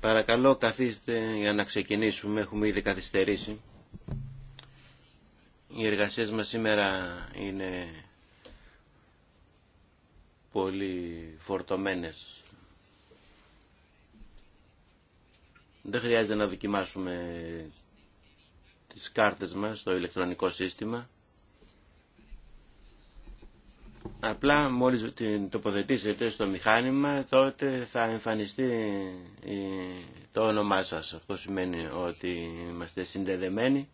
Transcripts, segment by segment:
Παρακαλώ καθίστε για να ξεκινήσουμε, έχουμε ήδη καθυστερήσει. Οι εργασίες μας σήμερα είναι πολύ φορτωμένες. Δεν χρειάζεται να δοκιμάσουμε τις κάρτες μας στο ηλεκτρονικό σύστημα. Απλά μόλις την τοποθετήσετε στο μηχάνημα τότε θα εμφανιστεί το όνομά σας. Αυτό σημαίνει ότι είμαστε συνδεδεμένοι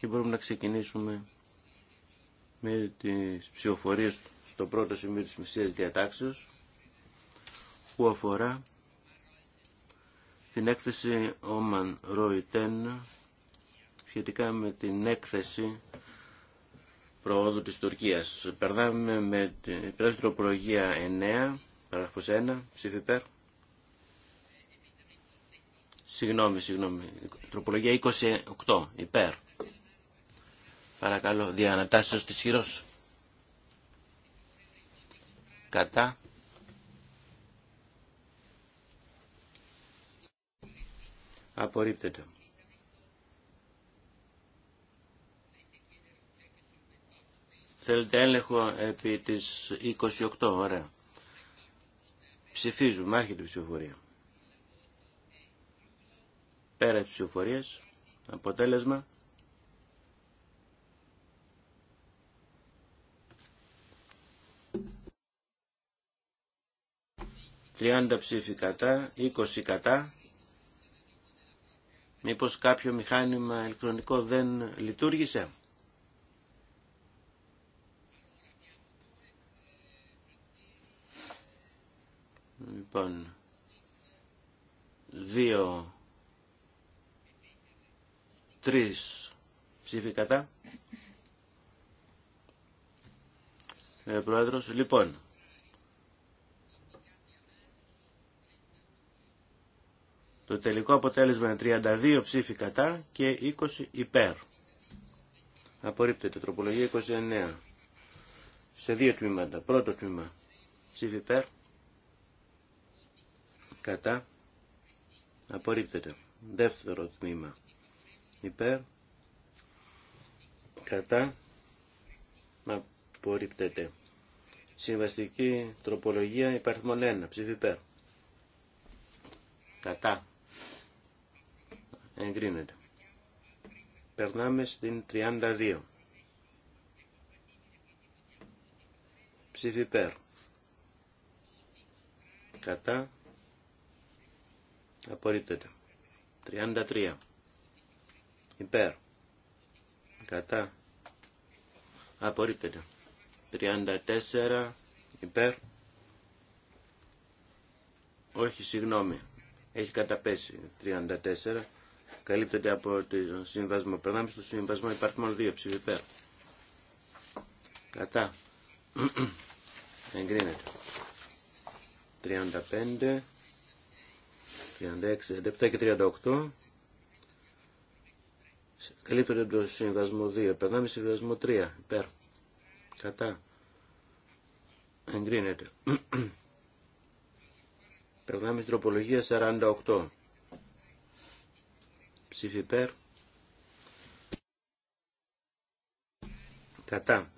και μπορούμε να ξεκινήσουμε με τις ψηφοφορίες στο πρώτο σημείο της μεσίας διατάξεως που αφορά την έκθεση Oman Royten σχετικά με την έκθεση προόδου της Τουρκίας. Περνάμε με την τροπολογία 9, παράγραφος 1, ψήφι υπέρ. Συγγνώμη, συγγνώμη. Τροπολογία 28, υπέρ. Παρακαλώ, διανατάσσεως της χειρός. Κατά. Απορρίπτεται. Θέλετε έλεγχο επί της 28, ωραία. Ψηφίζουμε, άρχεται η ψηφοφορία. Πέρα της ψηφοφορίας, αποτέλεσμα. 30 ψήφι κατά, 20 κατά. Μήπως κάποιο μηχάνημα ηλεκτρονικό δεν λειτουργήσε. Λοιπόν, δύο, τρεις ψήφοι κατά. Ε, πρόεδρος, λοιπόν, Το τελικό αποτέλεσμα είναι 32 ψήφοι κατά και 20 υπέρ. Απορρίπτεται τροπολογία 29. Σε δύο τμήματα. Πρώτο τμήμα ψήφι υπέρ κατά απορρίπτεται. Δεύτερο τμήμα υπέρ κατά απορρίπτεται. Συμβαστική τροπολογία υπαριθμών 1. Ψήφι υπέρ. Κατά. Εγκρίνεται. Περνάμε στην 32. Ψήφι υπέρ. Κατά απορρίπτεται. 33 υπέρ κατά απορρίπτεται. 34 υπέρ όχι συγγνώμη έχει καταπέσει 34 καλύπτεται από το Σύμβασμα περνάμε στο Σύμβασμα υπάρχει μόνο δύο ψήφοι υπέρ κατά εγκρίνεται 35 36, 37 και 38 καλύπτονται το συμβασμό 2. Περνάμε συμβασμό 3. Υπέρ. Κατά. Εγκρίνεται. Περνάμε στην τροπολογία 48. Ψήφι υπέρ. Κατά.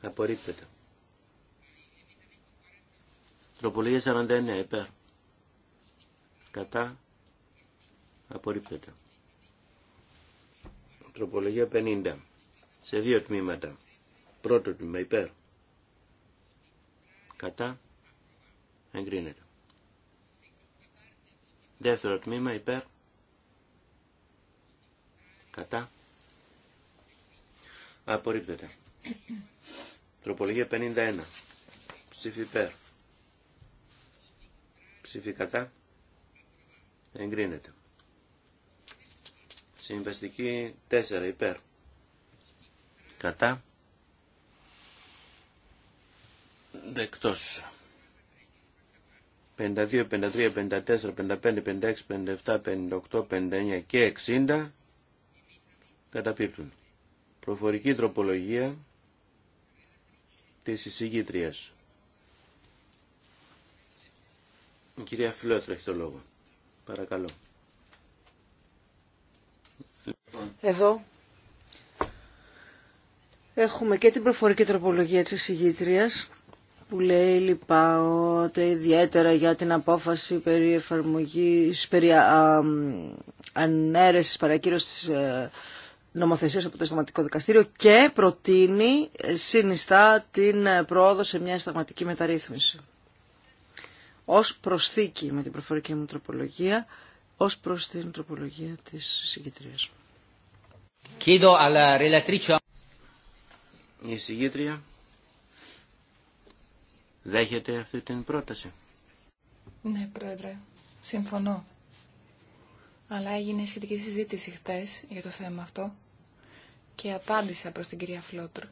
Απορρίπτεται. Τροπολογία 49 υπέρ κατά απορρίπτεται. Τροπολογία 50 σε δύο τμήματα. Πρώτο τμήμα υπέρ κατά εγκρίνεται. Δεύτερο τμήμα υπέρ κατά απορρίπτεται. Τροπολογία 51 ψήφι υπέρ ψήφι κατά εγκρίνεται. Συμβαστική 4 υπέρ. Κατά. Δεκτός. 52, 53, 54, 55, 56, 57, 58, 59 και 60 καταπίπτουν. Προφορική τροπολογία της εισηγήτριας. Η κυρία Φιλότρο έχει το λόγο. Παρακαλώ. Εδώ έχουμε και την προφορική τροπολογία της εισηγήτριας που λέει ότι ιδιαίτερα για την απόφαση περί εφαρμογής, περί ανέρεσης παρακύρωσης ε, νομοθεσίας από το Σταματικό Δικαστήριο και προτείνει, ε, συνιστά την ε, πρόοδο σε μια σταματική μεταρρύθμιση ως προσθήκη με την προφορική μου τροπολογία, ως προς την τροπολογία της συγκεκριτρίας. Η συγκέντρια δέχεται αυτή την πρόταση. Ναι, Πρόεδρε, συμφωνώ. Αλλά έγινε σχετική συζήτηση χτες για το θέμα αυτό και απάντησα προς την κυρία Φλότρου.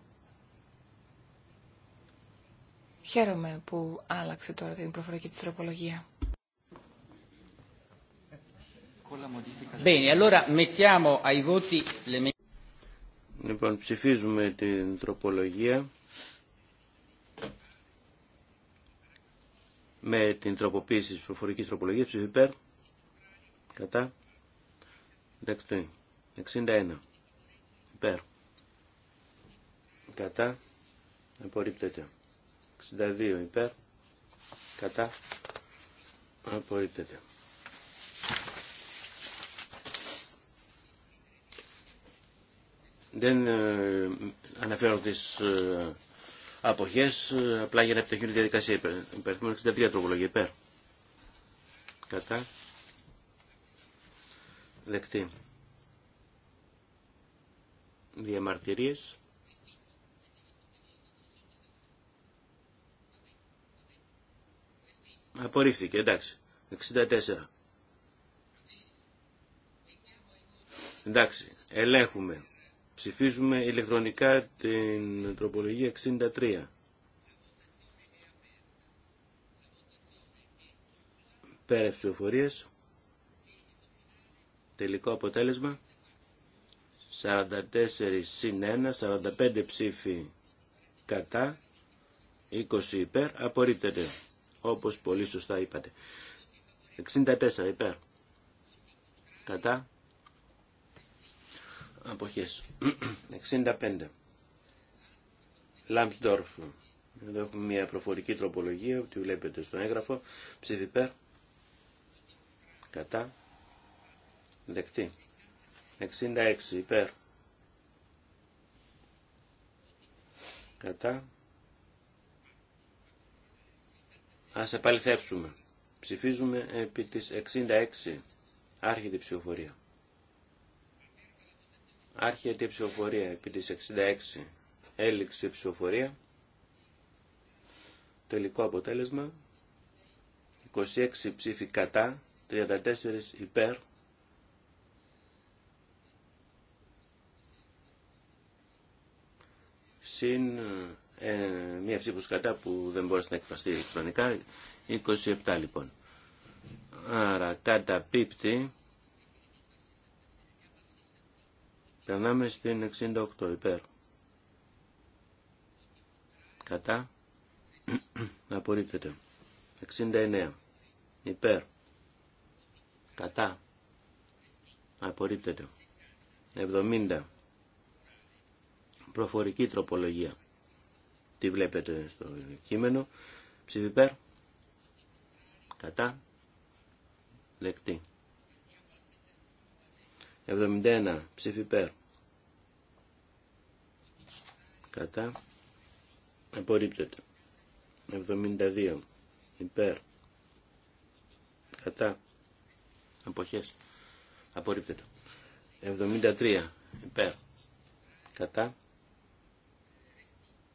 Χαίρομαι που άλλαξε τώρα την προφορική της τροπολογία. Λοιπόν, ψηφίζουμε την τροπολογία με την τροποποίηση της προφορικής τροπολογίας ψηφί υπέρ κατά 61 υπέρ κατά απορρίπτεται 62 υπέρ κατά απορρίπτεται. Δεν ε, αναφέρω τις ε, αποχές, ε, απλά για να επιταχύνουν τη διαδικασία υπέρ. 63 τροπολογία υπέρ. Κατά. Δεκτή. Διαμαρτυρίες. Απορρίφθηκε, εντάξει. 64. Εντάξει, ελέγχουμε. Ψηφίζουμε ηλεκτρονικά την τροπολογία 63. Πέρα ψηφοφορίες. Τελικό αποτέλεσμα. 44 συν 1, 45 ψήφοι κατά, 20 υπέρ, απορρίπτεται όπως πολύ σωστά είπατε. 64 υπέρ. Κατά. Αποχές. 65. λάμπστορφ Εδώ έχουμε μια προφορική τροπολογία που τη βλέπετε στο έγγραφο. Ψήφι υπέρ. Κατά. Δεκτή. 66 υπέρ. Κατά. Ας επαληθεύσουμε. Ψηφίζουμε επί της 66. Άρχεται η ψηφοφορία. Άρχεται ψηφοφορία επί της 66. Έληξε ψηφοφορία. Τελικό αποτέλεσμα. 26 ψήφοι κατά, 34 υπέρ. Συν ε, ε, μία ψήφος κατά που δεν μπορεί να εκφραστεί ηλεκτρονικά, 27 λοιπόν. Άρα καταπίπτει, περνάμε στην 68 υπέρ. Κατά, απορρίπτεται. 69 υπέρ. Κατά, απορρίπτεται. 70 προφορική τροπολογία τι βλέπετε στο κείμενο. Ψήφι Κατά. Δεκτή. 71. Ψήφι Κατά. Απορρίπτεται. 72. Υπέρ. Κατά. Αποχές. Απορρίπτεται. 73. Υπέρ. Κατά.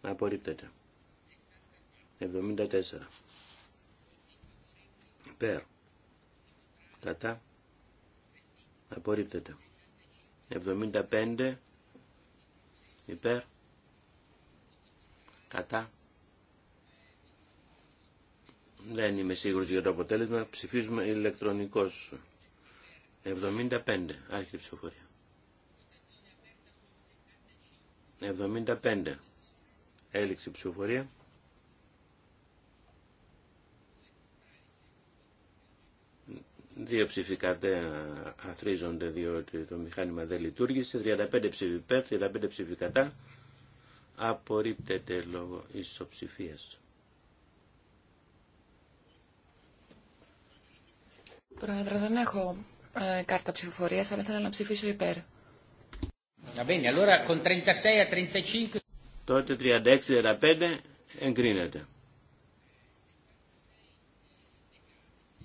Απορρίπτεται. 74. Υπέρ. Κατά. Απορρίπτεται. 75. Υπέρ. Κατά. Δεν είμαι σίγουρος για το αποτέλεσμα. Ψηφίζουμε ηλεκτρονικός. 75. Άρχιτε ψηφοφορία. 75. Έληξη ψηφοφορία. Δύο ψήφοι αθρίζονται διότι το μηχάνημα δεν λειτουργήσε. 35 ψήφοι υπέρ, 35 ψήφοι κατά. Απορρίπτεται λόγω ισοψηφίας. Πρόεδρε, δεν έχω ε, κάρτα ψηφοφορία, αλλά ήθελα να ψηφίσω υπέρ. Va bene, allora con 36 a 35 τότε 36-35 εγκρίνεται.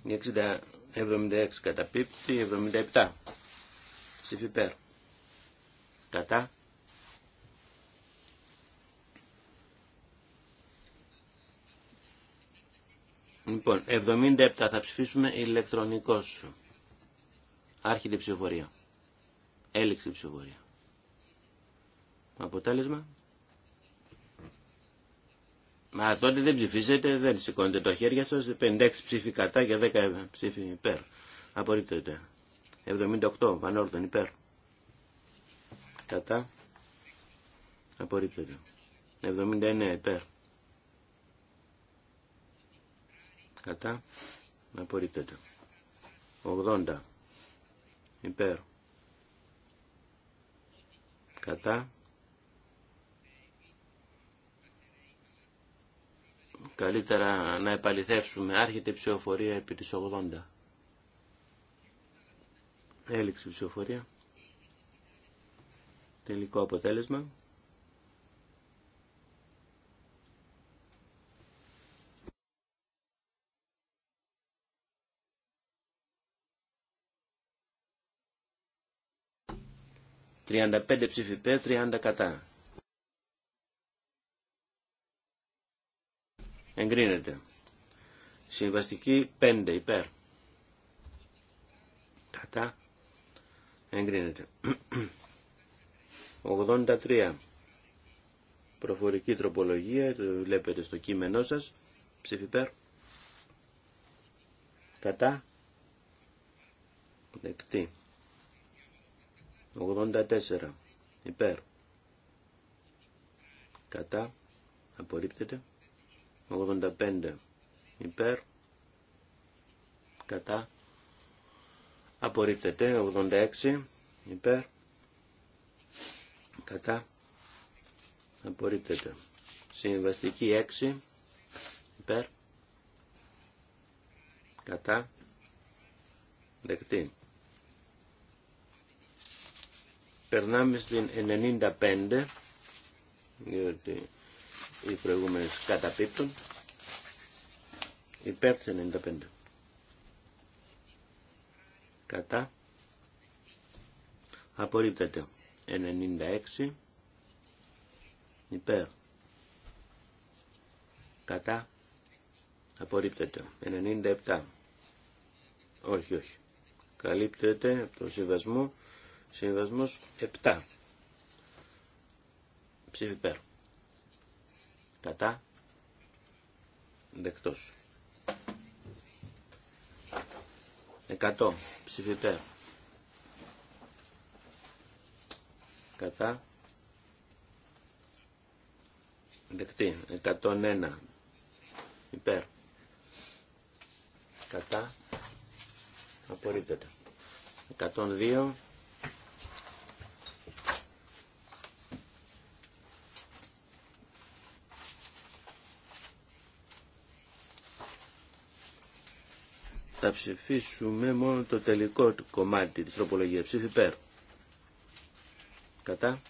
60, 76 καταπίπτει, 77 ψήφι Κατά. Λοιπόν, 77 θα ψηφίσουμε σου. Άρχιτε ψηφοφορία. Έληξε ψηφοφορία. Αποτέλεσμα. Μα τότε δεν ψηφίσετε, δεν σηκώνετε το χέρι σας, 56 ψήφοι κατά και 10 ψήφοι υπέρ. Απορρίπτεται. 78, πανόρτον, υπέρ. Κατά. Απορρίπτεται. 79 υπέρ. Κατά. Απορρίπτεται. 80 υπέρ. Κατά. Καλύτερα να επαληθεύσουμε. Άρχεται η ψηφοφορία επί της 80. Έληξη ψηφοφορία. Τελικό αποτέλεσμα. 35 πέντε ψηφιπέ, τριάντα κατά. εγκρίνεται. Συμβαστική 5 υπέρ. Κατά εγκρίνεται. 83. Προφορική τροπολογία, το βλέπετε στο κείμενό σας. Ψήφι υπέρ. Κατά. Δεκτή. 84. Υπέρ. Κατά. Απορρίπτεται. 85 υπέρ κατά απορρίπτεται 86 υπέρ κατά απορρίπτεται συμβαστική 6 υπέρ κατά δεκτή περνάμε στην 95 διότι οι προηγούμενε καταπίπτουν υπέρ 95 κατά απορρίπτεται 96 υπέρ κατά απορρίπτεται 97 όχι όχι καλύπτεται από το συμβασμό συμβασμός 7 ψήφι υπέρ κατά δεκτός 100 ψηφιπέρ κατά δεκτή 101 υπέρ κατά απορρίπτεται 102 θα ψηφίσουμε μόνο το τελικό κομμάτι της τροπολογίας ψήφι υπέρ. Κατά.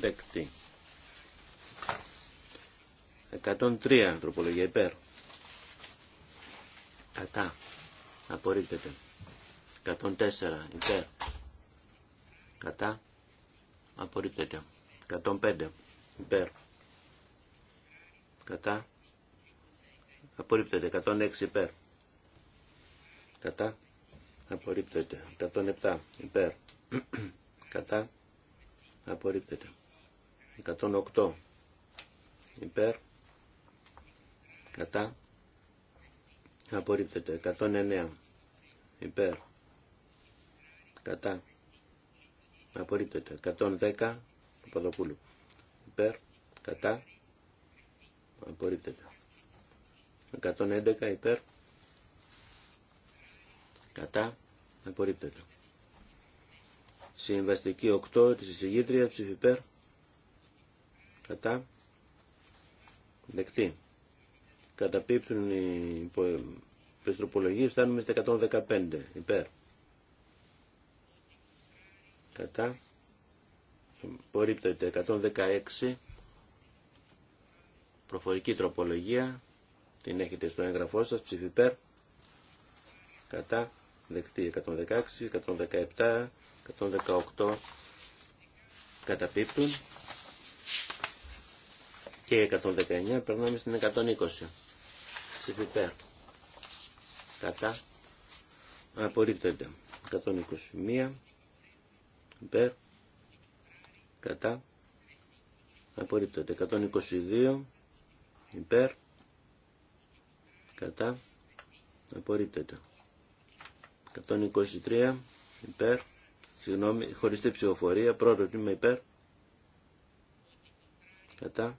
Δεκτή. 103 τροπολογία υπέρ. Κατά. Απορρίπτεται. 104 υπέρ. Κατά. Απορρίπτεται. 105 υπέρ. Κατά. Απορρίπτεται. 106 υπέρ κατά απορρίπτεται 107 υπέρ κατά απορρίπτεται 108 υπέρ κατά απορρίπτεται 109 υπέρ κατά απορρίπτεται 110 του υπέρ κατά απορρίπτεται 111 υπέρ κατά απορρίπτεται. Συμβαστική 8 της εισηγήτρια ψήφι κατά δεκτή. Καταπίπτουν οι πιστροπολογίες, φτάνουμε στα 115 υπέρ. Κατά απορρίπτεται 116 προφορική τροπολογία την έχετε στο έγγραφό σας ψηφιπέρ κατά δεκτή 116, 117, 118 καταπίπτουν και 119 περνάμε στην 120 υπέρ, κατά απορρίπτεται 121 υπέρ κατά απορρίπτεται 122 υπέρ κατά απορρίπτεται 123 υπέρ, συγγνώμη, χωριστή ψηφοφορία, πρώτο τμήμα υπέρ, κατά,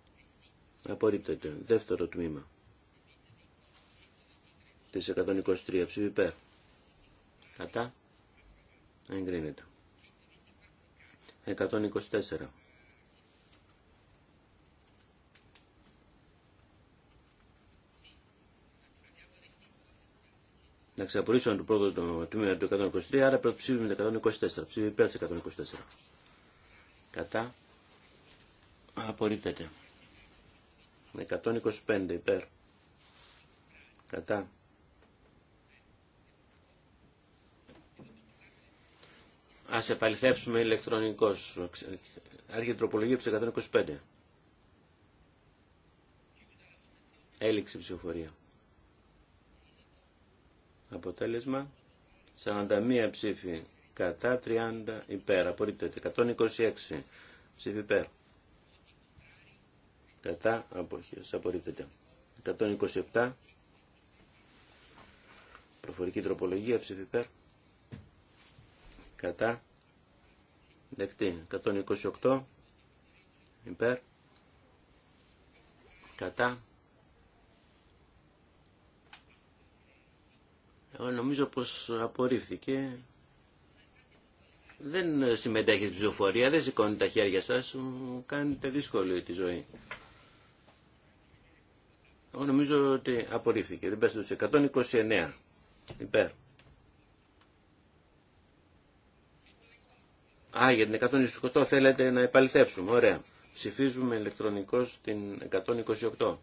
απορρίπτεται, δεύτερο τμήμα της 123 ψήφι υπέρ, κατά, εγκρίνεται. 124 να ξαπολύσουμε το πρώτο τμήμα του 123, άρα να ψήφουμε το 124, ψήφι υπέρ 124. Κατά. Απορρίπτεται. 125 υπέρ. Κατά. Α επαληθεύσουμε ηλεκτρονικός. Άρχιε η τροπολογία του 125. η ψηφοφορία. Αποτέλεσμα 41 ψήφοι κατά 30 υπέρ. Απορρίπτεται 126 ψήφοι υπέρ. Κατά αποχές. Απορρίπτεται 127 προφορική τροπολογία ψήφοι υπέρ. Κατά δεκτή 128 υπέρ. Κατά Ε, νομίζω πως απορρίφθηκε. Δεν συμμετέχει στην ψηφοφορία, δεν σηκώνει τα χέρια σας, κάνετε δύσκολη τη ζωή. Εγώ νομίζω ότι απορρίφθηκε. Δεν πέστε 129 υπέρ. Α, για την 128 θέλετε να επαληθεύσουμε. Ωραία. Ψηφίζουμε ηλεκτρονικώς την 128.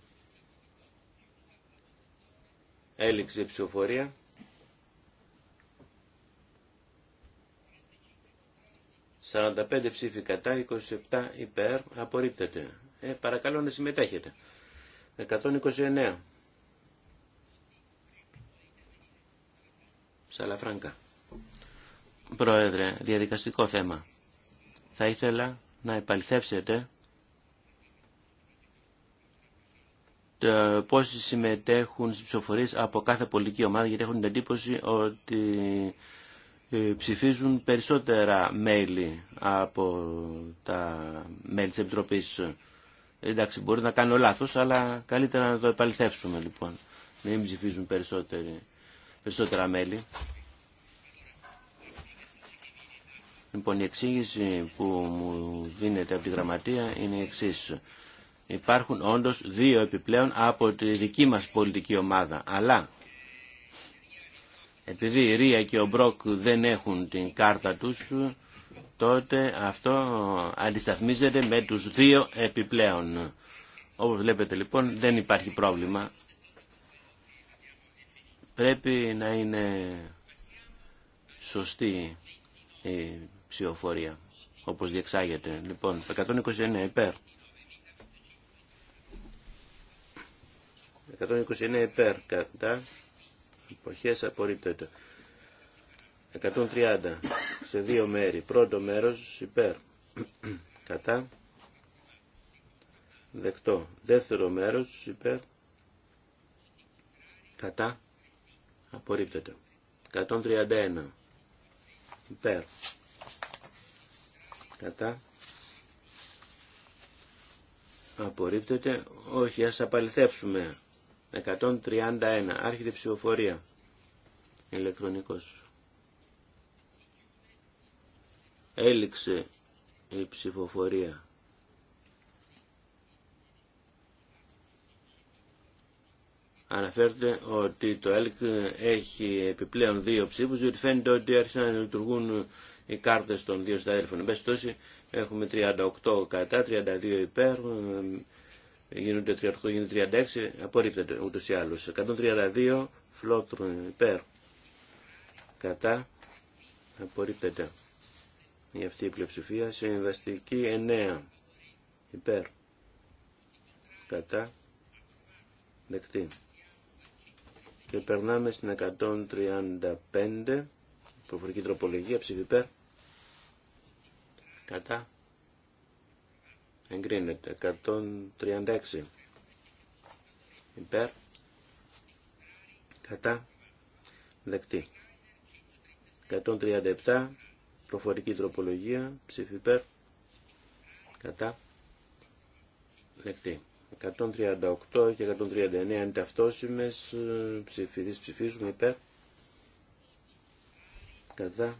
Έληξε η ψηφοφορία. 45 ψήφοι κατά, 27 υπέρ, απορρίπτεται. Ε, παρακαλώ να συμμετέχετε. 129. Σαλαφράγκα. Πρόεδρε, διαδικαστικό θέμα. Θα ήθελα να επαληθεύσετε πόσοι συμμετέχουν στις ψηφοφορίες από κάθε πολιτική ομάδα γιατί έχουν την εντύπωση ότι ε, ψηφίζουν περισσότερα μέλη από τα μέλη της Επιτροπής. Εντάξει, μπορεί να κάνω λάθος, αλλά καλύτερα να το επαληθεύσουμε λοιπόν. Να μην ψηφίζουν περισσότερα μέλη. Λοιπόν, η εξήγηση που μου δίνεται από τη γραμματεία είναι η εξή. Υπάρχουν όντως δύο επιπλέον από τη δική μας πολιτική ομάδα, αλλά επειδή η Ρία και ο Μπρόκ δεν έχουν την κάρτα τους, τότε αυτό αντισταθμίζεται με τους δύο επιπλέον. Όπως βλέπετε λοιπόν δεν υπάρχει πρόβλημα. Πρέπει να είναι σωστή η ψηφοφορία, όπως διεξάγεται. Λοιπόν, 129 υπέρ. 129 υπέρ κατά εποχές απορρίπτεται. 130 σε δύο μέρη. Πρώτο μέρος υπέρ. Κατά. Δεκτό. Δεύτερο μέρος υπέρ. Κατά. Απορρίπτεται. 131 υπέρ. Κατά. Απορρίπτεται. Όχι, ας απαλληθέψουμε. 131. Άρχεται ψηφοφορία. Ηλεκτρονικός. Έληξε η ψηφοφορία. Αναφέρεται ότι το ΕΛΚ έχει επιπλέον δύο ψήφους, διότι φαίνεται ότι άρχισαν να λειτουργούν οι κάρτες των δύο συναδέλφων. Εν πάση έχουμε 38 κατά, 32 υπέρ, γίνονται 38, γίνεται 36, απορρίπτεται ούτως ή άλλως. 132 φλότρουν ε, υπέρ, κατά, απορρίπτεται. Για αυτή η πλειοψηφία, Η αυτη η πλειοψηφια συμβαστικη 9 υπέρ, κατά, δεκτή. Και περνάμε στην 135, προφορική τροπολογία, ψηφιπέρ, κατά, εγκρίνεται 136 υπέρ κατά δεκτή 137 προφορική τροπολογία ψήφι υπέρ κατά δεκτή 138 και 139 είναι ταυτόσιμες ψηφιδείς ψηφίζουμε υπέρ κατά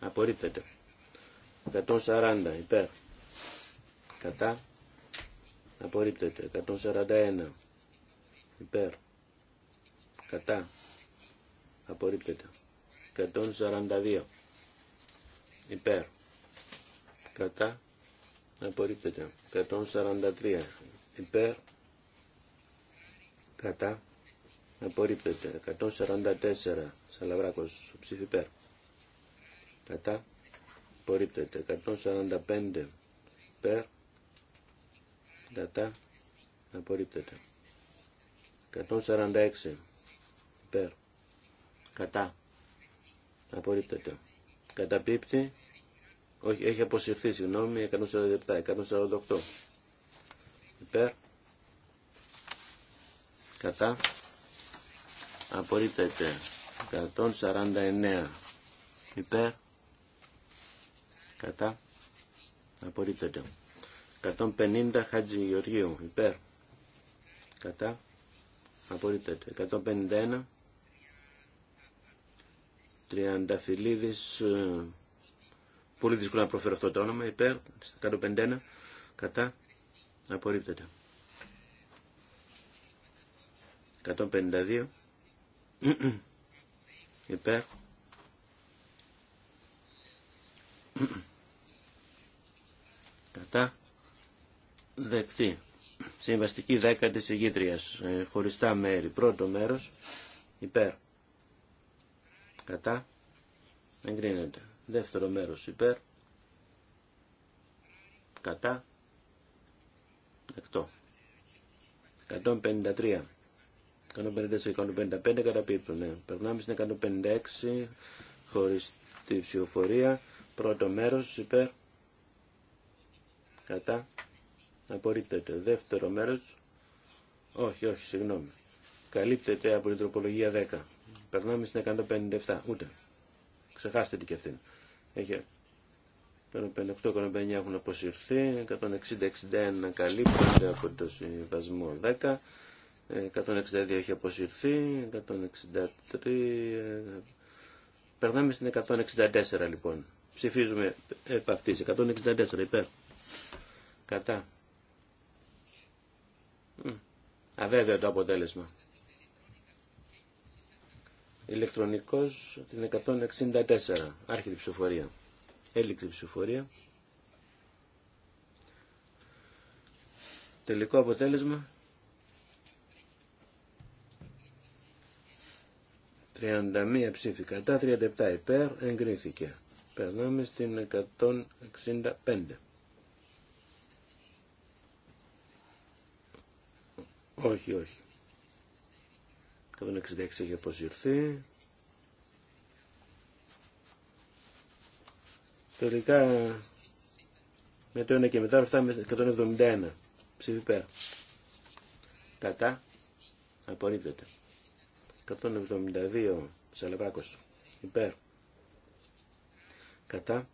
απορρίπτεται 140 υπέρ κατά απορρίπτεται 141 υπέρ κατά απορρίπτεται 142 υπέρ κατά απορρίπτεται 143 υπέρ κατά απορρίπτεται 144 σαλαβράκος ψήφι υπέρ κατά απορρίπτεται 145 υπέρ Κατά. Απορρίπτεται. 146. Υπέρ. Κατά. Απορρίπτεται. Καταπίπτει. Όχι, έχει αποσυρθεί, συγγνώμη, 147, 148. Υπέρ. Κατά. Απορρίπτεται. 149. Υπέρ. Κατά. Απορρίπτεται. 150 Χατζη Γεωργίου υπέρ κατά απορρίπτεται 151 Τριανταφυλλίδης ε, πολύ δύσκολο να προφέρω αυτό το όνομα υπέρ 151 κατά απορρίπτεται 152 υπέρ κατά δεκτή. Συμβαστική 10 της ηγήτριας, ε, χωριστά μέρη. Πρώτο μέρος, υπέρ. Κατά, εγκρίνεται. Δεύτερο μέρος, υπέρ. Κατά, δεκτό. 153. 154-155 καταπίπτουν. Ναι. Περνάμε στην 156 Χωριστή τη ψηφοφορία. Πρώτο μέρος υπέρ κατά Απορρίπτεται. Δεύτερο μέρος. Όχι, όχι, συγγνώμη. Καλύπτεται από την τροπολογία 10. Περνάμε στην 157. Ούτε. Ξεχάστε την και αυτήν. Έχει. 58-59 έχουν αποσυρθεί. 160-61 καλύπτονται από το συμβασμό 10. 162 έχει αποσυρθεί, 163... Περνάμε στην 164 λοιπόν. Ψηφίζουμε επ' αυτής. 164 υπέρ. Κατά. Αβέβαιο το αποτέλεσμα. Ηλεκτρονικός την 164. Άρχεται ψηφοφορία. Έληξε ψηφοφορία. Τελικό αποτέλεσμα. 31 ψήφικα. κατά, 37 υπέρ, εγκρίθηκε. Περνάμε στην 165. Όχι, όχι. 166 έχει αποσυρθεί. Τελικά με το ένα και μετά φτάμε 171 ψήφι πέρα. Κατά απορρίπτεται. 172 Σαλαβράκος υπέρ. Κατά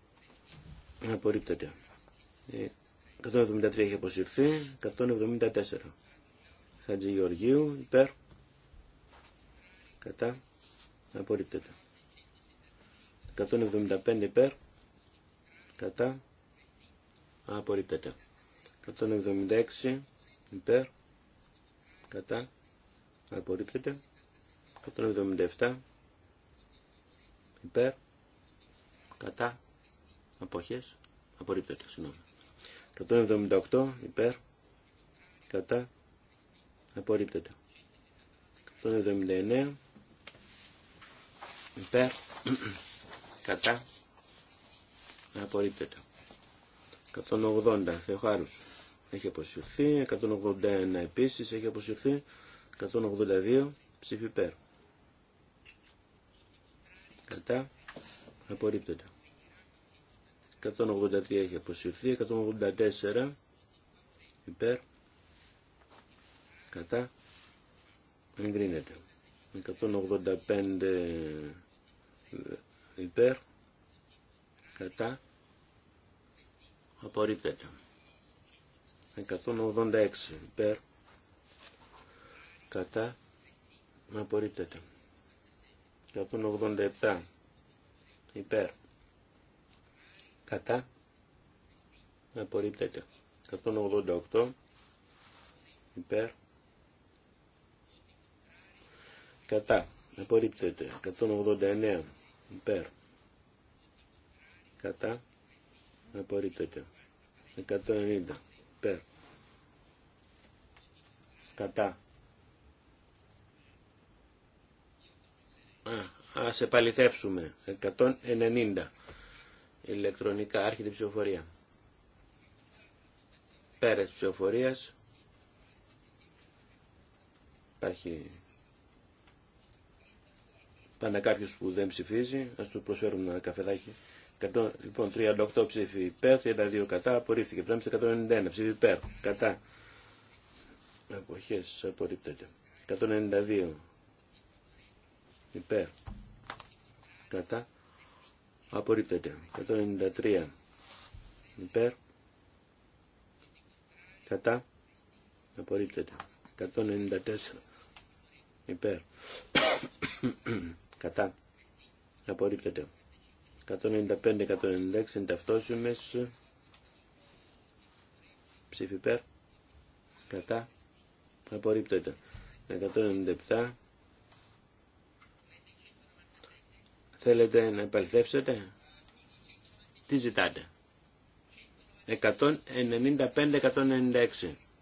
απορρίπτεται. 173 ε, έχει αποσυρθεί. 174 Χατζη Γεωργίου υπέρ κατά απορρίπτεται 175 υπέρ κατά απορρίπτεται 176 υπέρ κατά απορρίπτεται 177 υπέρ κατά αποχές απορρίπτεται συγγνώμη 178 υπέρ κατά απορρίπτεται. Το 79 υπέρ κατά απορρίπτεται. 180 θεοχάρους έχει αποσυρθεί, 181 επίσης έχει αποσυρθεί, 182 ψήφι υπέρ. Κατά απορρίπτεται. 183 έχει αποσυρθεί, 184 υπέρ κατά εγκρίνεται 185 υπέρ κατά απορρίπτεται 186 υπέρ κατά απορρίπτεται 187 υπέρ κατά απορρίπτεται 188 υπέρ κατά απορρίπτεται 189 υπέρ κατά απορρίπτεται 190 υπέρ κατά Α, ας επαληθεύσουμε 190 ηλεκτρονικά άρχεται ψηφοφορία πέρας ψηφοφορίας υπάρχει Πάνε κάποιο που δεν ψηφίζει, α του προσφέρουμε ένα καφεδάκι. 100, λοιπόν, 38 ψήφι υπέρ, 32 κατά, απορρίφθηκε. Πάμε 191 ψήφι υπέρ, κατά. Αποχέ, απορρίπτεται. 192 υπέρ, κατά. Απορρίπτεται. 193 υπέρ, κατά. Απορρίπτεται. 194 υπέρ κατά απορρίπτεται 195-196 είναι ταυτόσιμες ψήφι υπέρ κατά απορρίπτεται 197 θέλετε να επαληθεύσετε τι ζητάτε 195-196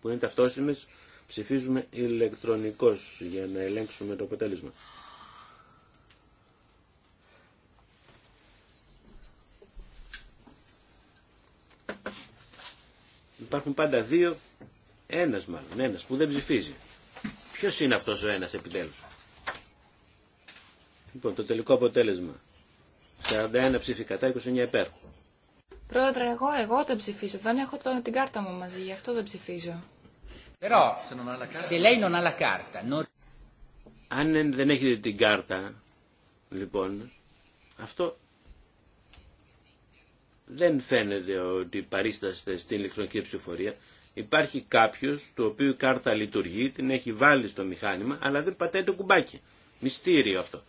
που είναι ταυτόσιμες ψηφίζουμε ηλεκτρονικός για να ελέγξουμε το αποτέλεσμα. υπάρχουν πάντα δύο, ένας μάλλον, ένας που δεν ψηφίζει. Ποιος είναι αυτός ο ένας επιτέλους. Λοιπόν, το τελικό αποτέλεσμα. 41 ψήφι κατά, 29 υπέρ. Πρόεδρε, εγώ, εγώ δεν ψηφίζω. Δεν έχω το, την κάρτα μου μαζί, γι' αυτό δεν ψηφίζω. Αν δεν έχετε την κάρτα, λοιπόν, αυτό δεν φαίνεται ότι παρίσταστε στην ηλεκτρονική ψηφοφορία. Υπάρχει κάποιο το οποίο η κάρτα λειτουργεί, την έχει βάλει στο μηχάνημα, αλλά δεν πατάει το κουμπάκι. Μυστήριο αυτό.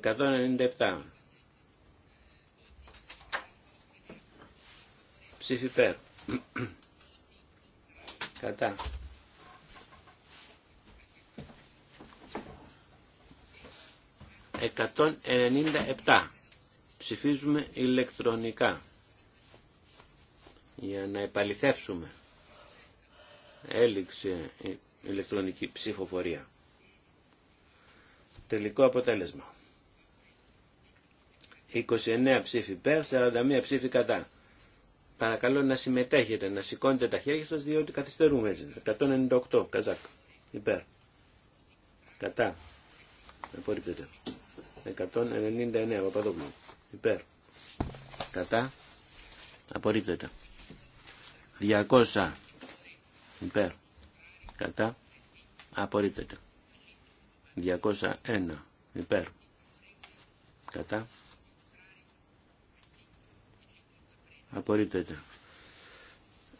197. Ψήφι πέρα. Κατά. Εκατόν ενενήντα ψηφίζουμε ηλεκτρονικά για να επαληθεύσουμε. Έληξε ηλεκτρονική ψηφοφορία. Τελικό αποτέλεσμα. 29 ψήφοι υπέρ, 41 ψήφοι κατά. Παρακαλώ να συμμετέχετε, να σηκώνετε τα χέρια σας, διότι καθυστερούμε έτσι. 198, καζάκ, υπέρ. Κατά. Απορρίπτεται. 199, Παπαδόπουλου υπέρ κατά απορρίπτεται 200 υπέρ κατά απορρίπτεται 201 υπέρ κατά απορρίπτεται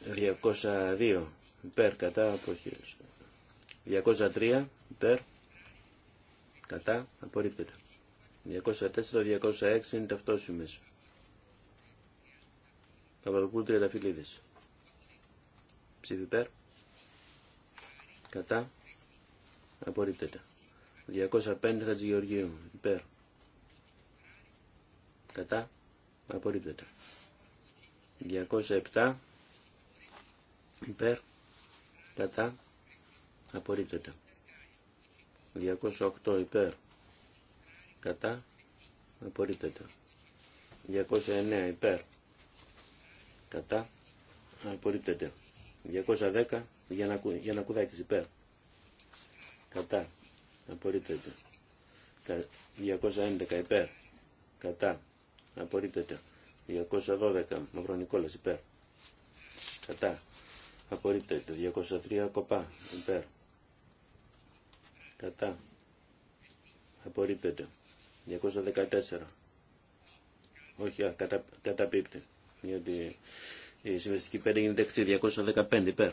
202 υπέρ κατά Απορρίπτεται. 203 υπέρ κατά απορρίπτεται 204-206 είναι ταυτόσιμες. Καπαδοπούλου Τριανταφυλλίδης. Ψήφι υπέρ. Κατά. Απορρίπτεται. 205 Χατζηγεωργίου. Υπέρ. Κατά. Απορρίπτεται. 207 υπέρ. Κατά. Απορρίπτεται. 208 υπέρ κατά απορρίπτεται 209 υπέρ κατά απορρίπτεται 210 για να, για να κουδάκεις υπέρ κατά απορρίπτεται 211 υπέρ κατά απορρίπτεται 212 μαυρονικόλας υπέρ κατά απορρίπτεται 203 κοπά υπέρ κατά απορρίπτεται 214. Όχι, α, κατα, καταπίπτει. Γιατί η συμβεστική πέντε είναι δεκτή. 215 υπέρ.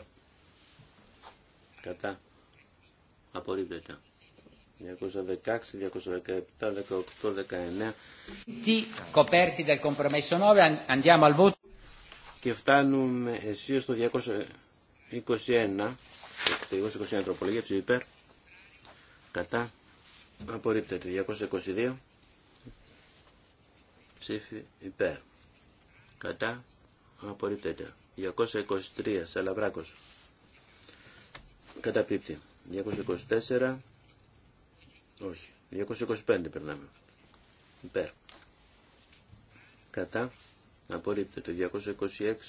Κατά. Απορρίπτεται. 216, 217, 18, 19. Τι κοπέρτη del compromesso 9, Και φτάνουμε εσύ στο 221. Το 221 τροπολογία ΥΠΕΡ, Κατά. Απορρίπτεται. 222 ψήφι υπέρ. Κατά. Απορρίπτεται. 223 Σαλαβράκος. Καταπίπτει. 224 όχι. 225 περνάμε. Υπέρ. Κατά. Απορρίπτεται.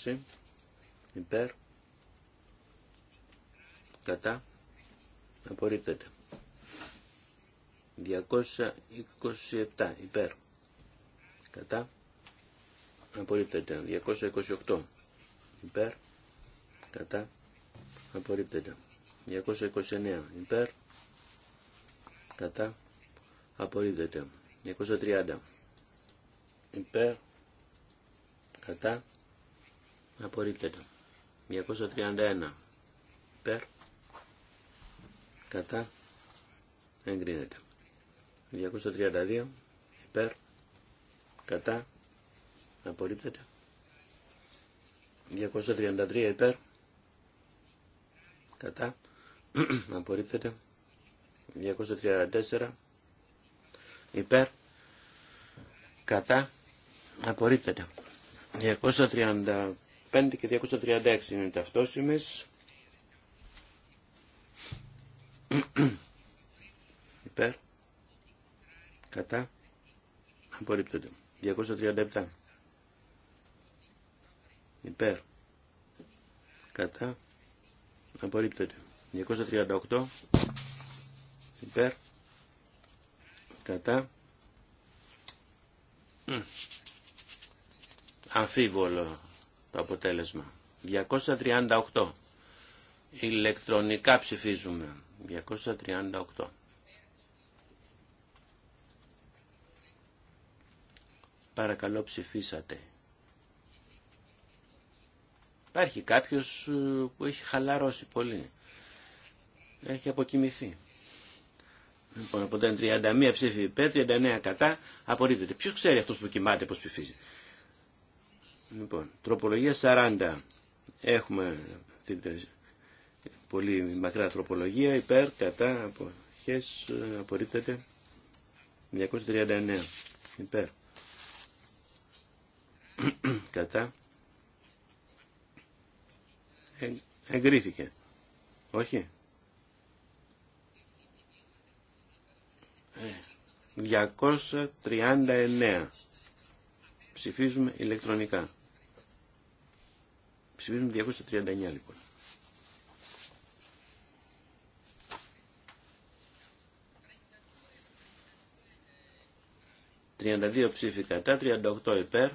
226 υπέρ. Κατά. Απορρίπτεται. 227 υπέρ. Κατά. Απορρίπτεται. 228 υπέρ. Κατά. Απορρίπτεται. 229 υπέρ. Κατά. Απορρίπτεται. 230 υπέρ. Κατά. Απορρίπτεται. 231 υπέρ. Κατά. Εγκρίνεται. 232 υπέρ κατά απορρίπτεται 233 υπέρ κατά απορρίπτεται 234 υπέρ κατά απορρίπτεται 235 και 236 είναι ταυτόσιμες υπέρ κατά απορρίπτονται 237 υπέρ κατά απορρίπτονται 238 υπέρ κατά αμφίβολο το αποτέλεσμα 238 ηλεκτρονικά ψηφίζουμε 238 Παρακαλώ ψηφίσατε. Υπάρχει κάποιος ε, που έχει χαλαρώσει πολύ. Έχει αποκοιμηθεί. Λοιπόν, από τα 31 ψήφι υπέρ, 39 κατά, απορρίπτεται. Ποιος ξέρει αυτός που κοιμάται πώς ψηφίζει. Λοιπόν, τροπολογία 40. Έχουμε πολύ μακρά τροπολογία υπέρ, κατά, χες, ε, απορρίπτεται. 239 υπέρ κατά εγκρίθηκε. Όχι. 239. Ε, Ψηφίζουμε ηλεκτρονικά. Ψηφίζουμε 239 λοιπόν. ...32 ψήφοι κατά, 38 υπέρ,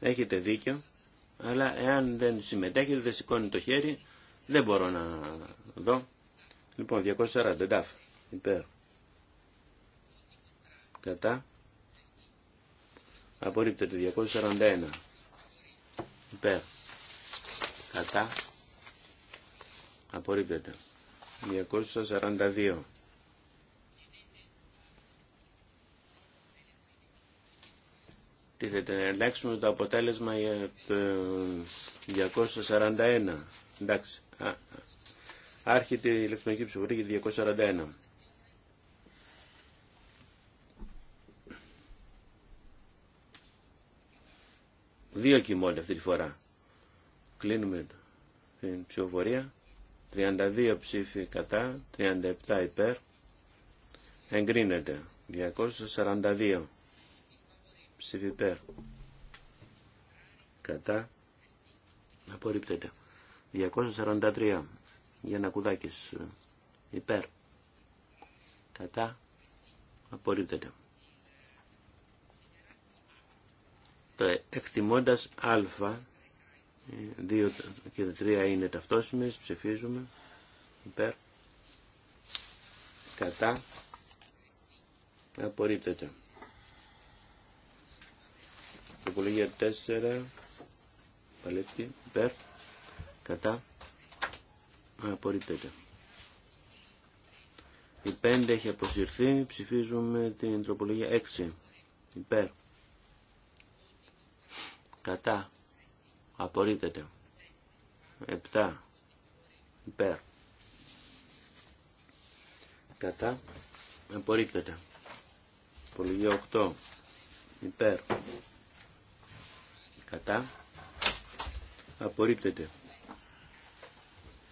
έχετε δίκιο, αλλά εάν δεν συμμετέχετε, δεν σηκώνει το χέρι, δεν μπορώ να δω. Λοιπόν, 240, εντάφ. υπέρ. Κατά. Απορρίπτεται, 241. Υπέρ. Κατά. Απορρίπτεται. 242. τίθεται να ελέγξουμε το αποτέλεσμα για το 241. Εντάξει. Άρχεται η ηλεκτρονική ψηφοφορία για το 241. Δύο κοιμόνται αυτή τη φορά. Κλείνουμε την ψηφοφορία. 32 ψήφοι κατά, 37 υπέρ. Εγκρίνεται. 242 ψήφι Κατά. Απορρίπτεται. 243. Για να κουδάκεις. Υπέρ. Κατά. Απορρίπτεται. Το εκτιμώντας α. 2 ε, και 3 είναι ταυτόσιμες. Ψηφίζουμε. Υπέρ. Κατά. Απορρίπτεται. Τροπολογία 4. Παλέτη. Υπέρ. Κατά. Απορρίπτεται. Η 5 έχει αποσυρθεί. Ψηφίζουμε την τροπολογία 6. Υπέρ. Κατά. Απορρίπτεται. 7. Υπέρ. Κατά. Απορρίπτεται. Τροπολογία 8. Υπέρ κατά απορρίπτεται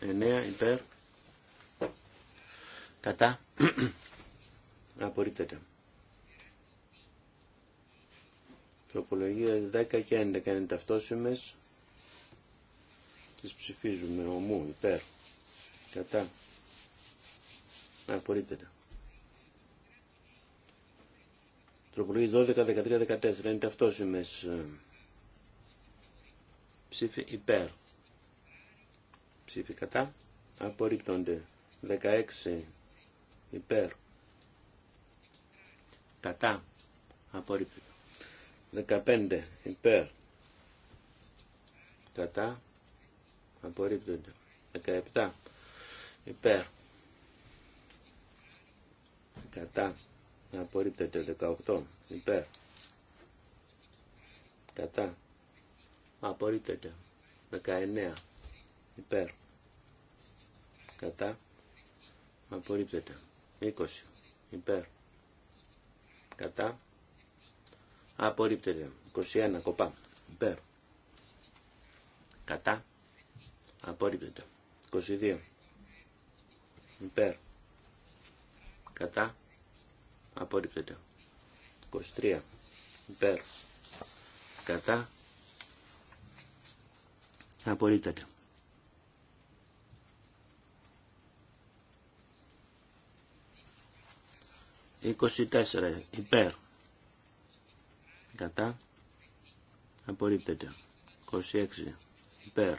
9 υπέρ κατά απορρίπτεται τροπολογία 10 και 11 είναι ταυτόσιμες τις ψηφίζουμε ομού υπέρ κατά απορρίπτεται τροπολογία 12, 13, 14 είναι ταυτόσιμες ψήφι υπέρ. Ψήφι κατά. Απορρίπτονται. 16 υπέρ. Κατά. Απορρίπτονται. 15 υπέρ. Κατά. Απορρίπτονται. 17 υπέρ. Κατά. Απορρίπτονται. 18 υπέρ. Κατά απορρίπτεται 19 υπέρ κατά απορρίπτεται 20 υπέρ κατά απορρίπτεται 21 κοπά υπέρ κατά απορρίπτεται 22 υπέρ κατά απορρίπτεται 23 υπέρ κατά Απορρίπτεται. 24 Υπέρ. Κατά. Απορρίπτεται. 26. Υπέρ.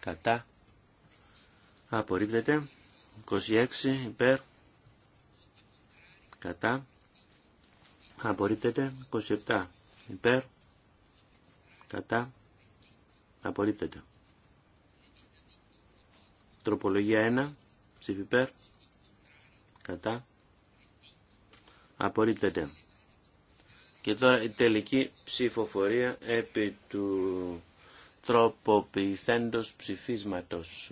Κατά. Απορρίπτεται. 26. Υπέρ. Κατά. Απορρίπτεται. 27. Υπέρ. Κατά. Απορρίπτεται. Τροπολογία 1. Ψηφιπέρ. Κατά. Απορρίπτεται. Και τώρα η τελική ψηφοφορία επί του τροποποιηθέντος ψηφίσματος.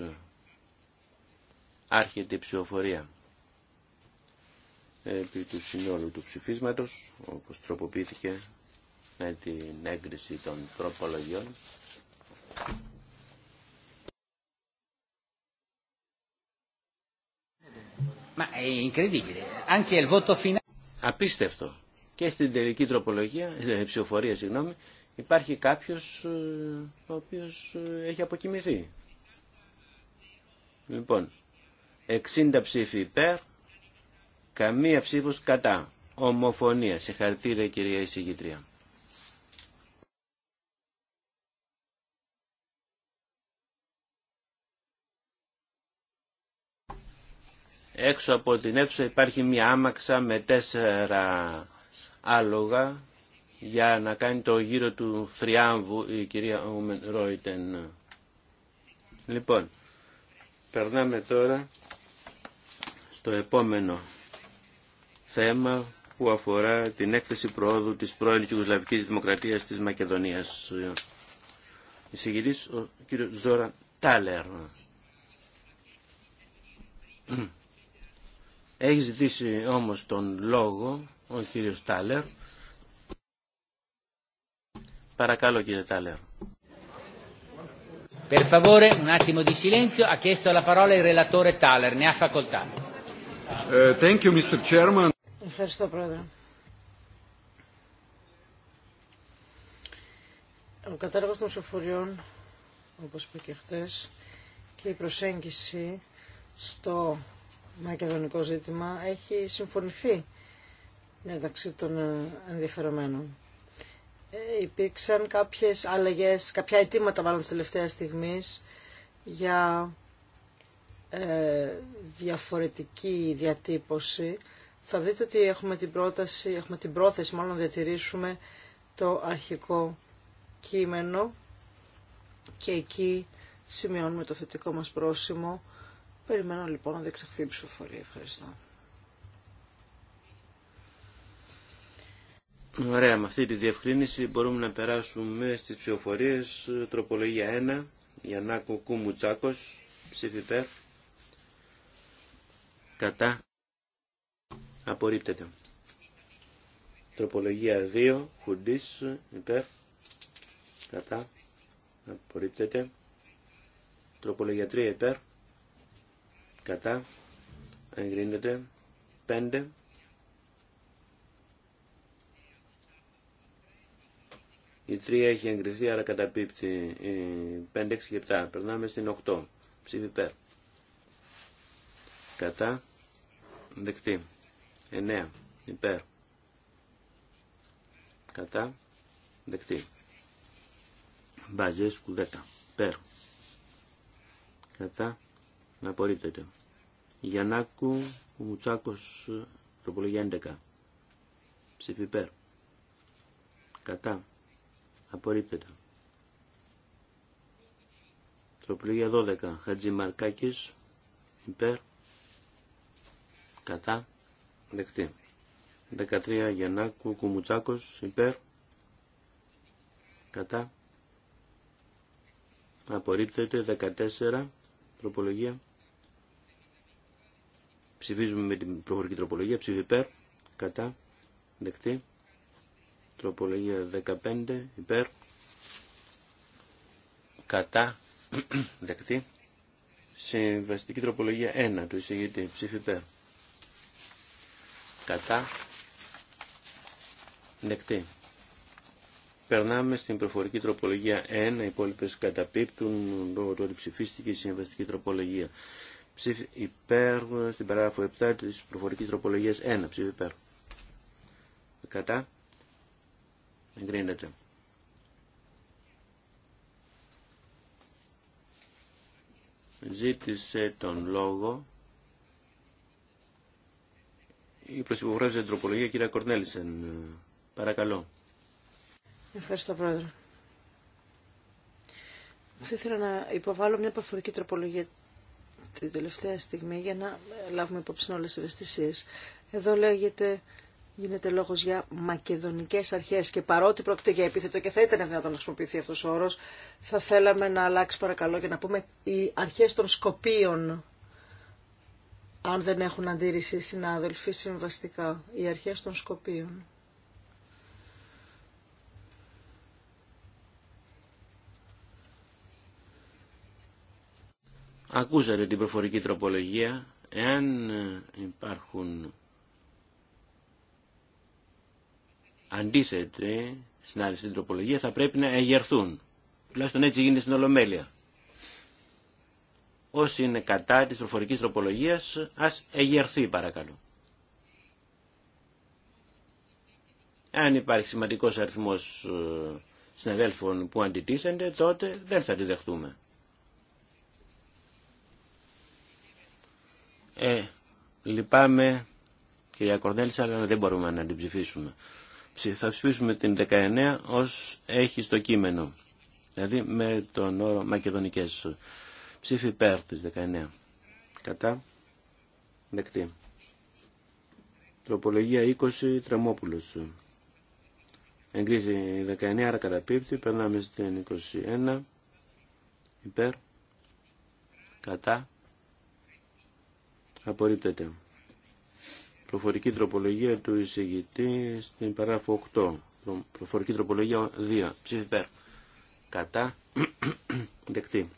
Άρχεται η ψηφοφορία επί του συνόλου του ψηφίσματος, όπως τροποποιήθηκε με την έγκριση των τροπολογιών. Ε, Απίστευτο. Και στην τελική τροπολογία, ε, ψηφοφορία συγγνώμη, υπάρχει κάποιος ε, ο οποίος έχει αποκοιμηθεί. Λοιπόν, 60 ψήφοι υπέρ, καμία ψήφο κατά. Ομοφωνία. Συγχαρητήρια κυρία εισηγητρία. Έξω από την αίθουσα υπάρχει μια άμαξα με τέσσερα άλογα για να κάνει το γύρο του θριάμβου η κυρία Ρόιτεν. Λοιπόν, περνάμε τώρα στο επόμενο θέμα που αφορά την έκθεση προόδου της πρώην Ιουγκοσλαβικής Δημοκρατίας της Μακεδονίας. Εισηγητής ο κύριος Ζόραν Τάλερ. Έχει ζητήσει όμως τον λόγο ο κύριος Τάλερ. Παρακαλώ κύριε Τάλερ. Ευχαριστώ, Πρόεδρε. Ο των όπως είπα και χτες, και η προσέγγιση στο μακεδονικό ζήτημα έχει συμφωνηθεί μεταξύ των ενδιαφερομένων. Ε, υπήρξαν κάποιες αλλαγές, κάποια αιτήματα μάλλον της τελευταίας στιγμής για ε, διαφορετική διατύπωση. Θα δείτε ότι έχουμε την, πρόταση, έχουμε την πρόθεση μάλλον να διατηρήσουμε το αρχικό κείμενο και εκεί σημειώνουμε το θετικό μας πρόσημο Περιμένω λοιπόν να διεξαχθεί η ψηφοφορία. Ευχαριστώ. Ωραία, με αυτή τη διευκρίνηση μπορούμε να περάσουμε στις ψηφοφορίε. Τροπολογία 1, Γιαννάκο κουμουτσάκο ψηφιπέρ, κατά, απορρίπτεται. Τροπολογία 2, Χουντή. υπέρ, κατά, απορρίπτεται. Τροπολογία 3, υπέρ, κατά εγκρίνεται 5 η 3 έχει εγκριθεί άρα καταπίπτει η 5, 6 και 7 περνάμε στην 8 ψήφι περ κατά δεκτή 9 υπέρ κατά δεκτή Μπαζέσκου 10 πέρ κατά Απορρίπτεται. Γιαννάκου Μουτσάκος τροπολογία 11. Ψηφιπέρ. Κατά. Απορρίπτεται. Τροπολογία 12. Χατζημαρκάκης. Υπέρ. Κατά. Δεκτή. 13. Γιαννάκου Κουμουτσάκος. Υπέρ. Κατά. Απορρίπτεται. 14. Τροπολογία. Ψηφίζουμε με την προφορική τροπολογία. Ψήφι υπέρ. Κατά. Δεκτή. Τροπολογία 15. Υπέρ. Κατά. Δεκτή. Συμβαστική τροπολογία 1 του εισηγητή. Ψήφι υπέρ. Κατά. Δεκτή. Περνάμε στην προφορική τροπολογία 1. Οι υπόλοιπε καταπίπτουν λόγω του ότι ψηφίστηκε η συμβαστική τροπολογία. Ψήφι υπέρ στην παράγραφο 7 της προφορικής τροπολογίας 1. Ψήφι υπέρ. Κατά. Εγκρίνεται. Ζήτησε τον λόγο η προσυπογράφηση τροπολογία κυρία Κορνέλισεν. Παρακαλώ. Ευχαριστώ πρόεδρε. Θα ήθελα να υποβάλω μια προφορική τροπολογία την τελευταία στιγμή για να λάβουμε υπόψη όλες τις ευαισθησίες. Εδώ λέγεται, γίνεται λόγος για μακεδονικές αρχές και παρότι πρόκειται για επίθετο και θα ήταν δυνατόν να χρησιμοποιηθεί αυτός ο όρος, θα θέλαμε να αλλάξει παρακαλώ και να πούμε οι αρχές των Σκοπίων αν δεν έχουν αντίρρηση οι συνάδελφοι συμβαστικά, οι αρχές των Σκοπίων. Ακούσατε την προφορική τροπολογία. Εάν ε, υπάρχουν αντίθετε συνάδελφοι στην τροπολογία θα πρέπει να εγερθούν. Τουλάχιστον έτσι γίνεται στην Ολομέλεια. Όσοι είναι κατά της προφορικής τροπολογίας ας εγερθεί παρακαλώ. Αν υπάρχει σημαντικός αριθμός ε, συναδέλφων που αντιτίθενται τότε δεν θα τη δεχτούμε. Ε, λυπάμαι κυρία Κορδέλης, αλλά δεν μπορούμε να την ψηφίσουμε. Θα ψηφίσουμε την 19 ως έχει στο κείμενο. Δηλαδή με τον όρο μακεδονικές. Ψήφι υπέρ της 19. Κατά. Δεκτή. Τροπολογία 20 Τρεμόπουλος. Εγκρίζει 19, άρα καταπίπτει. Περνάμε στην 21. Υπέρ. Κατά. Απορρίπτεται. Προφορική τροπολογία του εισηγητή στην παράφο 8. Προφορική τροπολογία 2. Ψήφι υπέρ. Κατά. Δεκτή.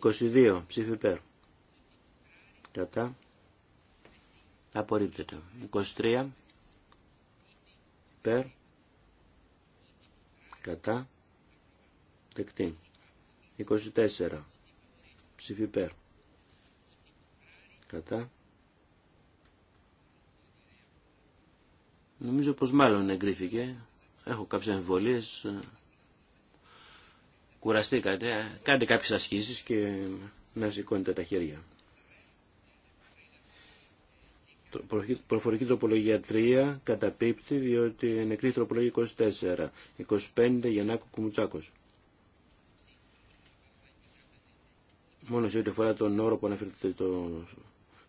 22. Ψήφι υπέρ. Κατά. Απορρίπτεται. 23. Περ. Κατά. Δεκτή. 24. Ψήφι υπέρ. Κατά. Νομίζω πως μάλλον εγκρίθηκε. Έχω κάποιες εμβολίες Κουραστήκατε. Κάντε κάποιες ασκήσεις και να σηκώνετε τα χέρια. Προφορική τροπολογία 3 καταπίπτει διότι νεκρή τροπολογία 24. 25 Γιαννάκου Κουμουτσάκος. Μόνο σε ό,τι αφορά τον όρο που αναφέρεται το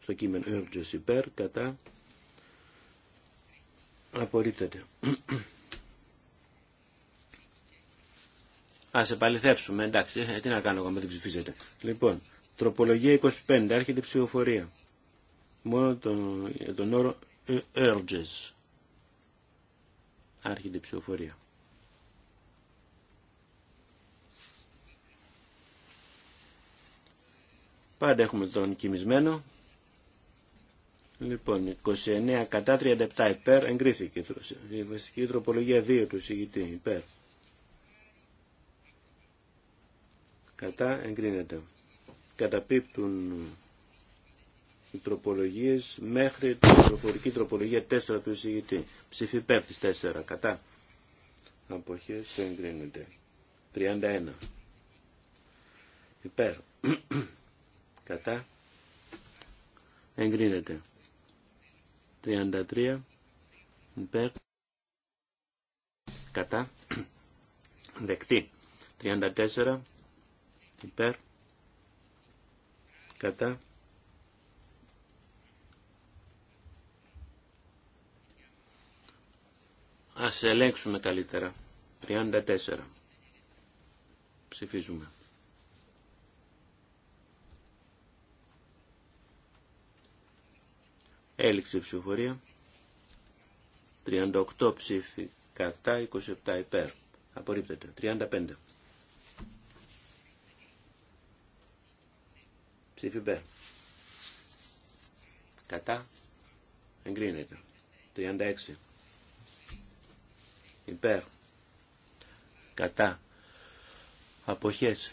στο κείμενο urges υπέρ κατά απορρίπτεται. Ας επαληθεύσουμε, εντάξει, ε, τι να κάνω εγώ με δεν ψηφίζετε. Λοιπόν, τροπολογία 25, άρχεται η ψηφοφορία. Μόνο τον, τον όρο ε, urges. Άρχεται η ψηφοφορία. Πάντα έχουμε τον κοιμισμένο. Λοιπόν, 29 κατά 37 υπέρ εγκρίθηκε. Η βασική τροπολογία 2 του εισηγητή υπέρ. Κατά εγκρίνεται. Καταπίπτουν οι τροπολογίες μέχρι την προφορική τροπολογία 4 του εισηγητή. Ψήφι υπέρ της 4. Κατά. Αποχές εγκρίνεται. 31. Υπέρ. Κατά. Εγκρίνεται. 33 υπέρ κατά δεκτή 34 υπέρ κατά Ας ελέγξουμε καλύτερα. 34. Ψηφίζουμε. Έληξε ψηφοφορία. 38 ψήφοι κατά, 27 υπέρ. Απορρίπτεται. 35. Ψήφι υπέρ. Κατά. Εγκρίνεται. 36. Υπέρ. Κατά. Αποχές.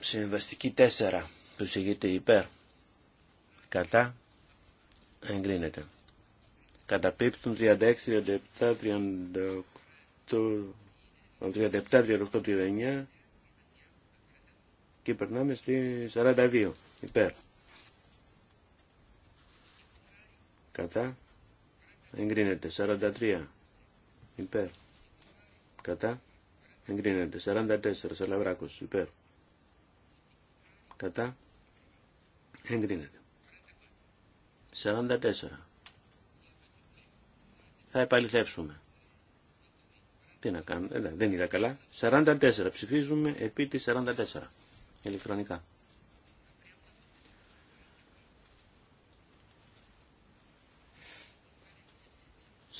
Συμβαστική 4. Του υπέρ. Κατά εγκρίνεται. Καταπίπτουν 36, 37, 38, 39 και περνάμε στη 42 υπέρ. Κατά εγκρίνεται. 43 υπέρ. Κατά εγκρίνεται. 44 Σαλαβράκος υπέρ. Κατά εγκρίνεται. 44. Θα επαληθεύσουμε. Τι να κάνουμε, ε, δεν είδα καλά. 44. Ψηφίζουμε επί τη 44. Ηλεκτρονικά.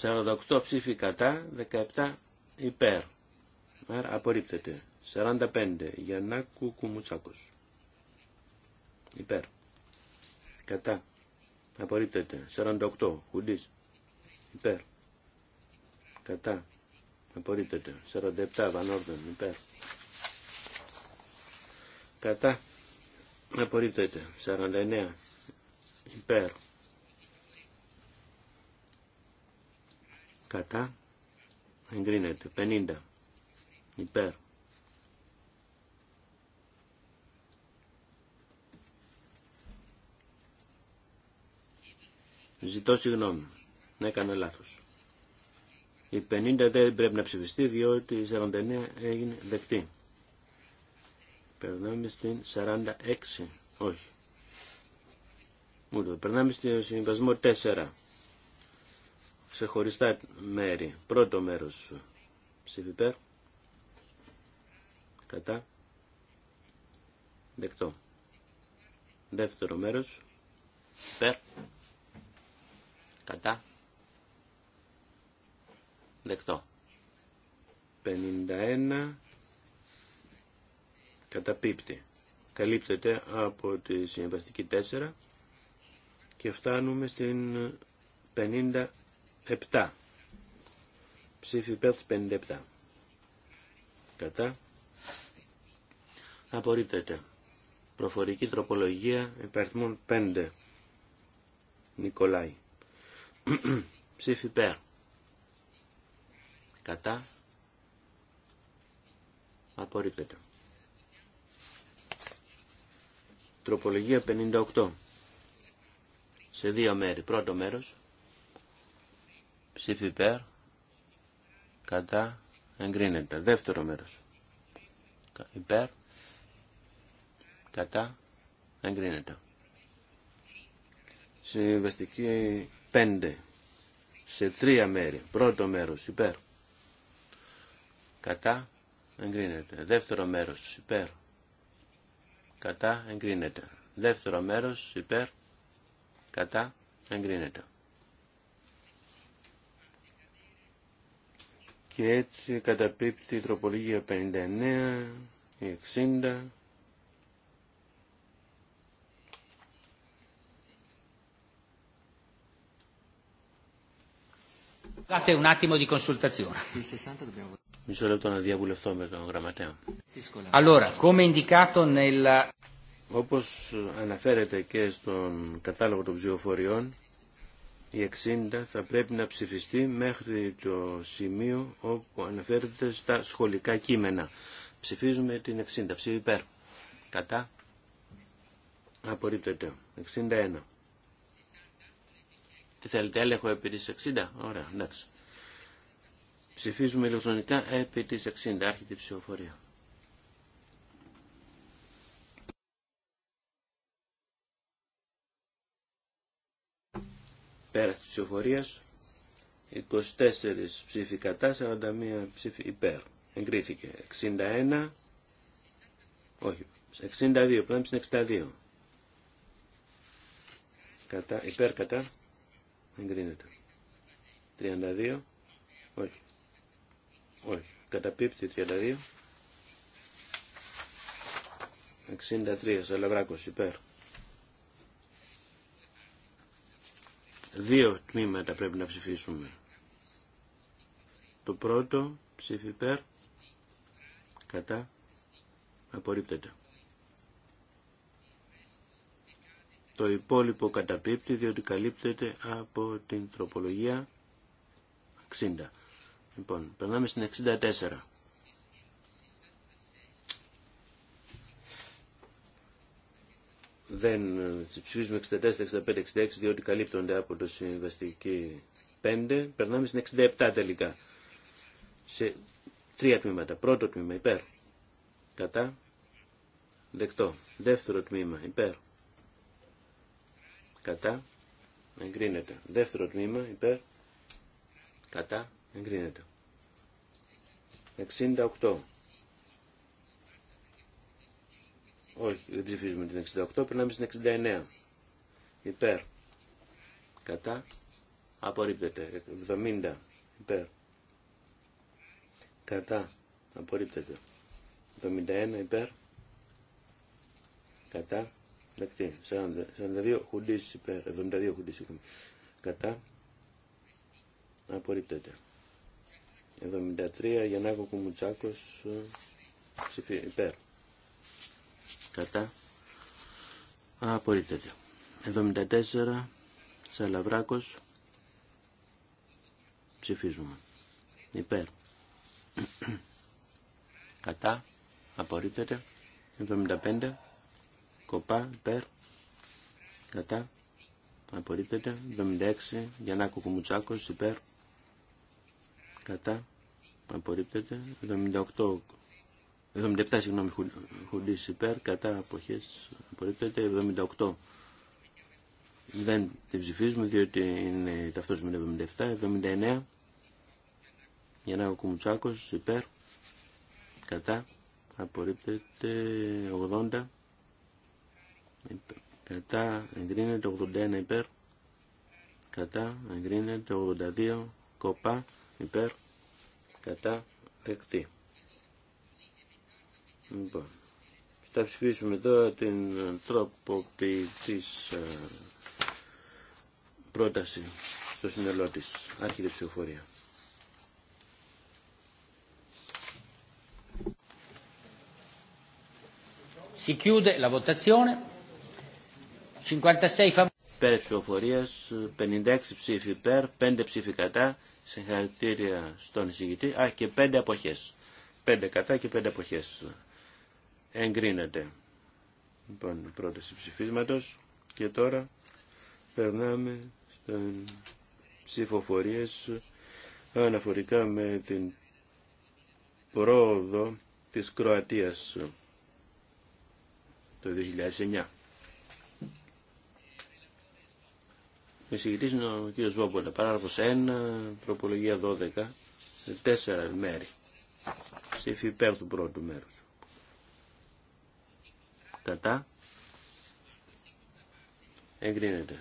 «48 ψήφοι κατά, 17 υπέρ». Άρα απορρίπτεται. 45 Γιαννάκου Κουμουτσάκος. Υπέρ. Κατά απορρίπτεται. 48 χουντής υπέρ κατά απορρίπτεται. 47 βανόρδεν υπέρ κατά απορρίπτεται. 49 υπέρ κατά εγκρίνεται. 50 υπέρ Ζητώ συγγνώμη. Να έκανα λάθο. Η 50 δεν πρέπει να ψηφιστεί διότι η 49 έγινε δεκτή. Περνάμε στην 46. Όχι. Ούτε. Περνάμε στην συμβασμό 4. Σε χωριστά μέρη. Πρώτο μέρος. Ψηφιπέρ. Κατά. Δεκτό. Δεύτερο μέρος. Περ. Κατά. Δεκτό. 51 καταπίπτει. Καλύπτεται από τη συμβαστική 4 και φτάνουμε στην 57. Ψήφι υπέρ 57. Κατά. Απορρίπτεται. Προφορική τροπολογία υπερθμών 5. Νικολάη ψήφι υπέρ. Κατά. Απορρίπτεται. Τροπολογία 58. Σε δύο μέρη. Πρώτο μέρος. Ψήφι υπέρ. Κατά. Εγκρίνεται. Δεύτερο μέρος. Υπέρ. Κατά. Εγκρίνεται. Συμβαστική Πέντε. σε τρία μέρη. Πρώτο μέρος υπέρ. Κατά εγκρίνεται. Δεύτερο μέρος υπέρ. Κατά εγκρίνεται. Δεύτερο μέρος υπέρ. Κατά εγκρίνεται. Και έτσι καταπίπτει η τροπολογία 59, 60, Μισό λεπτό να διαβουλευτώ με τον γραμματέα. Allora, come indicato nel... αναφέρεται και στον κατάλογο των ψηφοφοριών, η 60 θα πρέπει να ψηφιστεί μέχρι το σημείο όπου αναφέρεται στα σχολικά κείμενα. Ψηφίζουμε την 60. Ψήφι υπέρ. Κατά. Απορρίπτεται. 61. Τι θέλετε, έλεγχο επί τη 60. Ωραία, εντάξει. Ψηφίζουμε ηλεκτρονικά επί τη 60. Άρχεται η ψηφοφορία. Πέρα τη ψηφοφορία. 24 ψήφοι κατά, 41 ψήφοι υπέρ. Εγκρίθηκε. 61. Όχι. 62. Πλάμψη στην 62. Κατά, υπέρ κατά εγκρίνεται. 32, όχι, όχι, καταπίπτει 32. 63, Σαλαβράκος, υπέρ. Δύο τμήματα πρέπει να ψηφίσουμε. Το πρώτο, ψήφι υπέρ, κατά, απορρίπτεται. Το υπόλοιπο καταπίπτει διότι καλύπτεται από την τροπολογία 60. Λοιπόν, περνάμε στην 64. Δεν ε, ψηφίζουμε 64, 65, 66 διότι καλύπτονται από το συμβαστική 5. Περνάμε στην 67 τελικά. Σε τρία τμήματα. Πρώτο τμήμα υπέρ. Κατά. Δεκτό. Δεύτερο τμήμα υπέρ κατά εγκρίνεται. Δεύτερο τμήμα υπέρ κατά εγκρίνεται. 68. Όχι, δεν ψηφίζουμε την 68, περνάμε στην 69. Υπέρ. Κατά. Απορρίπτεται. 70. Υπέρ. Κατά. Απορρίπτεται. 71. Υπέρ. Κατά. 72 42 υπέρ, 72 χουντή ε, υπέρ, κατά, απορρίπτεται. 73 Γιαννάκο Κουμουτσάκος υπέρ, κατά, απορρίπτεται. 74 Σαλαβράκος ψηφίζουμε. Υπέρ. Κατά. Απορρίπτεται. 75. Κοπά, Περ, κατά, απορρίπτεται. 76, να κουκουμουτσάκο, υπέρ, κατά, απορρίπτεται. 78, 77, συγγνώμη, χουντή, υπέρ, κατά, αποχέ, απορρίπτεται. 78, δεν τη ψηφίζουμε διότι είναι ταυτός με 77, 79, Γιαννάκο Κουμουτσάκος, υπέρ, κατά, απορρίπτεται. 80, κατά εγκρίνεται 81 υπέρ κατά εγκρίνεται 82 κοπά υπέρ κατά δεκτή λοιπόν θα ψηφίσουμε τώρα την τροποποιητής ε, πρόταση στο σύνολό τη άρχιτη ψηφοφορία Si chiude la votazione. 56... Πέρα ψηφοφορία, 56 ψήφοι υπέρ, 5 ψήφοι κατά, συγχαρητήρια στον εισηγητή, α και 5 αποχές. 5 κατά και 5 αποχές. Εγκρίνεται. Λοιπόν, η πρόταση ψηφίσματος και τώρα περνάμε στην ψηφοφορίες αναφορικά με την πρόοδο της Κροατίας το 2009. εισηγητής είναι ο κ. Βόμπολα. Παράγραφος 1, τροπολογία 12, 4 μέρη. Ψήφι υπέρ του πρώτου μέρους. Κατά. Εγκρίνεται.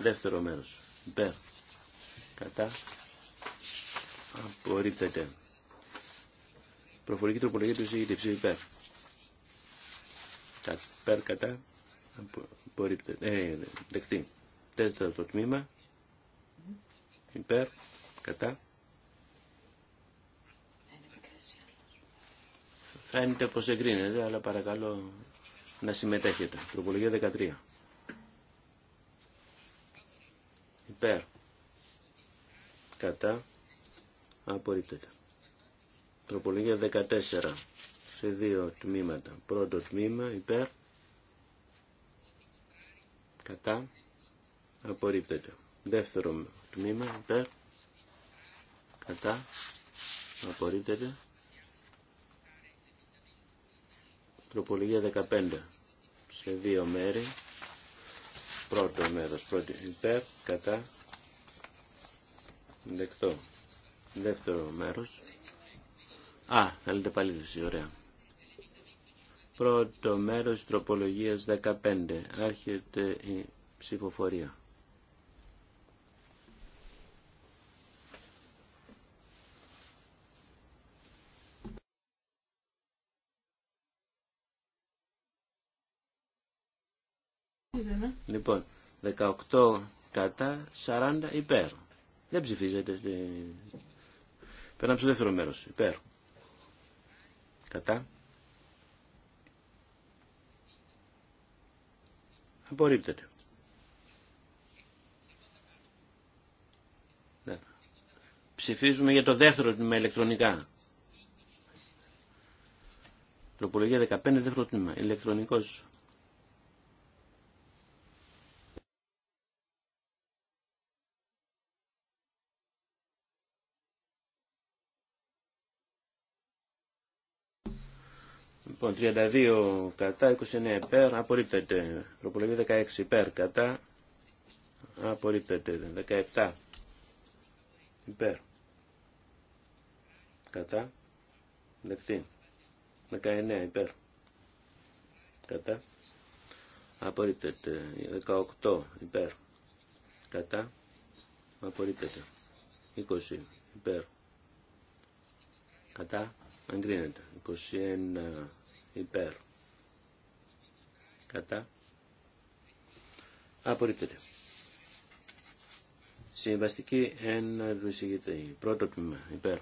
Δεύτερο μέρος. Υπέρ. Κατά. Απορρίπτεται. Προφορική τροπολογία του εισηγητή ψήφι υπέρ. Υπέρ κατά. Απορρίπτεται. Ε, δεκτή τέταρτο τμήμα υπέρ κατά Φαίνεται πως εγκρίνεται, αλλά παρακαλώ να συμμετέχετε. Τροπολογία 13. Υπέρ. Κατά. Απορρίπτεται. Τροπολογία 14. Σε δύο τμήματα. Πρώτο τμήμα υπέρ. Κατά απορρίπτεται. Δεύτερο τμήμα υπέρ κατά απορρίπτεται. Τροπολογία 15 σε δύο μέρη. Πρώτο μέρος πρώτη υπέρ κατά δεκτό. Δεύτερο μέρος. Α, θέλετε πάλι δύση, ωραία. Πρώτο μέρος τροπολογίας 15. Άρχεται η ψηφοφορία. 18 κατά 40 υπέρ. Δεν ψηφίζεται. Περνάμε στο δεύτερο μέρο, Υπέρ. Κατά. Απορρίπτεται. Ναι. Ψηφίζουμε για το δεύτερο τμήμα ηλεκτρονικά. Τροπολογία 15 δεύτερο τμήμα. Ηλεκτρονικός Λοιπόν, 32 κατά, 29 υπέρ, απορρίπτεται. Προπολογή 16 υπέρ, κατά, απορρίπτεται. 17 υπέρ, κατά, δεκτή. 19 υπέρ, κατά, απορρίπτεται. 18 υπέρ, κατά, απορρίπτεται. 20 υπέρ, κατά, Αγκρίνεται. 21 υπέρ κατά απορρίπτεται. Συμβαστική ένα του Πρώτο τμήμα υπέρ.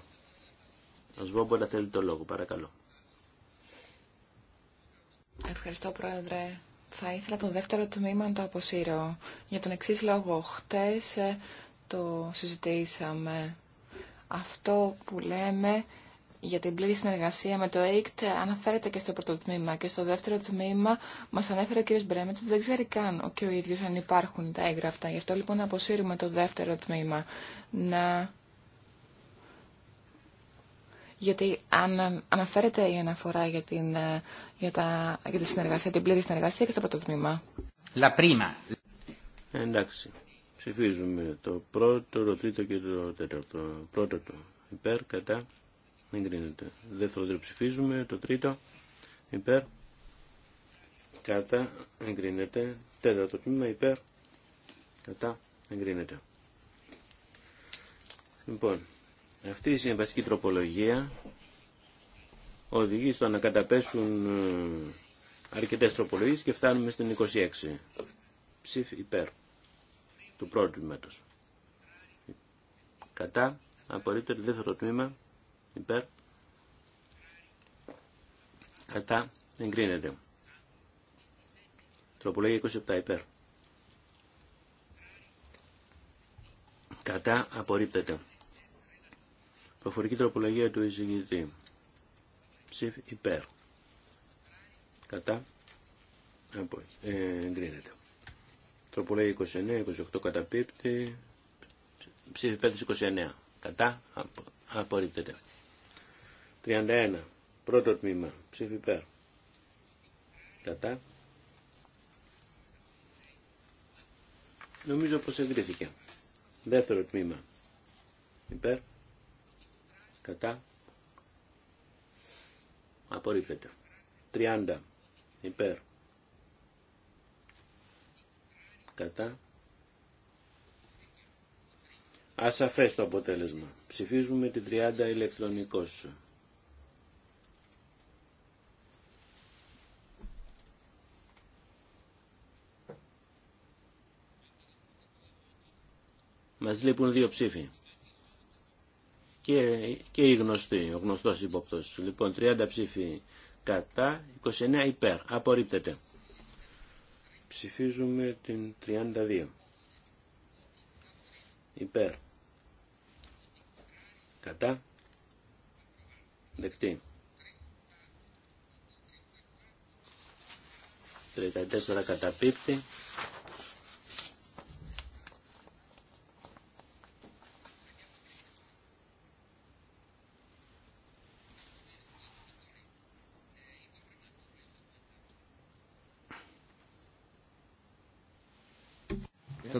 Ο Σβόμπολα θέλει το λόγο, παρακαλώ. Ευχαριστώ, Πρόεδρε. Θα ήθελα το δεύτερο τμήμα να το αποσύρω. Για τον εξή λόγο. Χτε ε, το συζητήσαμε. Αυτό που λέμε για την πλήρη συνεργασία με το ΕΙΚΤ αναφέρεται και στο πρώτο τμήμα και στο δεύτερο τμήμα μας ανέφερε ο κ. Μπρέμετ ότι δεν ξέρει καν και ο ίδιος αν υπάρχουν τα έγγραφτα. Γι' αυτό λοιπόν να αποσύρουμε το δεύτερο τμήμα. Να... Γιατί αν αναφέρεται η αναφορά για, την, για, τα, για τη συνεργασία, την πλήρη συνεργασία και στο πρώτο τμήμα. Εντάξει. Ψηφίζουμε το πρώτο, το τρίτο και το τέταρτο. Πρώτο το υπέρ, κατά δεν κρίνεται. Δεύτερο δεν ψηφίζουμε. Το τρίτο υπέρ. Κατά. Εγκρίνεται. Τέταρτο τμήμα υπέρ. Κατά. Εγκρίνεται. Λοιπόν, αυτή η συμβασική τροπολογία οδηγεί στο να καταπέσουν ε, αρκετές τροπολογίες και φτάνουμε στην 26. Ψήφι υπέρ του πρώτου τμήματος. Κατά, απορρίπτεται δεύτερο τμήμα υπέρ κατά εγκρίνεται. Τροπολογία 27 υπέρ. Κατά απορρίπτεται. Προφορική τροπολογία του εισηγητή. Ψήφ υπέρ. Κατά ε, εγκρίνεται. Τροπολογία 29, 28 καταπίπτει. ψήφ υπέρ της 29. Κατά απορρίπτεται. 31. Πρώτο τμήμα. Ψήφι υπέρ. Κατά. Νομίζω πως εγκρίθηκε. Δεύτερο τμήμα. Υπέρ. Κατά. Απορρίπτεται. 30. Υπέρ. Κατά. Ασαφές το αποτέλεσμα. Ψηφίζουμε την 30 ηλεκτρονικός. Μας λείπουν δύο ψήφοι. Και, και η γνωστή, ο γνωστός υπόπτος. Λοιπόν, 30 ψήφοι κατά, 29 υπέρ. Απορρίπτεται. Ψηφίζουμε την 32. Υπέρ. Κατά. Δεκτή. 34 καταπίπτει.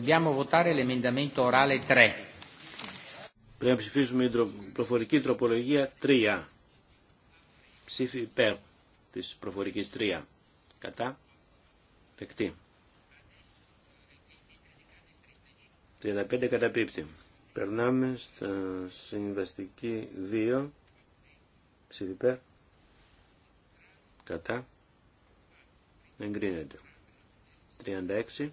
Πρέπει να ψηφίσουμε την προφορική τροπολογία 3. Ψήφι υπέρ της προφορικής 3. Κατά. Δεκτή. 35 καταπίπτει. Περνάμε στα συμβαστική 2. Ψήφι υπέρ. Κατά. Εγκρίνεται. 36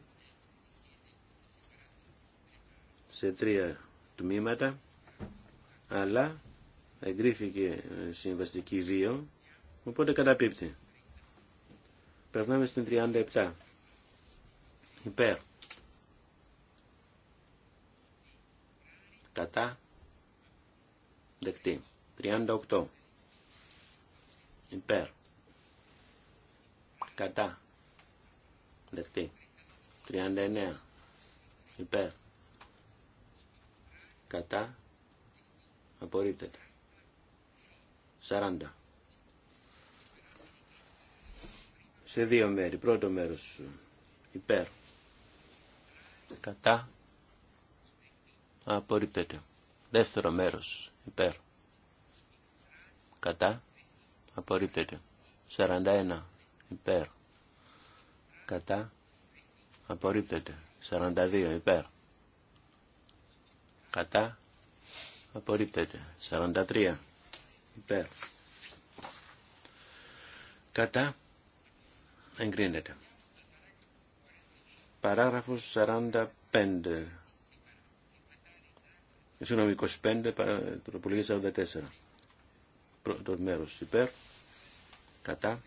σε τρία τμήματα, αλλά εγκρίθηκε συμβαστική 2, οπότε καταπίπτει. Περνάμε στην 37. Υπέρ. Κατά. Δεκτή. 38. Υπέρ. Κατά. Δεκτή. 39. Υπέρ κατά απορρίπτεται 40 σε δύο μέρη πρώτο μέρος υπέρ κατά απορρίπτεται δεύτερο μέρος υπέρ κατά απορρίπτεται 41 υπέρ κατά απορρίπτεται 42 υπέρ κατά απορρίπτεται 43 υπέρ κατά εγκρίνεται παράγραφος 45 συγγνώμη 25 τροπολογία 44 πρώτο μέρος υπέρ κατά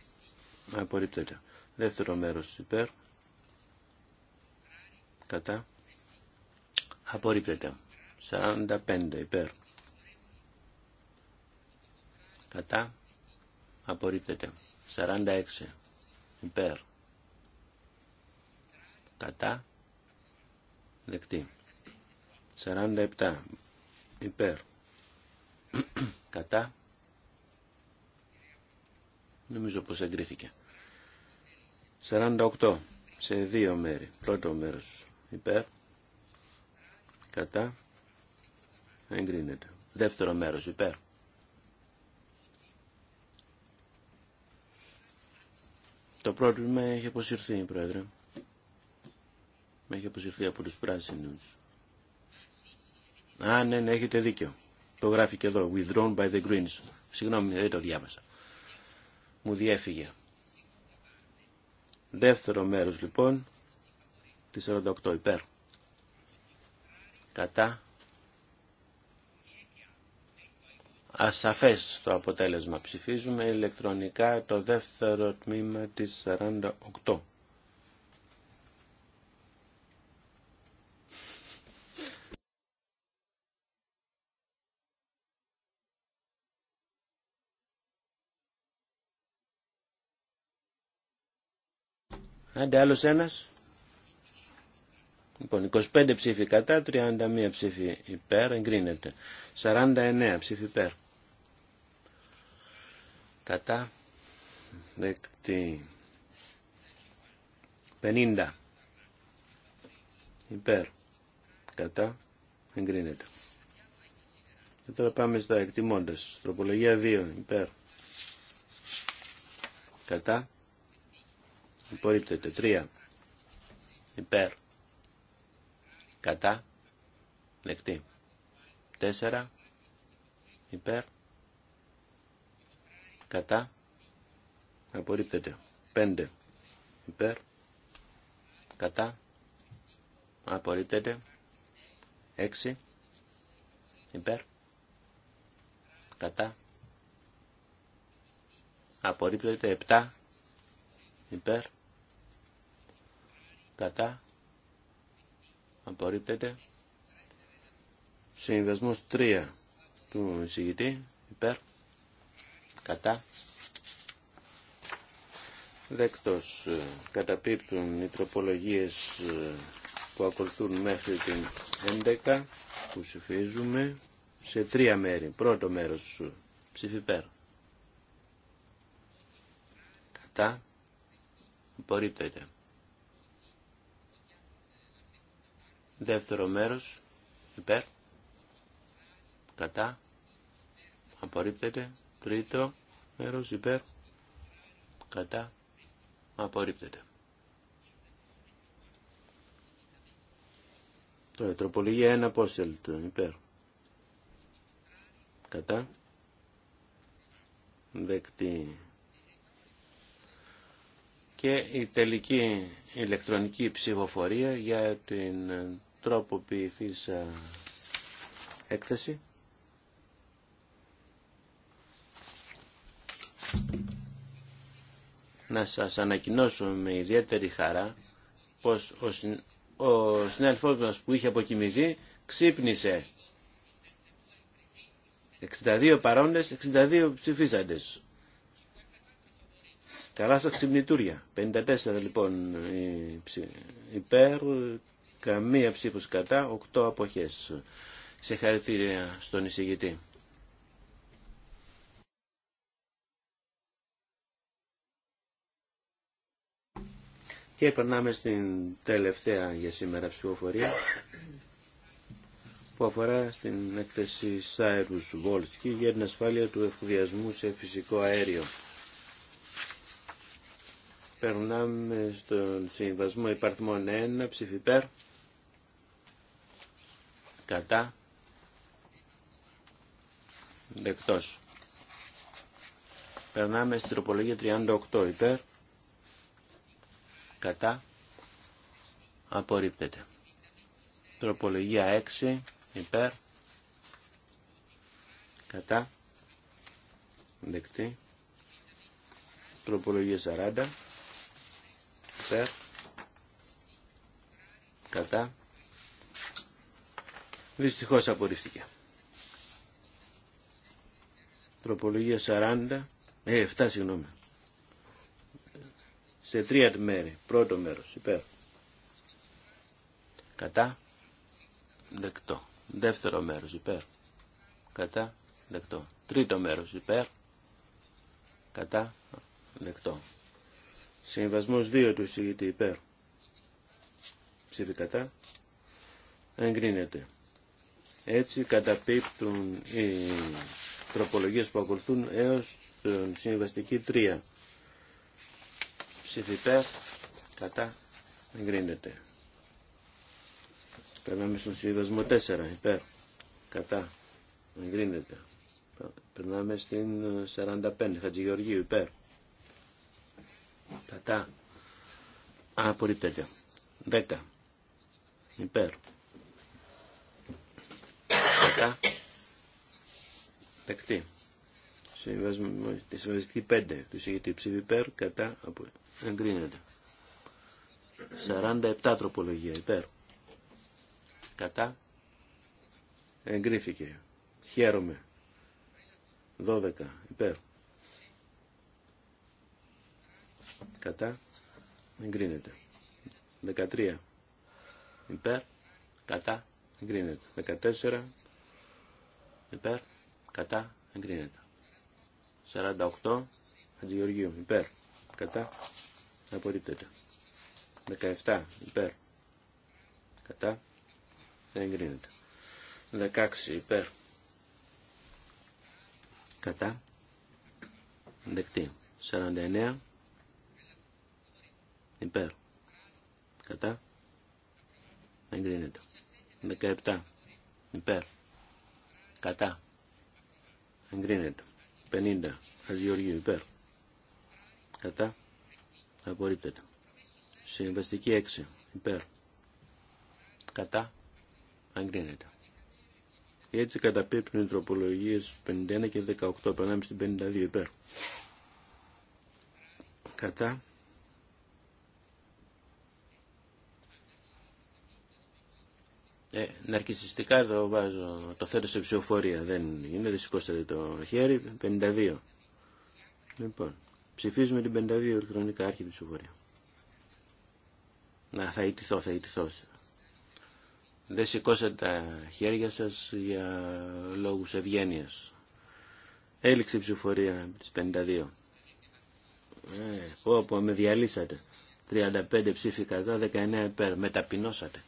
απορρίπτεται δεύτερο μέρος υπέρ κατά απορρίπτεται 45 υπέρ. Κατά. Απορρίπτεται. 46 υπέρ. Κατά. Δεκτή. 47 υπέρ. Κατά. Νομίζω πως εγκρίθηκε. 48 σε δύο μέρη. Πρώτο μέρος υπέρ. Κατά εγκρίνεται. Δεύτερο μέρος υπέρ. Το πρόβλημα έχει αποσυρθεί, Πρόεδρε. Με έχει αποσυρθεί από τους πράσινους. Α, ναι, ναι, έχετε δίκιο. Το γράφει και εδώ. Withdrawn by the Greens. Συγγνώμη, δεν το διάβασα. Μου διέφυγε. Δεύτερο μέρος, λοιπόν, τη 48 υπέρ. Κατά ασαφές το αποτέλεσμα. Ψηφίζουμε ηλεκτρονικά το δεύτερο τμήμα της 48. Άντε άλλος ένας. Λοιπόν, 25 ψήφοι κατά, 31 ψήφοι υπέρ, εγκρίνεται. 49 ψήφοι υπέρ κατά δεκτή 50 υπέρ κατά εγκρίνεται και τώρα πάμε στα εκτιμώντας τροπολογία 2 υπέρ κατά υπορρίπτεται 3 υπέρ κατά δεκτή 4 υπέρ κατά απορρίπτεται 5 υπέρ κατά απορρίπτεται 6 υπέρ κατά απορρίπτεται 7 υπέρ κατά απορρίπτεται συμβιβασμός 3 του εισηγητή υπέρ κατά δεκτός ε, καταπίπτουν οι τροπολογίες ε, που ακολουθούν μέχρι την 11 που ψηφίζουμε σε τρία μέρη. Πρώτο μέρος ε, ψηφιπέρ. Κατά απορρίπτεται. Δεύτερο μέρος υπέρ. Κατά απορρίπτεται. Τρίτο μέρος υπέρ κατά απορρίπτεται. Το τροπολογία 1 του λοιπόν, υπέρ κατά δεκτή και η τελική ηλεκτρονική ψηφοφορία για την τροποποιηθήσα έκθεση. να σας ανακοινώσω με ιδιαίτερη χαρά πως ο, ο μας που είχε αποκοιμηθεί ξύπνησε 62 παρόντες, 62 ψηφίσαντες. Καλά στα ξυπνητούρια. 54 λοιπόν υπέρ, καμία ψήφος κατά, 8 αποχές. Σε χαρακτήρια στον εισηγητή. Και περνάμε στην τελευταία για σήμερα ψηφοφορία που αφορά στην έκθεση Σάιρους Βόλσκι για την ασφάλεια του εφοδιασμού σε φυσικό αέριο. Περνάμε στον συμβασμό υπαρθμών 1, ψηφιπέρ, κατά, δεκτός. Περνάμε στην τροπολογία 38 υπέρ, κατά απορρίπτεται. Τροπολογία 6 υπέρ κατά δεκτή. Τροπολογία 40 υπέρ κατά δυστυχώς απορρίφθηκε. Τροπολογία 40 ε, 7 συγγνώμη σε τρία μέρη. Πρώτο μέρος, υπέρ. Κατά. Δεκτό. Δεύτερο μέρος, υπέρ. Κατά. Δεκτό. Τρίτο μέρος, υπέρ. Κατά. Δεκτό. Συμβασμός 2 του εισηγητή υπέρ. Ψήφι κατά. Εγκρίνεται. Έτσι καταπίπτουν οι τροπολογίες που ακολουθούν έως τον συμβαστική 3 ψήφι υπέρ, κατά, εγκρίνεται. Περνάμε στον συμβιβασμό 4, υπέρ, κατά, εγκρίνεται. Περνάμε στην 45, Χατζηγεωργίου, υπέρ, κατά, Α, απορρίπτεται. 10, υπέρ, κατά, δεκτή συμβαστική 5 του εισηγητή ψήφι υπέρ κατά από εγκρίνεται. 47 τροπολογία υπέρ κατά εγκρίθηκε. Χαίρομαι. 12 υπέρ κατά εγκρίνεται. 13 υπέρ κατά εγκρίνεται. 14 υπέρ κατά εγκρίνεται. 48 Χατζηγεωργίου υπέρ κατά απορρίπτεται 17 υπέρ κατά δεν εγκρίνεται 16 υπέρ κατά δεκτή 49 υπέρ κατά εγκρίνεται 17 υπέρ κατά εγκρίνεται 50 Χατζηγεωργίου υπέρ. Κατά. Απορρίπτεται. Συμβαστική 6 υπέρ. Κατά. Αγκρίνεται. Έτσι καταπίπτουν οι τροπολογίε 51 και 18. Περνάμε στην 52 υπέρ. Κατά. Ε, ναρκισιστικά το βάζω, το θέτω σε ψηφοφορία. Δεν είναι, δεν σηκώσατε το χέρι. 52. Λοιπόν, ψηφίζουμε την 52 ηλεκτρονικά άρχη ψηφοφορία. Να, θα ιτηθώ, θα ιτηθώ. Δεν σηκώσατε τα χέρια σας για λόγους ευγένεια. Έληξε η ψηφοφορία 52. Ε, πω, με διαλύσατε. 35 ψήφικα κατά, 19 υπέρ. Με ταπεινώσατε.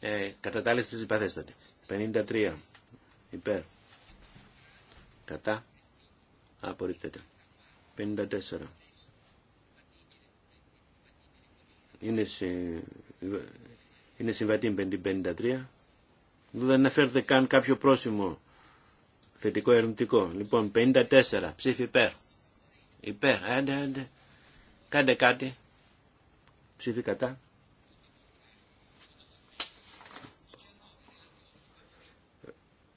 Ε, κατά τα άλλα υπαθέστατη. 53 υπέρ. Κατά. Απορρίπτεται. 54. Είναι, συ... είναι συμβατή με 53. Δεν αναφέρεται καν κάποιο πρόσημο θετικό ερευνητικό. Λοιπόν, 54 ψήφι υπέρ. Υπέρ. Άντε, άντε. Κάντε κάτι. Ψήφι κατά.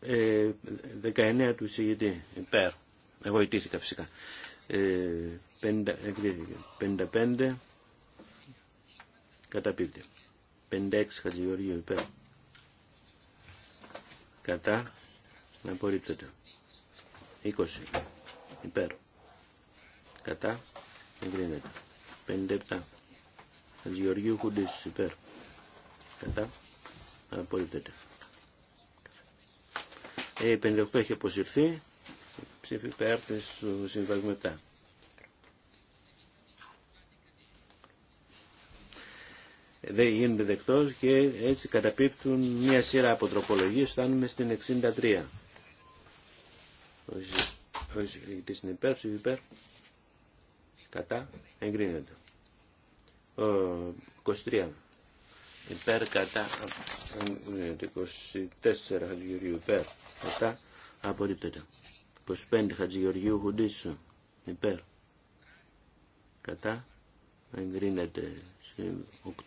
19 του εισηγητή. Υπέρ. εγώ Εγωιτήθηκα φυσικά. Ε, 50, εγκρίθηκε. 55 καταπίπτει. 56 Χατζηγοργίου υπέρ. Κατά να απορρίπτεται. 20 υπέρ. Κατά εγκρίνεται. 57 Χατζηγοργίου Χουντής υπέρ. Κατά απορρίπτεται. Ε, η 58 έχει αποσυρθεί. Ψήφι υπέρ της του συμβασμού μετά. δεν γίνεται δεκτός και έτσι καταπίπτουν μια σειρά από τροπολογίες, φτάνουμε στην 63. Όχι, γιατί στην υπέρ, υπέρ, κατά, εγκρίνεται. Ο, 23 υπέρ κατά 24 Χατζηγεωργίου υπέρ κατά απορρίπτεται 25 Χατζηγεωργίου χουντίσο υπέρ κατά εγκρίνεται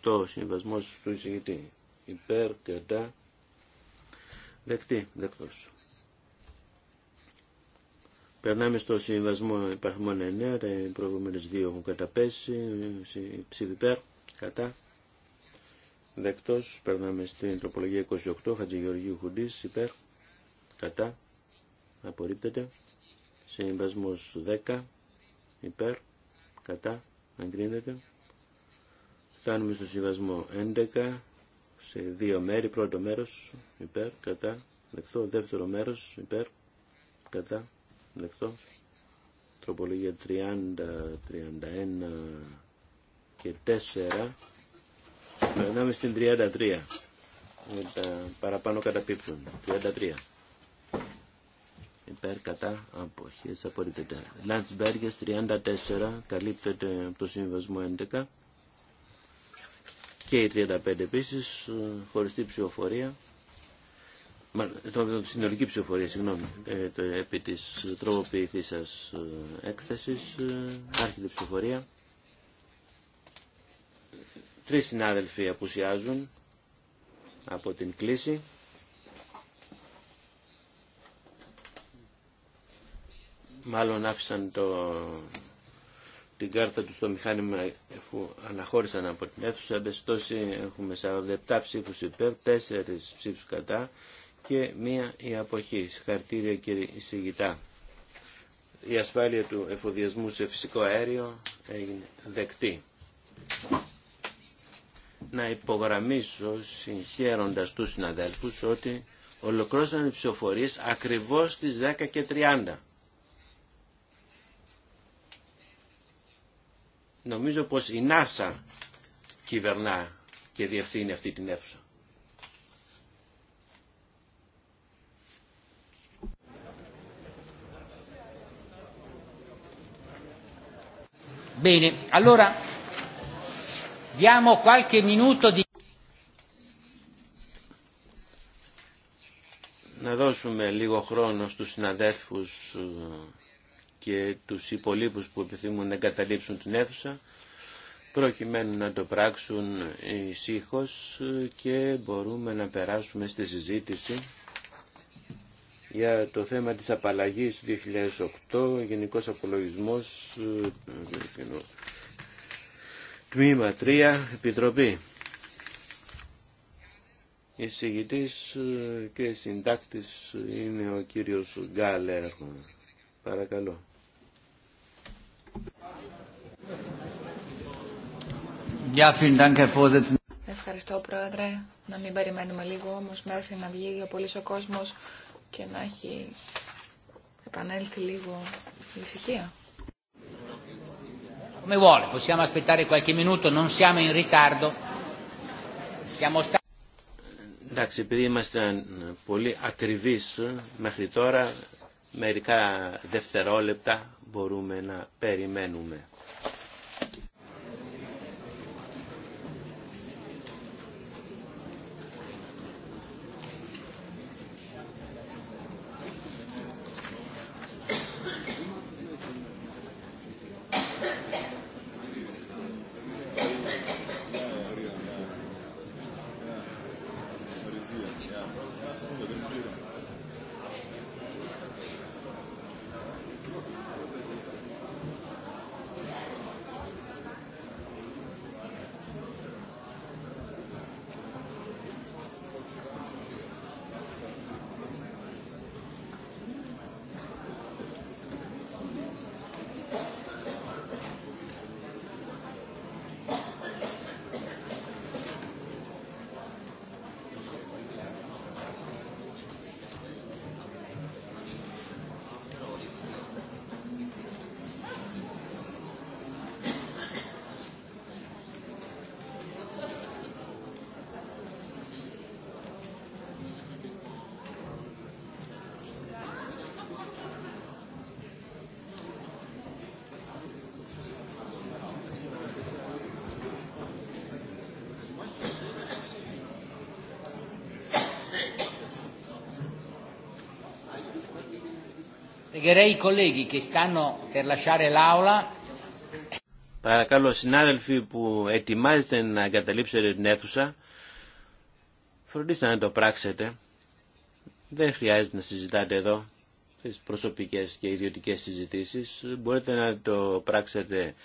8 συμβασμός του εισηγητή υπέρ κατά δεκτή δεκτός Περνάμε στο συμβασμό υπαρχμών 9, τα προηγούμενες δύο έχουν καταπέσει, ψήφι υπέρ, κατά, Δεκτός, περνάμε στην τροπολογία 28, Χατζηγεωργίου Χουντής, υπέρ, κατά, απορρίπτεται. Συμβασμός 10, υπέρ, κατά, Αγκρίνεται. Φτάνουμε στο συμβασμό 11, σε δύο μέρη, πρώτο μέρος, υπέρ, κατά, δεκτό, δεύτερο μέρος, υπέρ, κατά, δεκτό. Τροπολογία 30, 31 και 4 Περνάμε στην 33. Τα παραπάνω καταπίπτουν. 33. Υπέρ κατά αποχές απορρίπτεται. Λαντσμπέργες 34 καλύπτεται από το Σύμβασμο 11 και η 35 επίση ε, χωριστή ψηφοφορία συνολική ψηφοφορία, συγγνώμη, ε, το, επί της τροποποιηθής σας ε, έκθεσης, ε, άρχεται ψηφοφορία. Τρεις συνάδελφοι απουσιάζουν από την κλίση. Μάλλον άφησαν το... την κάρτα του στο μηχάνημα αφού αναχώρησαν από την αίθουσα. Εμπεστώσει έχουμε 47 ψήφους υπέρ, 4 ψήφους κατά και μία η αποχή. Συγχαρητήρια κύριε Ισηγητά. Η ασφάλεια του εφοδιασμού σε φυσικό αέριο έγινε δεκτή να υπογραμμίσω συγχαίροντας τους συναδέλφους ότι ολοκλώσαν οι ψηφοφορίες ακριβώς στις 10 και 30. Νομίζω πως η ΝΑΣΑ κυβερνά και διευθύνει αυτή την αίθουσα. Bene, qualche minuto Να δώσουμε λίγο χρόνο στους συναδέλφους ε, και τους υπολείπους που επιθυμούν να εγκαταλείψουν την αίθουσα προκειμένου να το πράξουν ησύχως ε, και μπορούμε να περάσουμε στη συζήτηση για το θέμα της απαλλαγής 2008, γενικός απολογισμός ε, Τμήμα 3, Επιτροπή. Η ε, και συντάκτης είναι ο κύριος Γκάλερ. Παρακαλώ. Ευχαριστώ Πρόεδρε. Να μην περιμένουμε λίγο όμως μέχρι να βγει ο πολύς ο κόσμος και να έχει επανέλθει λίγο η ησυχία. Come vuole, possiamo aspettare qualche minuto, non siamo in ritardo. Siamo stati... Εντάξει, επειδή ήμασταν πολύ ακριβείς μέχρι τώρα, μερικά δευτερόλεπτα μπορούμε να περιμένουμε. Παρακαλώ συνάδελφοι που ετοιμάζετε να εγκαταλείψετε την αίθουσα, φροντίστε να το πράξετε. Δεν χρειάζεται να συζητάτε εδώ τις προσωπικές και ιδιωτικές συζητήσεις. Μπορείτε να το πράξετε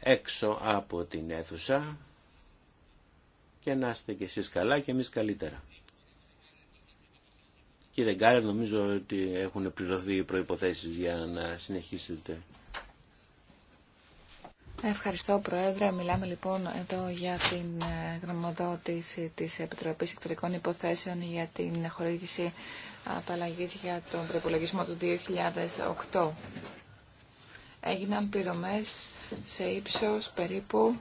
έξω από την αίθουσα και να είστε κι εσείς καλά και εμείς καλύτερα. Κύριε Γκάλερ, νομίζω ότι έχουν πληρωθεί οι προϋποθέσεις για να συνεχίσετε. Ευχαριστώ, Πρόεδρε. Μιλάμε λοιπόν εδώ για την ε, γνωμοδότηση της Επιτροπής Εκτορικών Υποθέσεων για την χορήγηση απαλλαγής για τον προπολογισμό του 2008. Έγιναν πληρωμές σε ύψος περίπου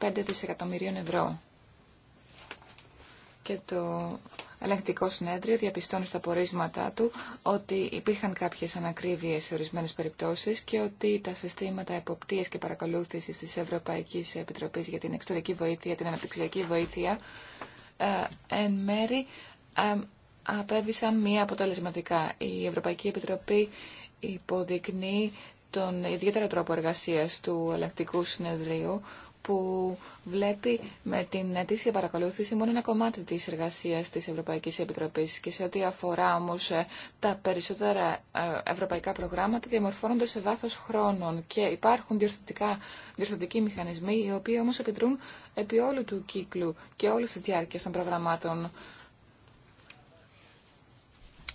5 δισεκατομμυρίων ευρώ και το ελεγκτικό συνέδριο διαπιστώνει στα πορίσματά του ότι υπήρχαν κάποιες ανακρίβειες σε ορισμένες περιπτώσεις και ότι τα συστήματα εποπτείας και παρακολούθησης της Ευρωπαϊκής Επιτροπής για την εξωτερική βοήθεια, την αναπτυξιακή βοήθεια, ε, εν μέρη ε, απέβησαν μία αποτελεσματικά. Η Ευρωπαϊκή Επιτροπή υποδεικνύει τον ιδιαίτερο τρόπο εργασίας του ελεγκτικού συνεδρίου που βλέπει με την αιτήσια παρακολούθηση μόνο ένα κομμάτι της εργασίας της Ευρωπαϊκής Επιτροπής και σε ό,τι αφορά όμως ε, τα περισσότερα ε, ευρωπαϊκά προγράμματα διαμορφώνονται σε βάθος χρόνων και υπάρχουν διορθωτικοί μηχανισμοί οι οποίοι όμως επιτρούν επί όλου του κύκλου και όλες τις διάρκεια των προγραμμάτων.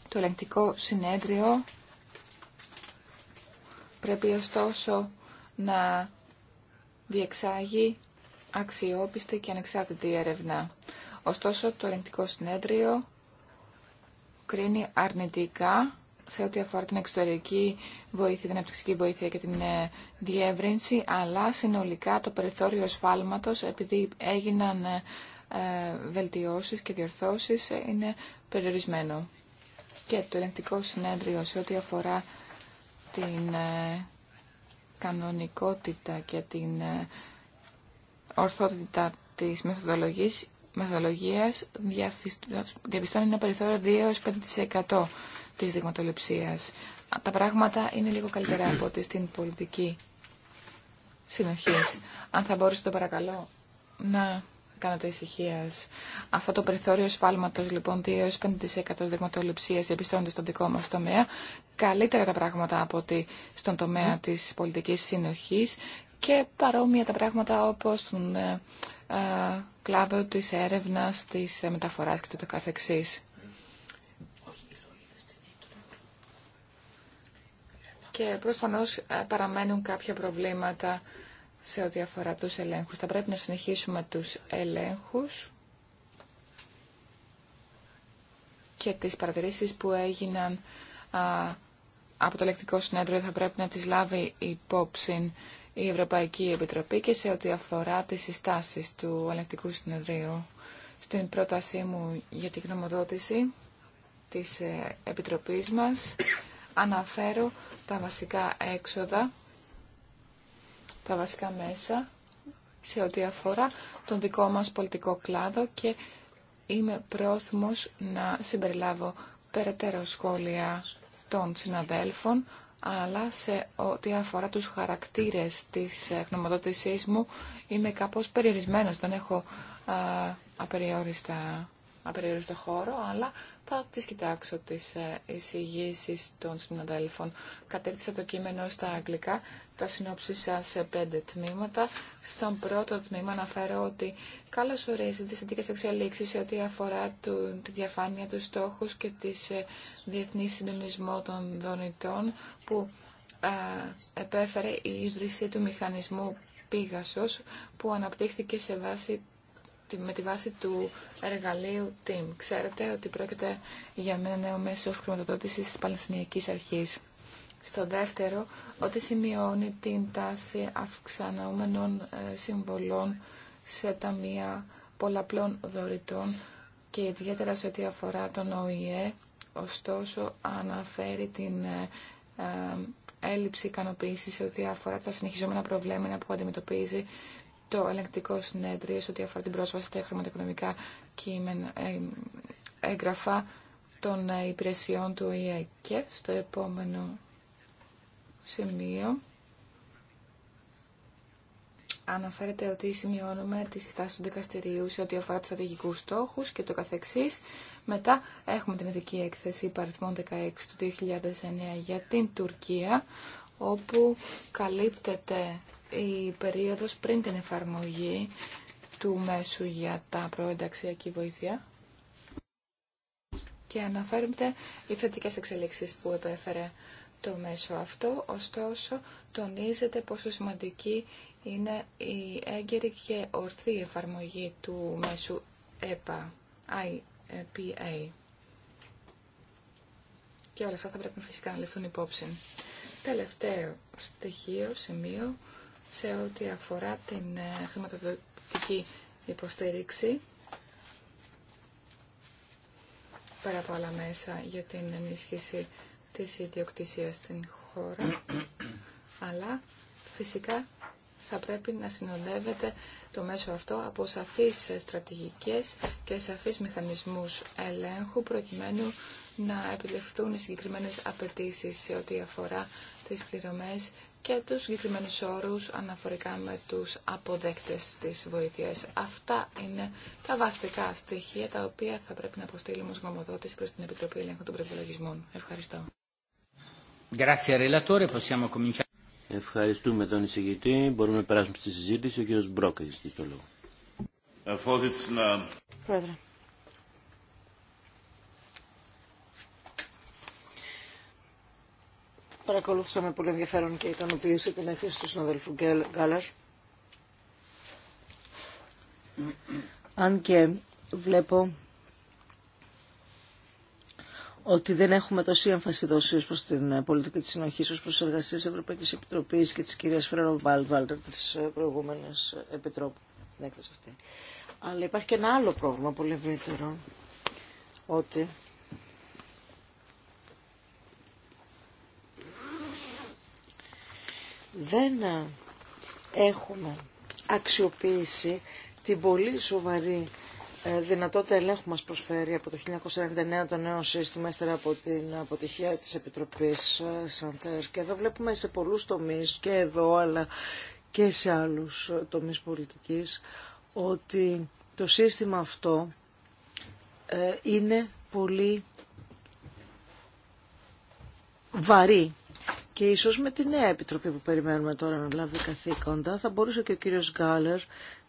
Το ελεγκτικό συνέδριο πρέπει ωστόσο να διεξάγει αξιόπιστη και ανεξάρτητη έρευνα. Ωστόσο, το ελεγκτικό συνέδριο κρίνει αρνητικά σε ό,τι αφορά την εξωτερική βοήθεια, την απτυξική βοήθεια και την ε, διεύρυνση, αλλά συνολικά το περιθώριο εσφάλματος, επειδή έγιναν ε, ε, βελτιώσεις και διορθώσεις, είναι περιορισμένο. Και το ελεγκτικό συνέδριο σε ό,τι αφορά την κανονικότητα και την ε, ορθότητα της μεθοδολογίας, μεθοδολογίας διαπιστώνει ένα περιθώριο 2-5% της δειγματοληψίας. Τα πράγματα είναι λίγο καλύτερα από ότι στην πολιτική συνοχής. Αν θα το παρακαλώ να κάνατε ησυχία. Αυτό το περιθώριο σφάλματο λοιπόν 2 5% δειγματοληψία διαπιστώνεται στον δικό μα τομέα. Καλύτερα τα πράγματα από ότι στον τομέα τη πολιτική συνοχή και παρόμοια τα πράγματα όπω στον ε, ε, κλάδο τη έρευνα, τη ε, μεταφορά και το καθεξή. Και προφανώ ε, παραμένουν κάποια προβλήματα σε ό,τι αφορά τους ελέγχους. Θα πρέπει να συνεχίσουμε τους ελέγχους και τις παρατηρήσεις που έγιναν από το ελεκτικό συνέδριο θα πρέπει να τις λάβει υπόψη η Ευρωπαϊκή Επιτροπή και σε ό,τι αφορά τις συστάσεις του ελεκτικού συνεδρίου. Στην πρότασή μου για την γνωμοδότηση της ε, Επιτροπής μας αναφέρω τα βασικά έξοδα τα βασικά μέσα σε ό,τι αφορά τον δικό μας πολιτικό κλάδο και είμαι πρόθυμος να συμπεριλάβω περαιτέρω σχόλια των συναδέλφων, αλλά σε ό,τι αφορά τους χαρακτήρες της ε, γνωμοδότησής μου είμαι κάπως περιορισμένος, δεν έχω α, απεριόριστα απεριόριστο χώρο, αλλά θα τις κοιτάξω τις ε, εισηγήσει των συναδέλφων. Κατέκτησα το κείμενο στα αγγλικά, τα συνόψισα σε πέντε τμήματα. Στον πρώτο τμήμα αναφέρω ότι καλώς ορίζει τι αντικές εξελίξεις σε ό,τι αφορά τη διαφάνεια του στόχου και τη ε, διεθνή συντονισμό των δονητών που επέφερε η ίδρυση του μηχανισμού Πήγασος που αναπτύχθηκε σε βάση με τη βάση του εργαλείου TIM. Ξέρετε ότι πρόκειται για ένα νέο μέσο χρηματοδότηση τη Παλαιστινιακή Αρχή. Στο δεύτερο, ότι σημειώνει την τάση αυξανόμενων ε, συμβολών σε ταμεία πολλαπλών δωρητών και ιδιαίτερα σε ό,τι αφορά τον ΟΗΕ, ωστόσο αναφέρει την ε, ε, έλλειψη ικανοποίηση σε ό,τι αφορά τα συνεχιζόμενα προβλήματα που αντιμετωπίζει το ελεγκτικό συνέδριο σε ό,τι αφορά την πρόσβαση στα χρηματοοικονομικά κείμενα, ε, έγγραφα των ε, υπηρεσιών του ΟΗΕ και στο επόμενο σημείο αναφέρεται ότι σημειώνουμε τη συστάσεις του δικαστηρίου σε ό,τι αφορά τους στρατηγικούς στόχους και το καθεξής. Μετά έχουμε την ειδική έκθεση παριθμών 16 του 2009 για την Τουρκία, όπου καλύπτεται η περίοδος πριν την εφαρμογή του μέσου για τα προενταξιακή βοήθεια και αναφέρονται οι θετικές εξελίξεις που επέφερε το μέσο αυτό, ωστόσο τονίζεται πόσο σημαντική είναι η έγκαιρη και ορθή εφαρμογή του μέσου ΕΠΑ, IPA. Και όλα αυτά θα πρέπει φυσικά να ληφθούν υπόψη. Τελευταίο στοιχείο, σημείο, σε ό,τι αφορά την ε, χρηματοδοτική υποστήριξη πέρα από άλλα μέσα για την ενίσχυση της ιδιοκτησίας στην χώρα, αλλά φυσικά θα πρέπει να συνοδεύεται το μέσο αυτό από σαφείς στρατηγικές και σαφείς μηχανισμούς ελέγχου προκειμένου να επιλεφθούν οι συγκεκριμένες απαιτήσεις σε ό,τι αφορά τις πληρωμές και τους συγκεκριμένου όρους αναφορικά με τους αποδέκτες της βοήθειας. Αυτά είναι τα βασικά στοιχεία τα οποία θα πρέπει να αποστείλουμε ως γνωμοδότηση προς την Επιτροπή Ελέγχου των Προπολογισμών. Ευχαριστώ. Ευχαριστούμε τον εισηγητή. Μπορούμε να περάσουμε στη συζήτηση. Ο κύριος Μπρόκ έχει λόγο. Πρόεδρε. Παρακολούθησα με πολύ ενδιαφέρον και ικανοποίηση την έκθεση του συναδελφού Γκάλλαρ. Αν και βλέπω ότι δεν έχουμε τόση έμφαση δώσει προς την ε, πολιτική της συνοχής ως προς εργασίες της Ευρωπαϊκής Επιτροπής και της κυρίας Φρέρο Βάλτερ της ε, προηγούμενης ε, Επιτρόπου. αυτή. Αλλά υπάρχει και ένα άλλο πρόβλημα πολύ ευρύτερο ότι δεν ε, έχουμε αξιοποιήσει την πολύ σοβαρή ε, δυνατότητα ελέγχου μας προσφέρει από το 1999 το νέο σύστημα έστερα από την αποτυχία της Επιτροπής ε, Σαντέρ και εδώ βλέπουμε σε πολλούς τομείς και εδώ αλλά και σε άλλους τομείς πολιτικής ότι το σύστημα αυτό είναι πολύ βαρύ και ίσω με τη νέα επιτροπή που περιμένουμε τώρα να λάβει καθήκοντα θα μπορούσε και ο κύριο Γκάλερ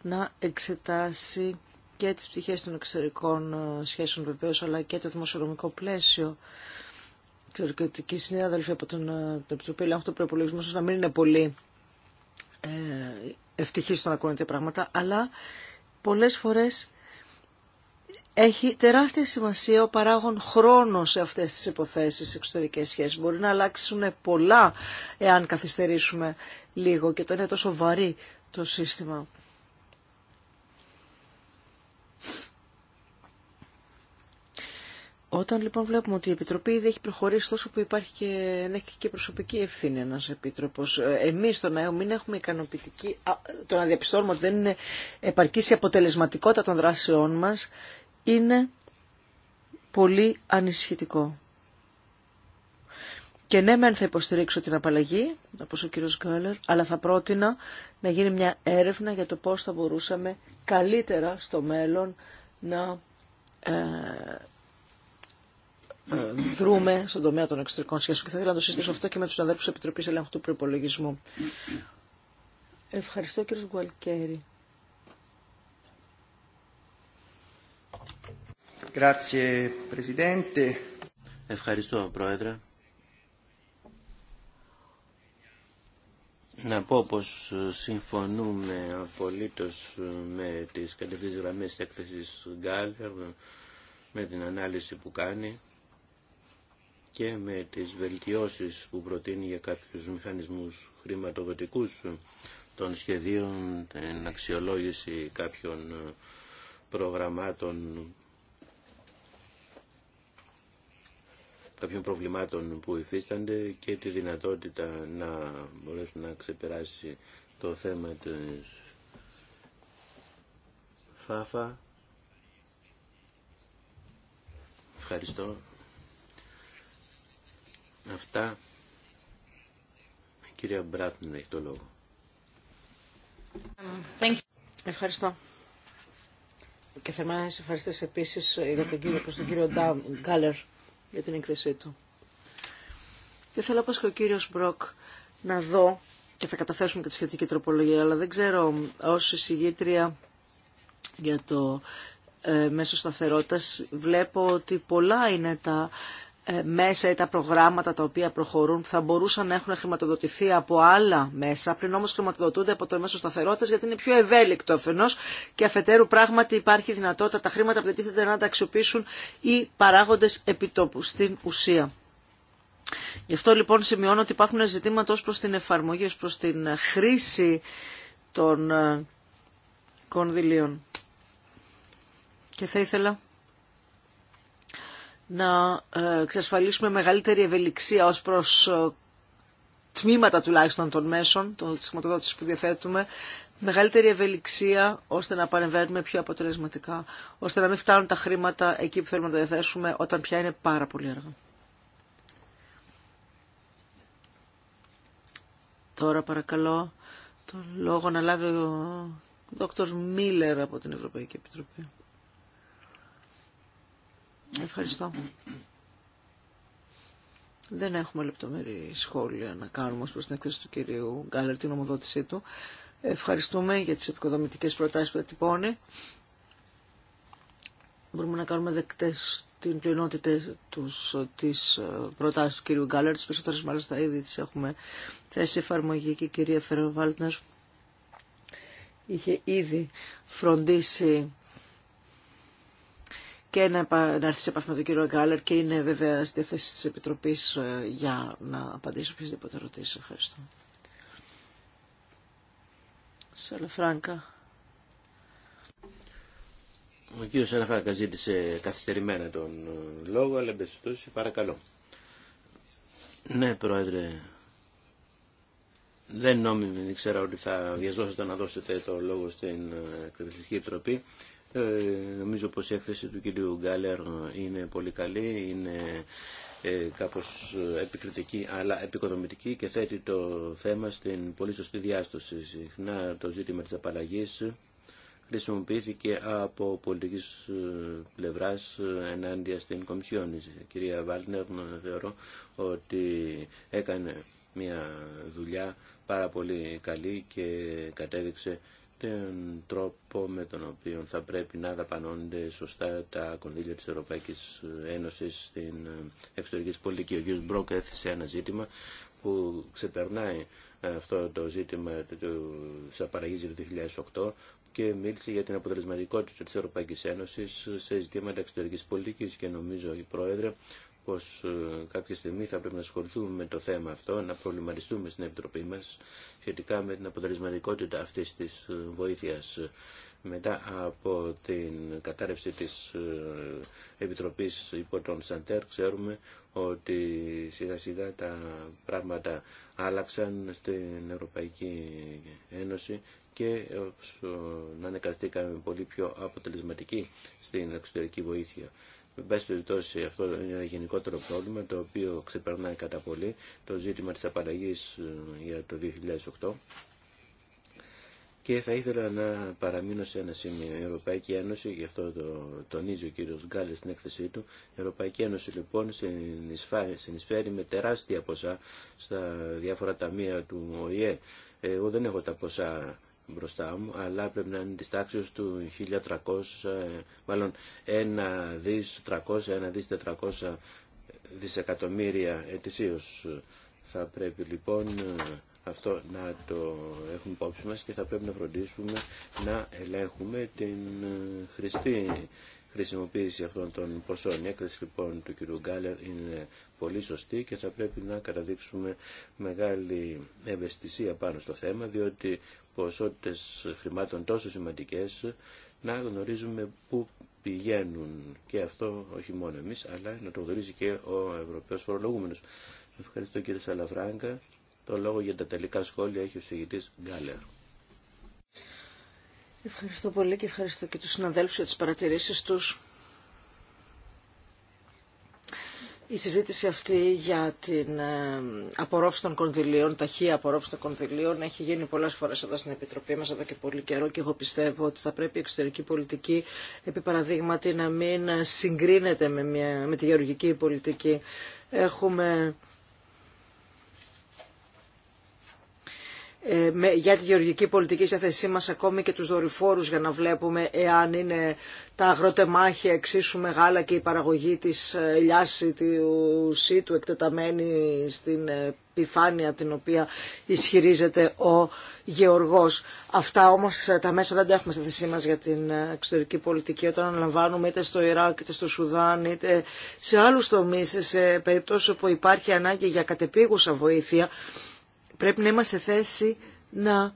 να εξετάσει και τι πτυχέ των εξωτερικών ε, σχέσεων βεβαίω, αλλά και το δημοσιονομικό πλαίσιο. Ξέρω και ότι και οι συνέδελφοι από τον, ε, την Επιτροπή Ελέγχου του ίσω να μην είναι πολύ ε, ευτυχεί στο να ακούνε πράγματα, αλλά πολλέ φορέ έχει τεράστια σημασία ο παράγων χρόνο σε αυτές τις υποθέσεις εξωτερικές σχέσεις. Μπορεί να αλλάξουν πολλά εάν καθυστερήσουμε λίγο και το είναι τόσο βαρύ το σύστημα. Όταν λοιπόν βλέπουμε ότι η Επιτροπή ήδη έχει προχωρήσει τόσο που υπάρχει και, έχει και προσωπική ευθύνη ένας Επίτροπος, ε, εμείς το να μην έχουμε ικανοποιητική, το να διαπιστώνουμε ότι δεν είναι επαρκής η αποτελεσματικότητα των δράσεών μας, είναι πολύ ανησυχητικό. Και ναι, μεν θα υποστηρίξω την απαλλαγή, όπω ο Κύριο Γκάλερ, αλλά θα πρότεινα να γίνει μια έρευνα για το πώς θα μπορούσαμε καλύτερα στο μέλλον να ε, ε δρούμε στον τομέα των εξωτερικών σχέσεων. Και θα ήθελα να το συστήσω αυτό και με του αδέρφου της Επιτροπής Ελέγχου του Προπολογισμού. Ευχαριστώ κύριο Γκουαλκέρη. Ευχαριστώ, Πρόεδρε. Να πω πως συμφωνούμε απολύτως με τις κατευθύνσεις γραμμές της έκθεσης Γκάλερ, με την ανάλυση που κάνει και με τις βελτιώσεις που προτείνει για κάποιους μηχανισμούς χρηματοδοτικούς των σχεδίων, την αξιολόγηση κάποιων προγραμμάτων κάποιων προβλημάτων που υφίστανται και τη δυνατότητα να μπορέσουν να ξεπεράσει το θέμα της ΦΑΦΑ. Ευχαριστώ. Αυτά. Η κυρία Μπράτν έχει το λόγο. Ευχαριστώ και σε ευχαριστώ επίση ε, για τον κύριο, προς τον κύριο Γκάλερ για την έκθεσή του. Και θέλω όπω και ο κύριος Μπροκ να δω και θα καταθέσουμε και τη σχετική τροπολογία, αλλά δεν ξέρω ως εισηγήτρια για το ε, μέσο σταθερότητας βλέπω ότι πολλά είναι τα ε, μέσα ή τα προγράμματα τα οποία προχωρούν θα μπορούσαν να έχουν χρηματοδοτηθεί από άλλα μέσα, πριν όμως χρηματοδοτούνται από το μέσο σταθερότητα γιατί είναι πιο ευέλικτο αφενός και αφετέρου πράγματι υπάρχει δυνατότητα τα χρήματα που δεν να τα αξιοποιήσουν οι παράγοντες επιτόπου στην ουσία. Γι' αυτό λοιπόν σημειώνω ότι υπάρχουν ζητήματα ως προς την εφαρμογή, ως προς την χρήση των ε, κονδυλίων. Και θα ήθελα να ε, εξασφαλίσουμε μεγαλύτερη ευελιξία ως προς ε, τμήματα τουλάχιστον των μέσων, των χρηματοδότηση που διαθέτουμε, μεγαλύτερη ευελιξία ώστε να παρεμβαίνουμε πιο αποτελεσματικά, ώστε να μην φτάνουν τα χρήματα εκεί που θέλουμε να τα διαθέσουμε όταν πια είναι πάρα πολύ αργά. Τώρα παρακαλώ τον λόγο να λάβει ο Δόκτωρ Μίλερ από την Ευρωπαϊκή Επιτροπή. Ευχαριστώ. Δεν έχουμε λεπτομερή σχόλια να κάνουμε ως προς την έκθεση του κυρίου Γκάλερ, την ομοδότησή του. Ευχαριστούμε για τις επικοδομητικές προτάσεις που ετυπώνει. Μπορούμε να κάνουμε δεκτές την πλειονότητα τους, της ε, προτάσεις του κυρίου Γκάλερ. Τις περισσότερες μάλιστα ήδη τις έχουμε θέσει εφαρμογή και η κυρία Φεροβάλτνερ είχε ήδη φροντίσει και να, να έρθει σε επαφή με τον κύριο Γκάλερ και είναι βέβαια στη θέση της Επιτροπής ε, για να απαντήσει οποιασδήποτε ερωτήσει. Ευχαριστώ. Σαλαφράγκα. Ο κύριο Σαλαφράγκα ζήτησε καθυστερημένα τον ε, λόγο, αλλά πάση παρακαλώ. Ναι, Πρόεδρε, δεν νόμιμη, δεν ξέρω ότι θα βιαζόσατε να δώσετε το λόγο στην ε, Εκπαιδευτική Επιτροπή. Ε, νομίζω πως η έκθεση του κυρίου Γκάλερ είναι πολύ καλή, είναι ε, κάπως επικριτική αλλά επικοδομητική και θέτει το θέμα στην πολύ σωστή διάσταση. Συχνά το ζήτημα της απαλλαγής χρησιμοποιήθηκε από πολιτικής ε, πλευράς ενάντια στην Κομισιόν. Η κυρία Βάλτνερ ε, θεωρώ ότι έκανε μια δουλειά πάρα πολύ καλή και κατέδειξε τον τρόπο με τον οποίο θα πρέπει να δαπανώνται σωστά τα κονδύλια της Ευρωπαϊκής Ένωσης στην εξωτερική πολιτική. Ο κ. Μπρόκ έθεσε ένα ζήτημα που ξεπερνάει αυτό το ζήτημα του απαραγής του 2008 και μίλησε για την αποτελεσματικότητα της Ευρωπαϊκής Ένωσης σε ζητήματα εξωτερικής πολιτικής και νομίζω η Πρόεδρε πως ε, κάποια στιγμή θα πρέπει να ασχοληθούμε με το θέμα αυτό, να προβληματιστούμε στην Επιτροπή μας σχετικά με την αποτελεσματικότητα αυτής της ε, βοήθειας μετά από την κατάρρευση της ε, Επιτροπής υπό τον Σαντέρ ξέρουμε ότι σιγά σιγά τα πράγματα άλλαξαν στην Ευρωπαϊκή Ένωση και να ανακαταστήκαμε πολύ πιο αποτελεσματικοί στην εξωτερική βοήθεια. Με πάση περιπτώσει αυτό είναι ένα γενικότερο πρόβλημα το οποίο ξεπερνάει κατά πολύ το ζήτημα της απαλλαγής ε, για το 2008 και θα ήθελα να παραμείνω σε ένα σημείο. Η Ευρωπαϊκή Ένωση, γι' αυτό το τονίζει ο κύριος Γκάλε στην έκθεσή του, η Ευρωπαϊκή Ένωση λοιπόν συνεισφέρει με τεράστια ποσά στα διάφορα ταμεία του ΟΗΕ. Εγώ δεν έχω τα ποσά μπροστά μου, αλλά πρέπει να είναι της τάξης του 1300, μάλλον 1 δις 300, 1 400 δισεκατομμύρια ετησίως. Θα πρέπει λοιπόν ε, αυτό να το έχουμε υπόψη μας και θα πρέπει να φροντίσουμε να ελέγχουμε την ε, χρηστή χρησιμοποίηση αυτών των ποσών. Η έκθεση λοιπόν του κ. Γκάλερ είναι πολύ σωστή και θα πρέπει να καταδείξουμε μεγάλη ευαισθησία πάνω στο θέμα, διότι ποσότητες χρημάτων τόσο σημαντικές να γνωρίζουμε πού πηγαίνουν και αυτό όχι μόνο εμείς αλλά να το γνωρίζει και ο Ευρωπαίος Φορολογούμενος. Ευχαριστώ κύριε Σαλαφράγκα. Το λόγο για τα τελικά σχόλια έχει ο συγητής Γκάλερ. Ευχαριστώ πολύ και ευχαριστώ και τους συναδέλφους για τις παρατηρήσεις τους. η συζήτηση αυτή για την ε, απορρόφηση των κονδυλίων, ταχεία απορρόφηση των κονδυλίων, έχει γίνει πολλές φορές εδώ στην Επιτροπή μας εδώ και πολύ καιρό και εγώ πιστεύω ότι θα πρέπει η εξωτερική πολιτική, επί παραδείγματι, να μην συγκρίνεται με, μια, με τη γεωργική πολιτική. Έχουμε Ε, για τη γεωργική πολιτική σε θέσή μας ακόμη και τους δορυφόρους για να βλέπουμε εάν είναι τα αγροτεμάχια εξίσου μεγάλα και η παραγωγή της ε, ελιάς του σίτου εκτεταμένη στην επιφάνεια την οποία ισχυρίζεται ο γεωργός. Αυτά όμως ε, τα μέσα δεν τα έχουμε στη θέση μας για την εξωτερική πολιτική όταν αναλαμβάνουμε είτε στο Ιράκ είτε στο Σουδάν είτε σε άλλους τομείς, σε περιπτώσεις όπου υπάρχει ανάγκη για κατεπίγουσα βοήθεια Πρέπει να είμαστε σε θέση να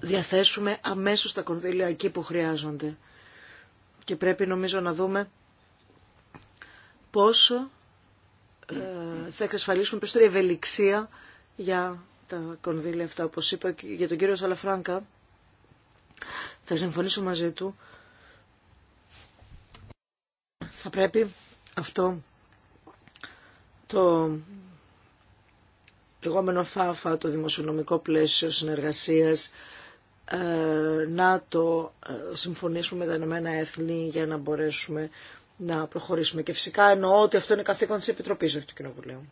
διαθέσουμε αμέσως τα κονδύλια εκεί που χρειάζονται. Και πρέπει νομίζω να δούμε πόσο ε, θα εξασφαλίσουμε περισσότερη ευελιξία για τα κονδύλια αυτά. Όπως είπα και για τον κύριο Σαλαφράγκα, θα συμφωνήσω μαζί του. Θα πρέπει αυτό το λεγόμενο ΦΑΦΑ, το Δημοσιονομικό Πλαίσιο Συνεργασίας, ε, να το ε, συμφωνήσουμε με τα Ηνωμένα Έθνη για να μπορέσουμε να προχωρήσουμε. Και φυσικά εννοώ ότι αυτό είναι καθήκον της Επιτροπής, όχι του Κοινοβουλίου.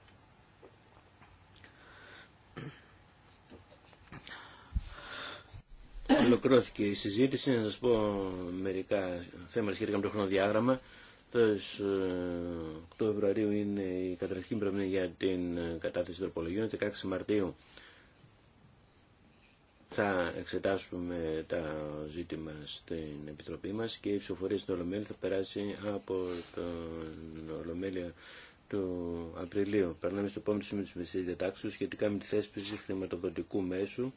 Ολοκληρώθηκε η συζήτηση. Να σα πω μερικά θέματα σχετικά με το χρονοδιάγραμμα. 8 ε, Φεβρουαρίου είναι η καταρχική προβλήμα για την ε, κατάθεση τροπολογίων, 16 Μαρτίου θα εξετάσουμε τα ζήτημα στην Επιτροπή μας και η ψηφοφορία στην Ολομέλεια θα περάσει από το Ολομέλεια του Απριλίου. Περνάμε στο επόμενο σημείο της Μεσής Διατάξεως σχετικά με τη θέσπιση χρηματοδοτικού μέσου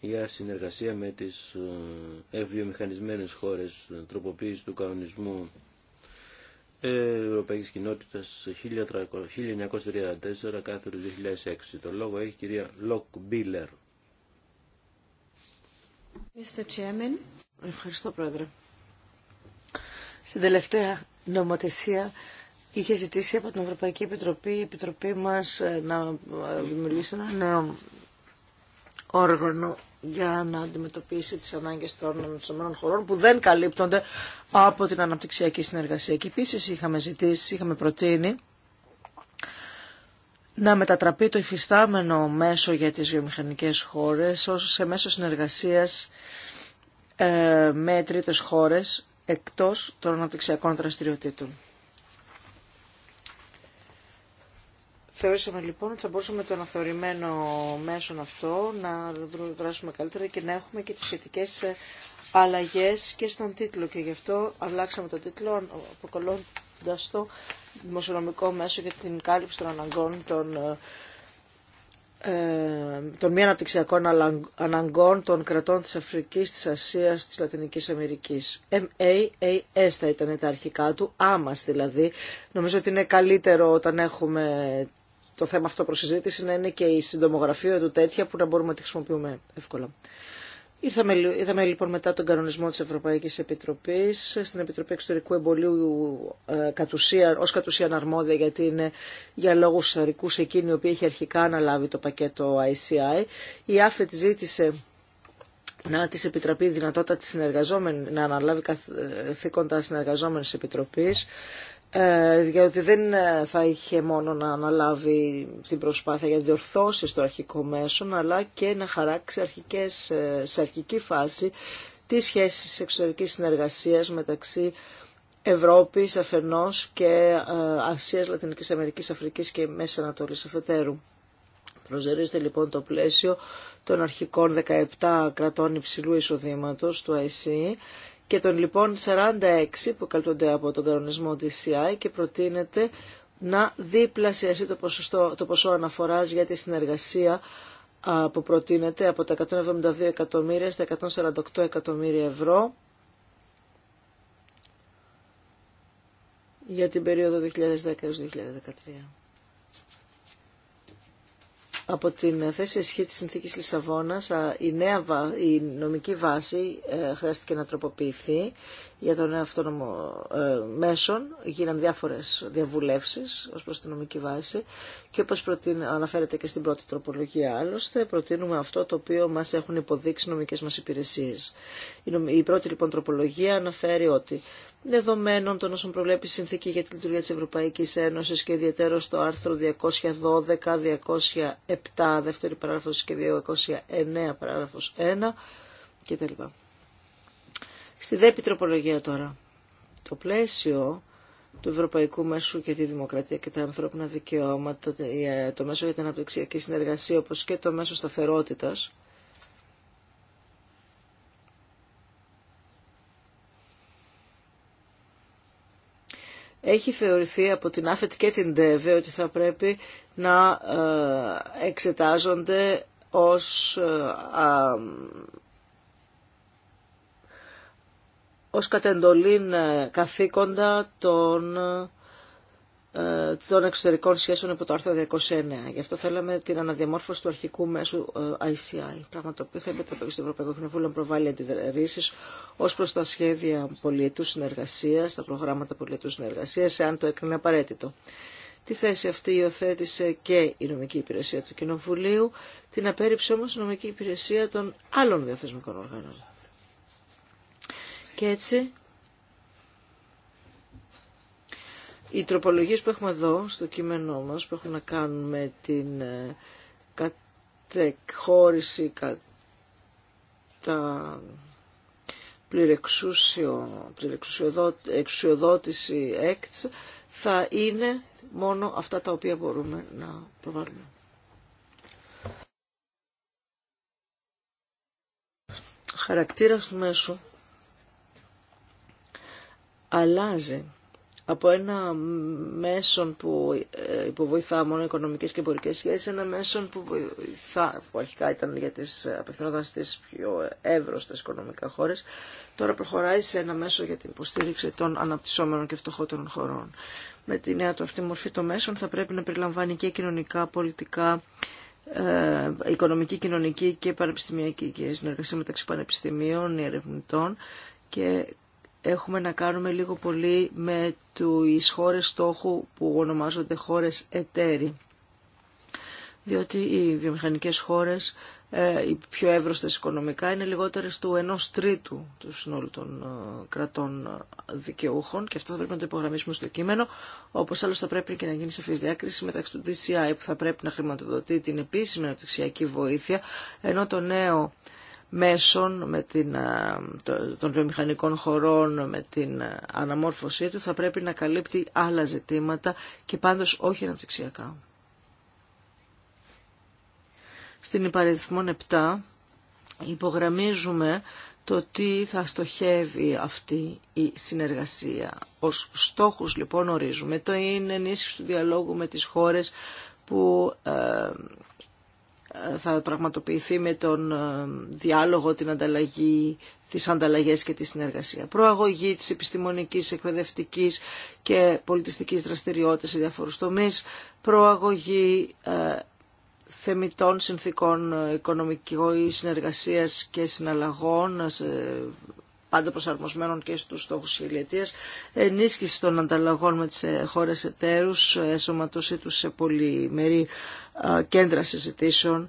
για συνεργασία με τις ε, ευβιομηχανισμένες χώρες τροποποίηση του κανονισμού Ευρωπαϊκή κοινότητα 1934 κάθετο 2006. Το λόγο έχει η κυρία Λοκ Μπίλερ. Ευχαριστώ Πρόεδρε. Στην τελευταία νομοθεσία είχε ζητήσει από την Ευρωπαϊκή Επιτροπή η Επιτροπή μας ε, να ε, δημιουργήσει ένα νέο όργανο για να αντιμετωπίσει τις ανάγκες των αναπτυσσομένων χωρών που δεν καλύπτονται από την αναπτυξιακή συνεργασία. Και επίσης είχαμε ζητήσει, είχαμε προτείνει να μετατραπεί το υφιστάμενο μέσο για τις βιομηχανικές χώρες ως σε μέσο συνεργασίας ε, με τρίτες χώρες εκτός των αναπτυξιακών δραστηριοτήτων. Θεωρήσαμε λοιπόν ότι θα μπορούσαμε το αναθεωρημένο μέσον αυτό να δράσουμε καλύτερα και να έχουμε και τις σχετικές ε, αλλαγές και στον τίτλο και γι' αυτό αλλάξαμε τον τίτλο αποκολώντας το δημοσιονομικό μέσο για την κάλυψη των αναγκών των, ε, ε, των μη αναπτυξιακών αναγκών των κρατών της Αφρικής, της Ασίας, της Λατινικής Αμερικής. MAAS θα ήταν τα αρχικά του, άμας δηλαδή. Νομίζω ότι είναι καλύτερο όταν έχουμε το θέμα αυτό προ να είναι και η συντομογραφία του τέτοια που να μπορούμε να τη χρησιμοποιούμε εύκολα. Ήρθαμε, είδαμε λοιπόν μετά τον κανονισμό της Ευρωπαϊκής Επιτροπής στην Επιτροπή Εξωτερικού Εμπολίου ε, κατουσία, ως κατουσίαν αρμόδια γιατί είναι για λόγους αρικούς εκείνη η οποία έχει αρχικά αναλάβει το πακέτο ICI. Η ΑΦΕΤ ζήτησε να της επιτραπεί η δυνατότητα της να αναλάβει καθήκοντα ε, συνεργαζόμενης επιτροπής ε, γιατί δεν θα είχε μόνο να αναλάβει την προσπάθεια για διορθώσεις στο αρχικό μέσο, αλλά και να χαράξει αρχικές, ε, σε αρχική φάση τις σχέσεις εξωτερικής συνεργασίας μεταξύ Ευρώπης αφενός και ε, Ασίας, Λατινικής Αμερικής, Αφρικής και Μέση Ανατολής αφετέρου. Προσδιορίζεται λοιπόν το πλαίσιο των αρχικών 17 κρατών υψηλού εισοδήματος του IC e και των λοιπόν 46 που καλύπτονται από τον κανονισμό DCI και προτείνεται να διπλασιαστεί το, ποσοστό, το ποσό αναφοράς για τη συνεργασία που προτείνεται από τα 172 εκατομμύρια στα 148 εκατομμύρια ευρώ για την περίοδο 2010-2013. Από την θέση ισχύ της συνθήκης Λισαβόνας η, νέα, η νομική βάση ε, χρειάστηκε να τροποποιηθεί για τον αυτόνομο ε, μέσον. Γίναν διάφορες διαβουλεύσεις ως προς την νομική βάση και όπως αναφέρεται και στην πρώτη τροπολογία άλλωστε, προτείνουμε αυτό το οποίο μας έχουν υποδείξει νομικές μας υπηρεσίες. Η πρώτη λοιπόν τροπολογία αναφέρει ότι δεδομένων των όσων προβλέπει η Συνθήκη για τη Λειτουργία της Ευρωπαϊκής Ένωσης και ιδιαίτερο στο άρθρο 212, 207, δεύτερη παράγραφος και 209 παράγραφος 1 κτλ. Στη δε επιτροπολογία τώρα. Το πλαίσιο του Ευρωπαϊκού Μέσου για τη Δημοκρατία και τα ανθρώπινα δικαιώματα, ε, το Μέσο για την Αναπτυξιακή Συνεργασία, όπως και το Μέσο Σταθερότητας, έχει θεωρηθεί από την ΑΦΕΤ και την ΔΕΒΕ ότι θα πρέπει να ε, εξετάζονται ως ε, ως κατεντολήν ε, καθήκοντα των, ε, των εξωτερικών σχέσεων υπό το άρθρο 209. Γι' αυτό θέλαμε την αναδιαμόρφωση του αρχικού μέσου ICI, ε, πράγμα το οποίο θα επιτρέπει στο Ευρωπαϊκό Κοινοβούλιο να προβάλλει αντιδράσει ω προ τα σχέδια πολιετού συνεργασία, τα προγράμματα πολιετού συνεργασία, εάν το έκρινε απαραίτητο. Τη θέση αυτή υιοθέτησε και η νομική υπηρεσία του Κοινοβουλίου, την απέρριψε όμω η νομική υπηρεσία των άλλων διαθεσμικών οργάνων. Και έτσι οι τροπολογίες που έχουμε εδώ στο κείμενό μας που έχουν να κάνουν με την ε, κατεχώρηση κατά πληρεξουσιο, εξουσιοδότηση ΕΚΤΣ θα είναι μόνο αυτά τα οποία μπορούμε να προβάλλουμε. Χαρακτήρας του μέσου αλλάζει από ένα μέσο που ε, υποβοηθά μόνο οικονομικές και εμπορικές σχέσεις, ένα μέσο που βοηθά, που αρχικά ήταν για τις, απευθυνόταν στις πιο εύρωστες οικονομικά χώρες, τώρα προχωράει σε ένα μέσο για την υποστήριξη των αναπτυσσόμενων και φτωχότερων χωρών. Με τη νέα του αυτή μορφή το μέσο θα πρέπει να περιλαμβάνει και κοινωνικά, πολιτικά, ε, οικονομική, κοινωνική και πανεπιστημιακή και συνεργασία μεταξύ πανεπιστημίων, ερευνητών και έχουμε να κάνουμε λίγο πολύ με τις χώρες στόχου που ονομάζονται χώρες εταίροι. Διότι οι βιομηχανικές χώρες, ε, οι πιο εύρωστες οικονομικά, είναι λιγότερες του ενός τρίτου του συνόλου των ε, κρατών ε, δικαιούχων και αυτό θα πρέπει να το υπογραμμίσουμε στο κείμενο, όπως άλλως θα πρέπει και να γίνει σε διάκριση μεταξύ του DCI που θα πρέπει να χρηματοδοτεί την επίσημη αναπτυξιακή βοήθεια, ενώ το νέο μέσων, με την, των βιομηχανικών χωρών, με την αναμόρφωσή του, θα πρέπει να καλύπτει άλλα ζητήματα και πάντως όχι αναπτυξιακά. Στην υπαριθμόν 7 υπογραμμίζουμε το τι θα στοχεύει αυτή η συνεργασία. Ως στόχους λοιπόν ορίζουμε. Το είναι ενίσχυση του διαλόγου με τις χώρες που ε, θα πραγματοποιηθεί με τον ε, διάλογο, την ανταλλαγή, τις ανταλλαγές και τη συνεργασία. Προαγωγή της επιστημονικής, εκπαιδευτικής και πολιτιστικής δραστηριότητας σε διάφορους τομείς. Προαγωγή ε, θεμητών συνθήκων ε, οικονομικής συνεργασίας και συναλλαγών σε πάντα προσαρμοσμένων και στους στόχους χιλιετίας, ενίσχυση των ανταλλαγών με τις ε, χώρες εταίρους, εσωματωσή τους σε πολυμερή κέντρα συζητήσεων,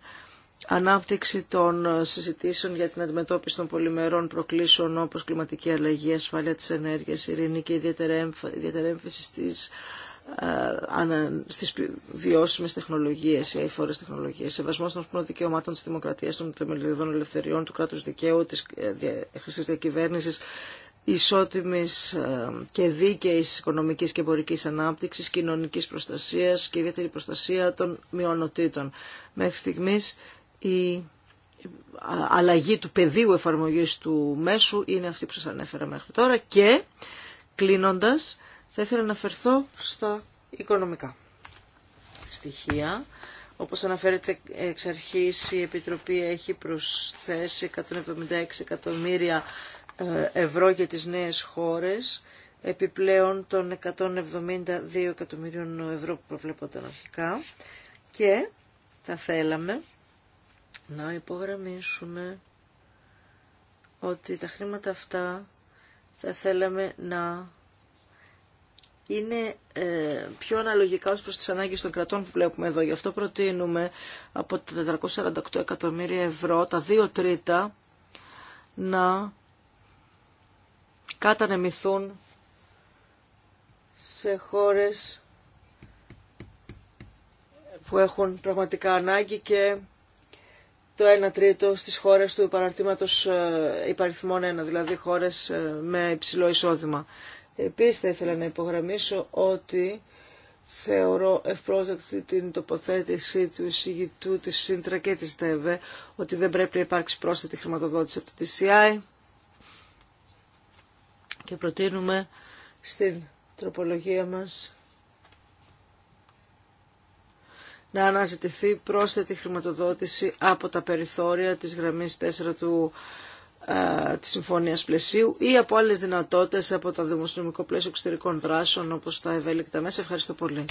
ανάπτυξη των ε, συζητήσεων για την αντιμετώπιση των πολυμερών προκλήσεων όπως κλιματική αλλαγή, ασφάλεια της ενέργειας, ειρήνη και ιδιαίτερη έμφυση στις ε, στις βιώσιμες τεχνολογίες, οι αηφόρε τεχνολογίε, σεβασμό των πνών δικαιωμάτων τη δημοκρατια των θεμελιωδών ελευθεριών, του κρατου δικαίου, τη ε, χρυση διακυβερνηση ισοτιμη ε, και δικαιη οικονομικη και εμπορική αναπτυξη κοινωνικη προστασια και ιδιαίτερη προστασία των μειονοτήτων. Μέχρι στιγμη η αλλαγή του πεδίου εφαρμογής του μέσου είναι αυτή που σας ανέφερα μέχρι τώρα και κλείνοντας θα ήθελα να αφαιρθώ στα οικονομικά στοιχεία. Όπως αναφέρεται εξ αρχής, η Επιτροπή έχει προσθέσει 176 εκατομμύρια ε, ευρώ για τις νέες χώρες, επιπλέον των 172 εκατομμύριων ευρώ που προβλέπονταν αρχικά και θα θέλαμε να υπογραμμίσουμε ότι τα χρήματα αυτά θα θέλαμε να είναι ε, πιο αναλογικά ως προς τις ανάγκες των κρατών που βλέπουμε εδώ. Γι' αυτό προτείνουμε από τα 448 εκατομμύρια ευρώ τα 2 τρίτα να κατανεμηθούν σε χώρες που έχουν πραγματικά ανάγκη και το 1 τρίτο στις χώρες του παραρτήματος ε, υπαριθμών 1, δηλαδή χώρες ε, με υψηλό εισόδημα. Επίσης θα ήθελα να υπογραμμίσω ότι θεωρώ ευπρόσδεκτη την τοποθέτησή του εισηγητού της Σύντρα και της ΔΕΒΕ ότι δεν πρέπει να υπάρξει πρόσθετη χρηματοδότηση από το TCI και προτείνουμε στην τροπολογία μας να αναζητηθεί πρόσθετη χρηματοδότηση από τα περιθώρια της γραμμής 4 του τη συμφωνία Πλαισίου ή από άλλες δυνατότητες από το Δημοσιονομικό Πλαίσιο Εξωτερικών Δράσεων όπως τα ευέλικτα μέσα. Ευχαριστώ πολύ.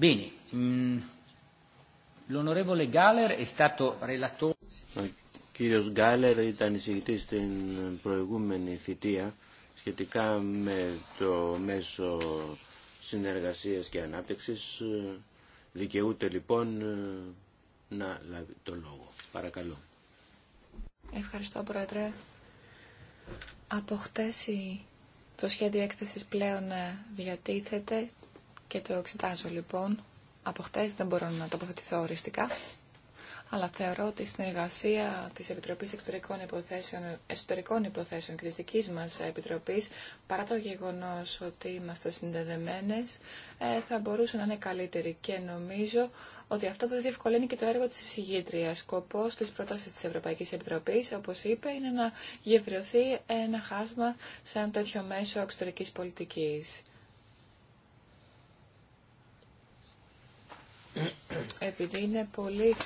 Bene. Mm, l'onorevole Galler è stato Ο κύριος Γκάλερ ήταν εισηγητής στην προηγούμενη θητεία σχετικά με το μέσο συνεργασίας και ανάπτυξης. Δικαιούται λοιπόν να λάβει το λόγο. Παρακαλώ. Ευχαριστώ, Πρόεδρε. Από χτες το σχέδιο έκθεσης πλέον ε, διατίθεται και το εξετάζω λοιπόν. Από χτες δεν μπορώ να τοποθετηθώ οριστικά αλλά θεωρώ ότι η συνεργασία της Επιτροπής Εξωτερικών Υποθέσεων, Εσωτερικών Υποθέσεων και της δική μας Επιτροπής, παρά το γεγονός ότι είμαστε συνδεδεμένες, ε, θα μπορούσε να είναι καλύτερη και νομίζω ότι αυτό θα διευκολύνει και το έργο της εισηγήτριας. Σκοπός της πρότασης της Ευρωπαϊκής Επιτροπής, όπως είπε, είναι να γευρεωθεί ένα χάσμα σε ένα τέτοιο μέσο εξωτερική πολιτικής. Επειδή είναι πολύ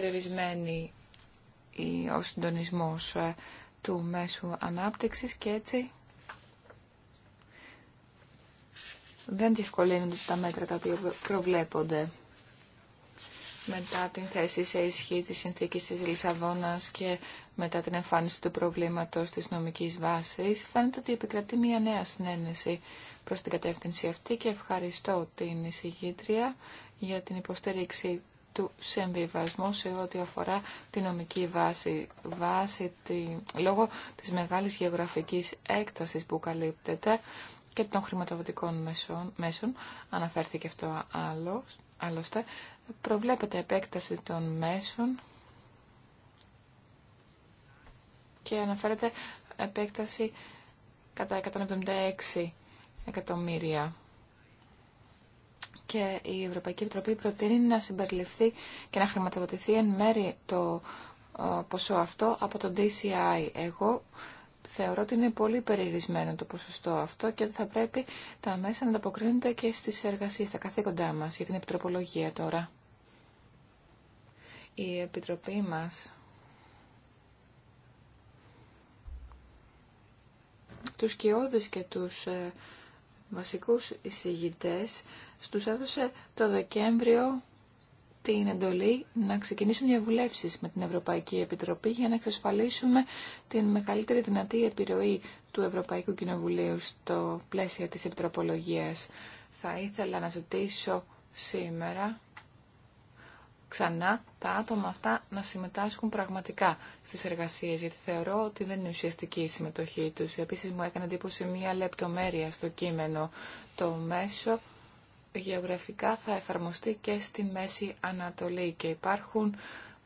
περιορισμένη ο συντονισμός ε, του μέσου ανάπτυξης και έτσι δεν διευκολύνονται τα μέτρα τα οποία προβλέπονται μετά την θέση σε ισχύ της συνθήκης της Λισαβόνας και μετά την εμφάνιση του προβλήματος της νομικής βάσης, φαίνεται ότι επικρατεί μια νέα συνένεση προς την κατεύθυνση αυτή και ευχαριστώ την εισηγήτρια για την υποστήριξη του συμβιβασμού σε ό,τι αφορά τη νομική βάση, βάση τη, λόγω της μεγάλης γεωγραφικής έκτασης που καλύπτεται και των χρηματοδοτικών μέσων, μέσων αναφέρθηκε αυτό άλλο, άλλωστε, προβλέπεται επέκταση των μέσων και αναφέρεται επέκταση κατά 176 εκατομμύρια και η Ευρωπαϊκή Επιτροπή προτείνει να συμπεριληφθεί και να χρηματοδοτηθεί εν μέρη το ε, ποσό αυτό από τον DCI. Εγώ θεωρώ ότι είναι πολύ περιορισμένο το ποσοστό αυτό και ότι θα πρέπει τα μέσα να ανταποκρίνονται και στις εργασίες, στα καθήκοντά μας για την επιτροπολογία τώρα. Η Επιτροπή μας τους κοιόδες και τους ε, βασικούς εισηγητές στους έδωσε το Δεκέμβριο την εντολή να ξεκινήσουν διαβουλεύσεις με την Ευρωπαϊκή Επιτροπή για να εξασφαλίσουμε την μεγαλύτερη δυνατή επιρροή του Ευρωπαϊκού Κοινοβουλίου στο πλαίσιο της Επιτροπολογίας. Θα ήθελα να ζητήσω σήμερα ξανά τα άτομα αυτά να συμμετάσχουν πραγματικά στις εργασίες, γιατί θεωρώ ότι δεν είναι ουσιαστική η συμμετοχή τους. Επίσης μου έκανε εντύπωση μία λεπτομέρεια στο κείμενο. Το μέσο γεωγραφικά θα εφαρμοστεί και στη Μέση Ανατολή και υπάρχουν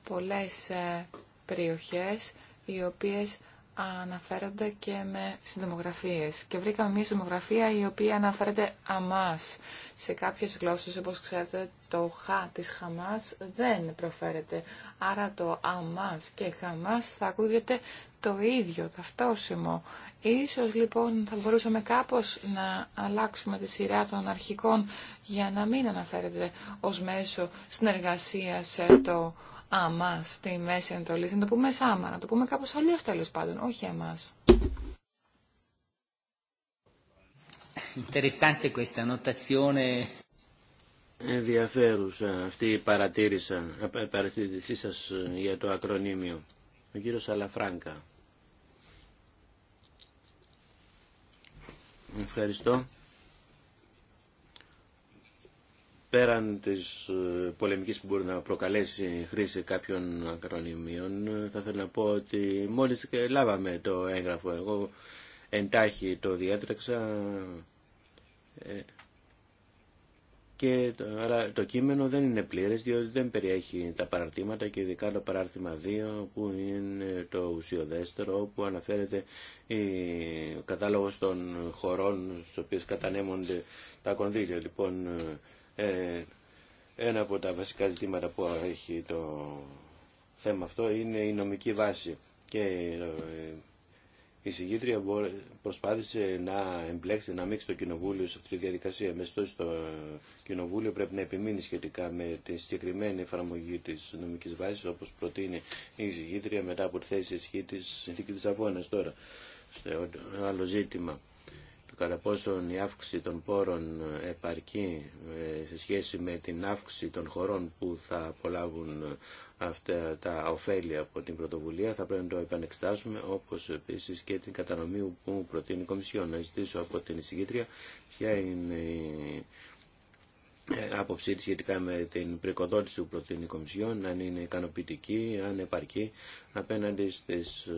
πολλές ε, περιοχές οι οποίες αναφέρονται και με συνδημογραφίες. Και βρήκαμε μια συνδημογραφία η οποία αναφέρεται αμάς. Σε κάποιες γλώσσες, όπως ξέρετε, το χα της χαμάς δεν προφέρεται. Άρα το αμάς και χαμάς θα ακούγεται το ίδιο, ταυτόσιμο. Ίσως λοιπόν θα μπορούσαμε κάπως να αλλάξουμε τη σειρά των αρχικών για να μην αναφέρεται ως μέσο συνεργασίας το άμα στη Μέση Ανατολή. Να το πούμε σάμα, να το πούμε κάπως αλλιώς τέλος πάντων, όχι αμάς. Ενδιαφέρουσα αυτή η παρατήρηση ε, σας ε, για το ακρονίμιο. Ο κύριος Αλαφράγκα. Ευχαριστώ. Πέραν της ε, πολεμικής που μπορεί να προκαλέσει η χρήση κάποιων ακρονιμίων, ε, θα θέλω να πω ότι μόλις λάβαμε το έγγραφο, εγώ εντάχει το διέτρεξα, ε, και το κείμενο δεν είναι πλήρες διότι δεν περιέχει τα παραρτήματα και ειδικά το παράρτημα 2 που είναι το ουσιοδέστερο που αναφέρεται ο κατάλογος των χωρών στις οποίες κατανέμονται τα κονδύλια. Λοιπόν, ε, ένα από τα βασικά ζητήματα που έχει το θέμα αυτό είναι η νομική βάση και η συγκήτρια προσπάθησε να εμπλέξει, να μίξει το κοινοβούλιο σε αυτή τη διαδικασία. Με το κοινοβούλιο πρέπει να επιμείνει σχετικά με τη συγκεκριμένη εφαρμογή τη νομική βάση, όπω προτείνει η συγκήτρια μετά από τη θέση ισχύ τη συνθήκη τη Αβώνα τώρα. άλλο ζήτημα κατά πόσον η αύξηση των πόρων επαρκεί ε, σε σχέση με την αύξηση των χωρών που θα απολάβουν ε, αυτά τα ωφέλη από την πρωτοβουλία θα πρέπει να το επανεξετάσουμε όπως επίσης και την κατανομή που προτείνει η Κομισιόν. Να ζητήσω από την εισηγήτρια ποια είναι η ε, άποψή της σχετικά με την πρικοδότηση που προτείνει η Κομισιόν, αν είναι ικανοποιητική, αν επαρκεί απέναντι στις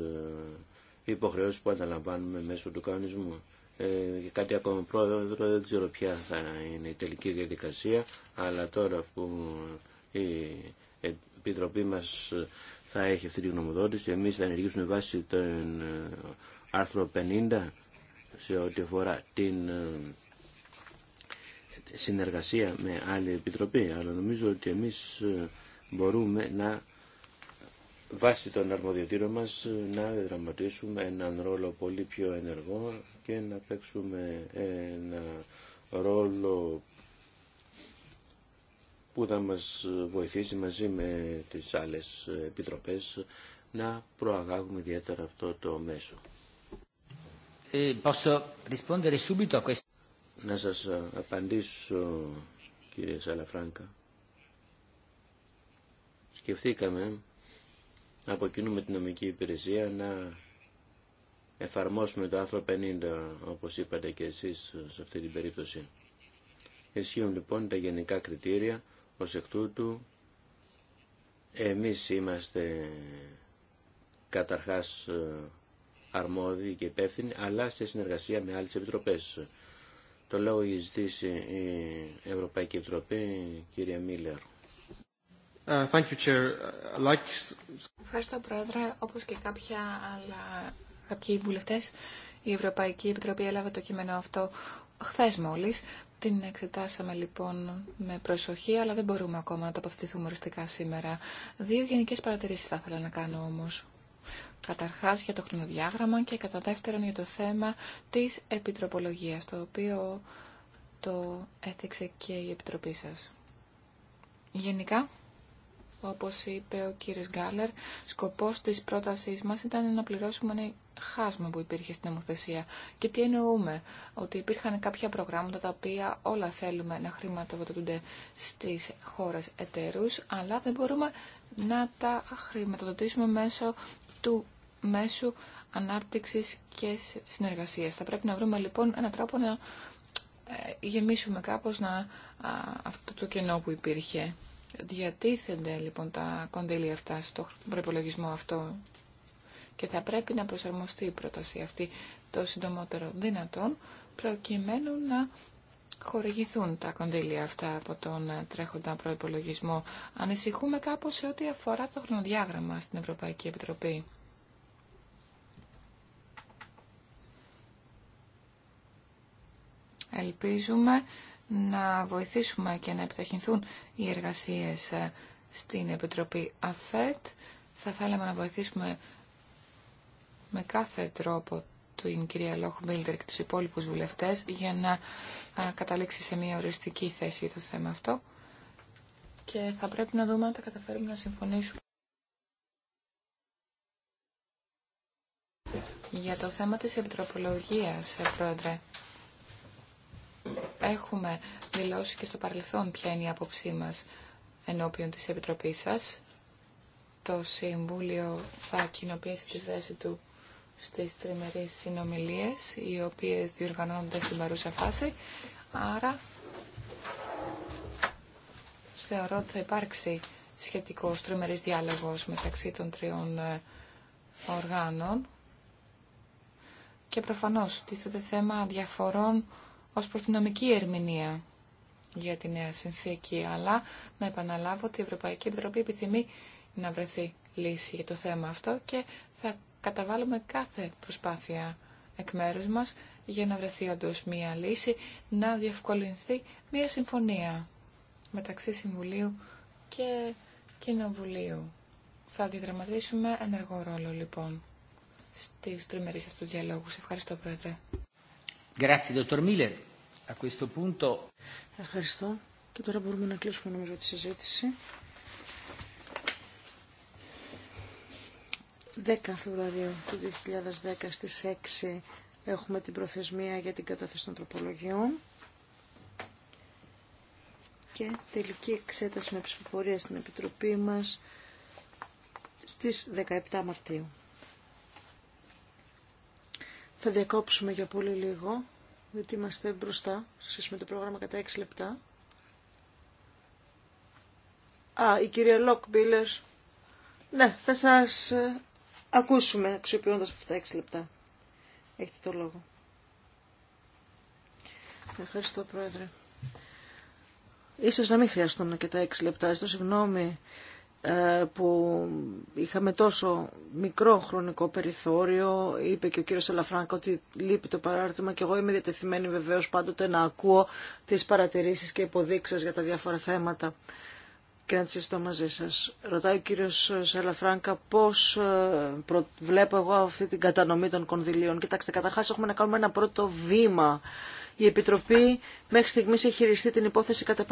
υποχρεώσεις που ανταλαμβάνουμε μέσω του κανονισμού. Ε, κάτι ακόμα πρόεδρο, δεν ξέρω ποια θα είναι η τελική διαδικασία, αλλά τώρα που η Επιτροπή μας θα έχει αυτή τη γνωμοδότηση, εμείς θα ενεργήσουμε βάσει τον ε, άρθρο 50 σε ό,τι αφορά την ε, συνεργασία με άλλη επιτροπή, αλλά νομίζω ότι εμείς μπορούμε να βάσει τον αρμοδιοτήρο μας να δραματίσουμε έναν ρόλο πολύ πιο ενεργό και να παίξουμε ένα ρόλο που θα μας βοηθήσει μαζί με τις άλλες επιτροπές να προαγάγουμε ιδιαίτερα αυτό το μέσο. Ε, να σας απαντήσω κύριε Σαλαφράνκα. Σκεφτήκαμε από εκείνο με την νομική υπηρεσία να εφαρμόσουμε το άρθρο 50 όπως είπατε και εσείς σε αυτή την περίπτωση. Ισχύουν λοιπόν τα γενικά κριτήρια ως εκ τούτου εμείς είμαστε καταρχάς ε, αρμόδιοι και υπεύθυνοι αλλά σε συνεργασία με άλλες επιτροπές. Το λόγο έχει ζητήσει η Ευρωπαϊκή Επιτροπή, κυρία Μίλλερ. Ε, thank you, Chair. Ευχαριστώ, Πρόεδρε. Όπως και κάποια άλλα κάποιοι βουλευτέ. η Ευρωπαϊκή Επιτροπή έλαβε το κείμενο αυτό χθε μόλι. Την εξετάσαμε λοιπόν με προσοχή, αλλά δεν μπορούμε ακόμα να τοποθετηθούμε οριστικά σήμερα. Δύο γενικέ παρατηρήσει θα ήθελα να κάνω όμω. Καταρχά για το χρονοδιάγραμμα και κατά δεύτερον για το θέμα τη επιτροπολογία, το οποίο το έθιξε και η Επιτροπή σα. Γενικά, όπως είπε ο κύριος Γκάλερ, σκοπός της πρότασής μας ήταν να πληρώσουμε χάσμα που υπήρχε στην νομοθεσία. Και τι εννοούμε, ότι υπήρχαν κάποια προγράμματα τα οποία όλα θέλουμε να χρηματοδοτούνται στις χώρες εταίρους, αλλά δεν μπορούμε να τα χρηματοδοτήσουμε μέσω του μέσου ανάπτυξης και συνεργασίας. Θα πρέπει να βρούμε λοιπόν έναν τρόπο να ε, γεμίσουμε κάπως να, αυτό το κενό που υπήρχε. Διατίθενται λοιπόν τα κονδύλια αυτά στο προπολογισμό αυτό και θα πρέπει να προσαρμοστεί η πρόταση αυτή το συντομότερο δυνατόν προκειμένου να χορηγηθούν τα κονδύλια αυτά από τον τρέχοντα προϋπολογισμό. Ανησυχούμε κάπως σε ό,τι αφορά το χρονοδιάγραμμα στην Ευρωπαϊκή Επιτροπή. Ελπίζουμε να βοηθήσουμε και να επιταχυνθούν οι εργασίες στην Επιτροπή ΑΦΕΤ. Θα θέλαμε να βοηθήσουμε με κάθε τρόπο την κυρία Λόχ Μπίλτερ και τους υπόλοιπους βουλευτές για να καταλήξει σε μια οριστική θέση το θέμα αυτό και θα πρέπει να δούμε αν τα καταφέρουμε να συμφωνήσουμε. Για το θέμα της επιτροπολογίας, ε, Πρόεδρε, έχουμε δηλώσει και στο παρελθόν ποια είναι η άποψή μας ενώπιον της Επιτροπής σας. Το Συμβούλιο θα κοινοποιήσει τη θέση του στις τριμερείς συνομιλίες οι οποίες διοργανώνονται στην παρούσα φάση. Άρα θεωρώ ότι θα υπάρξει σχετικό τριμερής διάλογος μεταξύ των τριών ε, οργάνων και προφανώς τίθεται θέμα διαφορών ως προς την νομική ερμηνεία για τη νέα συνθήκη, αλλά να επαναλάβω ότι η Ευρωπαϊκή Επιτροπή επιθυμεί να βρεθεί λύση για το θέμα αυτό και θα καταβάλουμε κάθε προσπάθεια εκ μέρους μας για να βρεθεί όντω μία λύση, να διευκολυνθεί μία συμφωνία μεταξύ Συμβουλίου και Κοινοβουλίου. Θα αντιδραματίσουμε ενεργό ρόλο λοιπόν στις τριμερείς αυτούς διαλόγους. Ευχαριστώ Πρόεδρε. Ευχαριστώ. Και τώρα μπορούμε να κλείσουμε νομίζω τη συζήτηση. 10 Φεβρουαρίου του 2010 στις 6 έχουμε την προθεσμία για την κατάθεση των τροπολογιών και τελική εξέταση με ψηφοφορία στην Επιτροπή μας στις 17 Μαρτίου. Θα διακόψουμε για πολύ λίγο, γιατί είμαστε μπροστά, σχέση με το πρόγραμμα κατά 6 λεπτά. Α, η κυρία Λόκμπίλερ. Ναι, θα σας ε, ακούσουμε αξιοποιώντας αυτά τα 6 λεπτά. Έχετε το λόγο. Ευχαριστώ Πρόεδρε. Ίσως να μην χρειαστούν και τα 6 λεπτά. Στο συγγνώμη ε, που είχαμε τόσο μικρό χρονικό περιθώριο. Είπε και ο κύριος Αλαφράνκα ότι λείπει το παράρτημα και εγώ είμαι διατεθειμένη βεβαίως πάντοτε να ακούω τις παρατηρήσεις και υποδείξεις για τα διάφορα θέματα και να τη μαζί σας. Ρωτάει ο κύριος Σαλαφράνκα πώς ε, βλέπω εγώ αυτή την κατανομή των κονδυλίων. Κοιτάξτε, καταρχάς έχουμε να κάνουμε ένα πρώτο βήμα. Η Επιτροπή μέχρι στιγμή έχει χειριστεί την υπόθεση κατά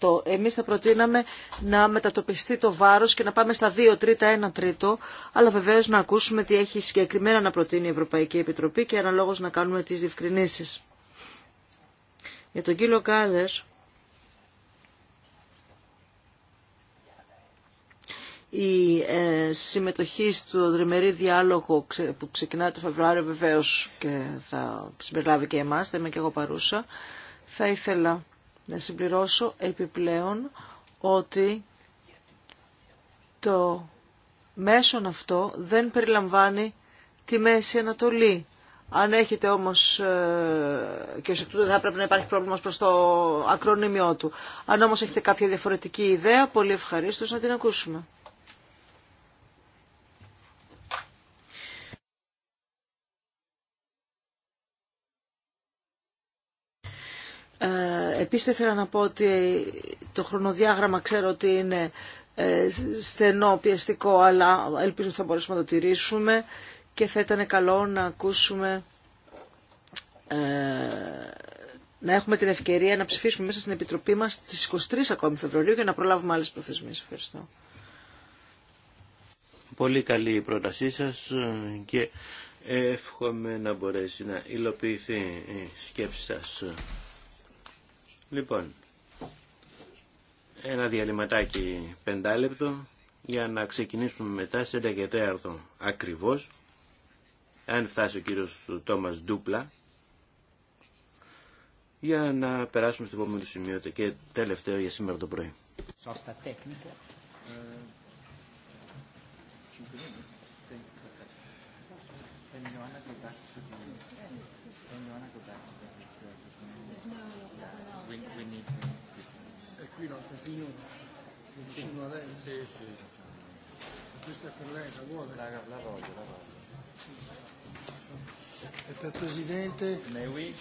50-50%. Εμεί θα προτείναμε να μετατοπιστεί το βάρο και να πάμε στα 2 τρίτα, 1 τρίτο, αλλά βεβαίω να ακούσουμε τι έχει συγκεκριμένα να προτείνει η Ευρωπαϊκή Επιτροπή και αναλόγω να κάνουμε τι διευκρινήσει. Για τον κύριο Κάλλερ, η ε, συμμετοχή στο δρυμερή διάλογο που ξεκινάει το Φεβρουάριο βεβαίως και θα συμπεριλάβει και εμάς, θα είμαι και εγώ παρούσα, θα ήθελα να συμπληρώσω επιπλέον ότι το μέσον αυτό δεν περιλαμβάνει τη Μέση Ανατολή. Αν έχετε όμως, ε, και ως εκ τούτου θα πρέπει να υπάρχει πρόβλημα προς το ακρονίμιό του, αν όμως έχετε κάποια διαφορετική ιδέα, πολύ ευχαρίστως να την ακούσουμε. Ε, επίσης θέλω να πω ότι το χρονοδιάγραμμα ξέρω ότι είναι ε, στενό, πιεστικό, αλλά ελπίζω ότι θα μπορέσουμε να το τηρήσουμε και θα ήταν καλό να ακούσουμε, ε, να έχουμε την ευκαιρία να ψηφίσουμε μέσα στην Επιτροπή μας στις 23 ακόμη Φεβρουαρίου για να προλάβουμε άλλες προθεσμίες. Ευχαριστώ. Πολύ καλή η πρότασή σας και εύχομαι να μπορέσει να υλοποιηθεί η σκέψη σας. Λοιπόν, ένα διαλυματάκι πεντάλεπτο για να ξεκινήσουμε μετά σε 11 και ακριβώς. Αν φτάσει ο κύριος Τόμας Ντούπλα, για να περάσουμε στο επόμενο σημείο και τελευταίο για σήμερα το πρωί. qui l'altra signore. vicino a lei. Sì, sì. Questa è per lei, la vuole? La, la voglio, la voglio. E per Presidente? Ne Eh?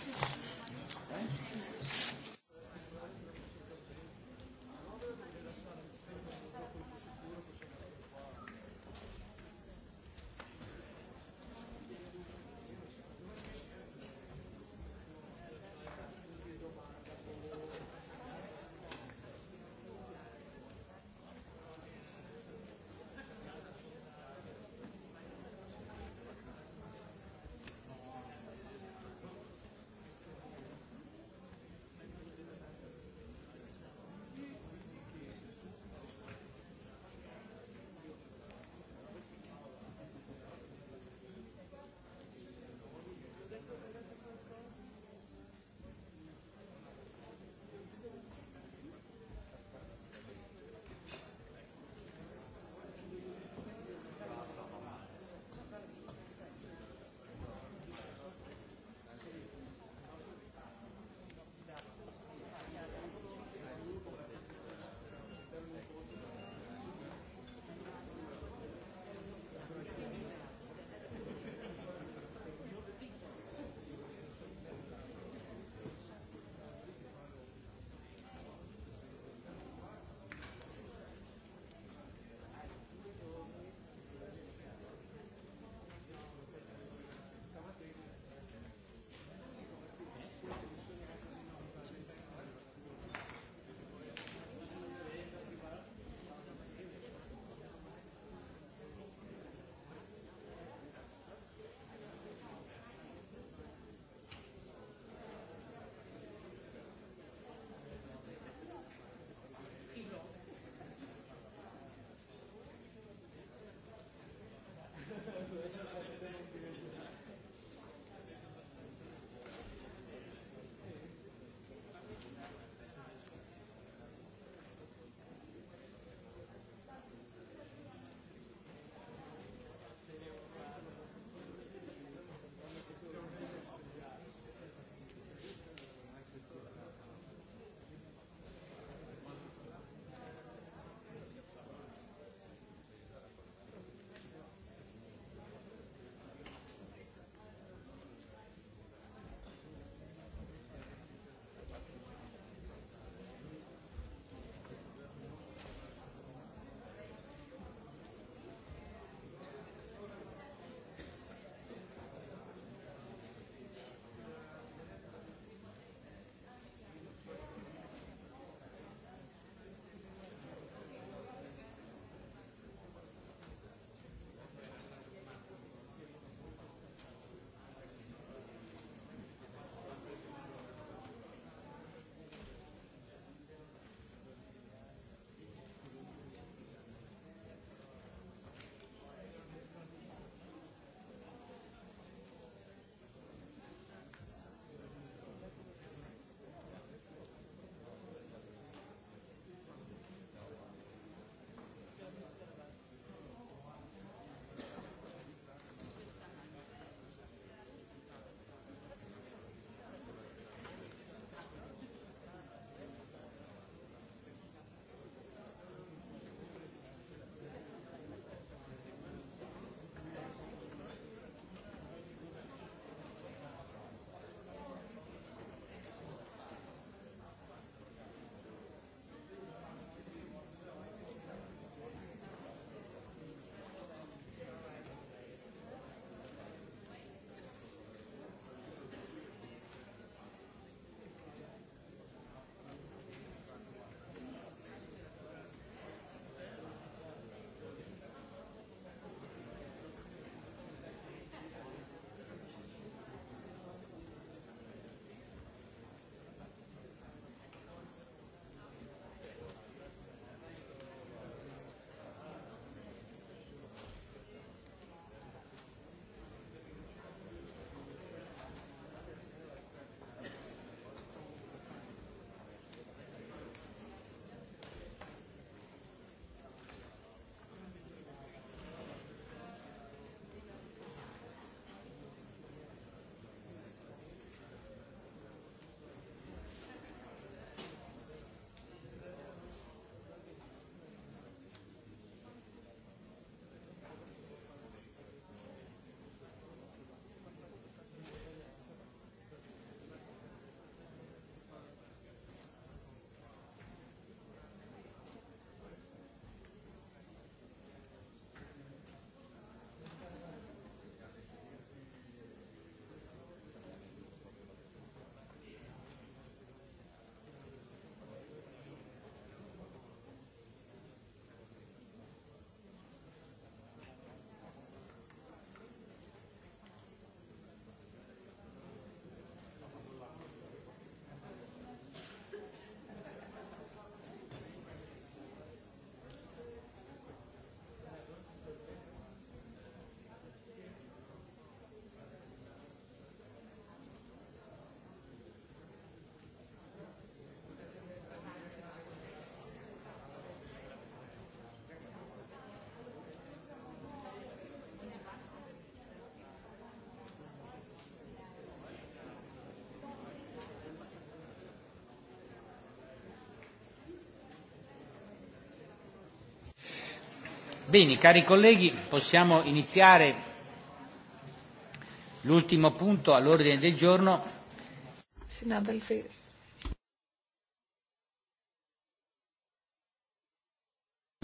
Bene, cari colleghi, possiamo iniziare l'ultimo punto all'ordine del giorno.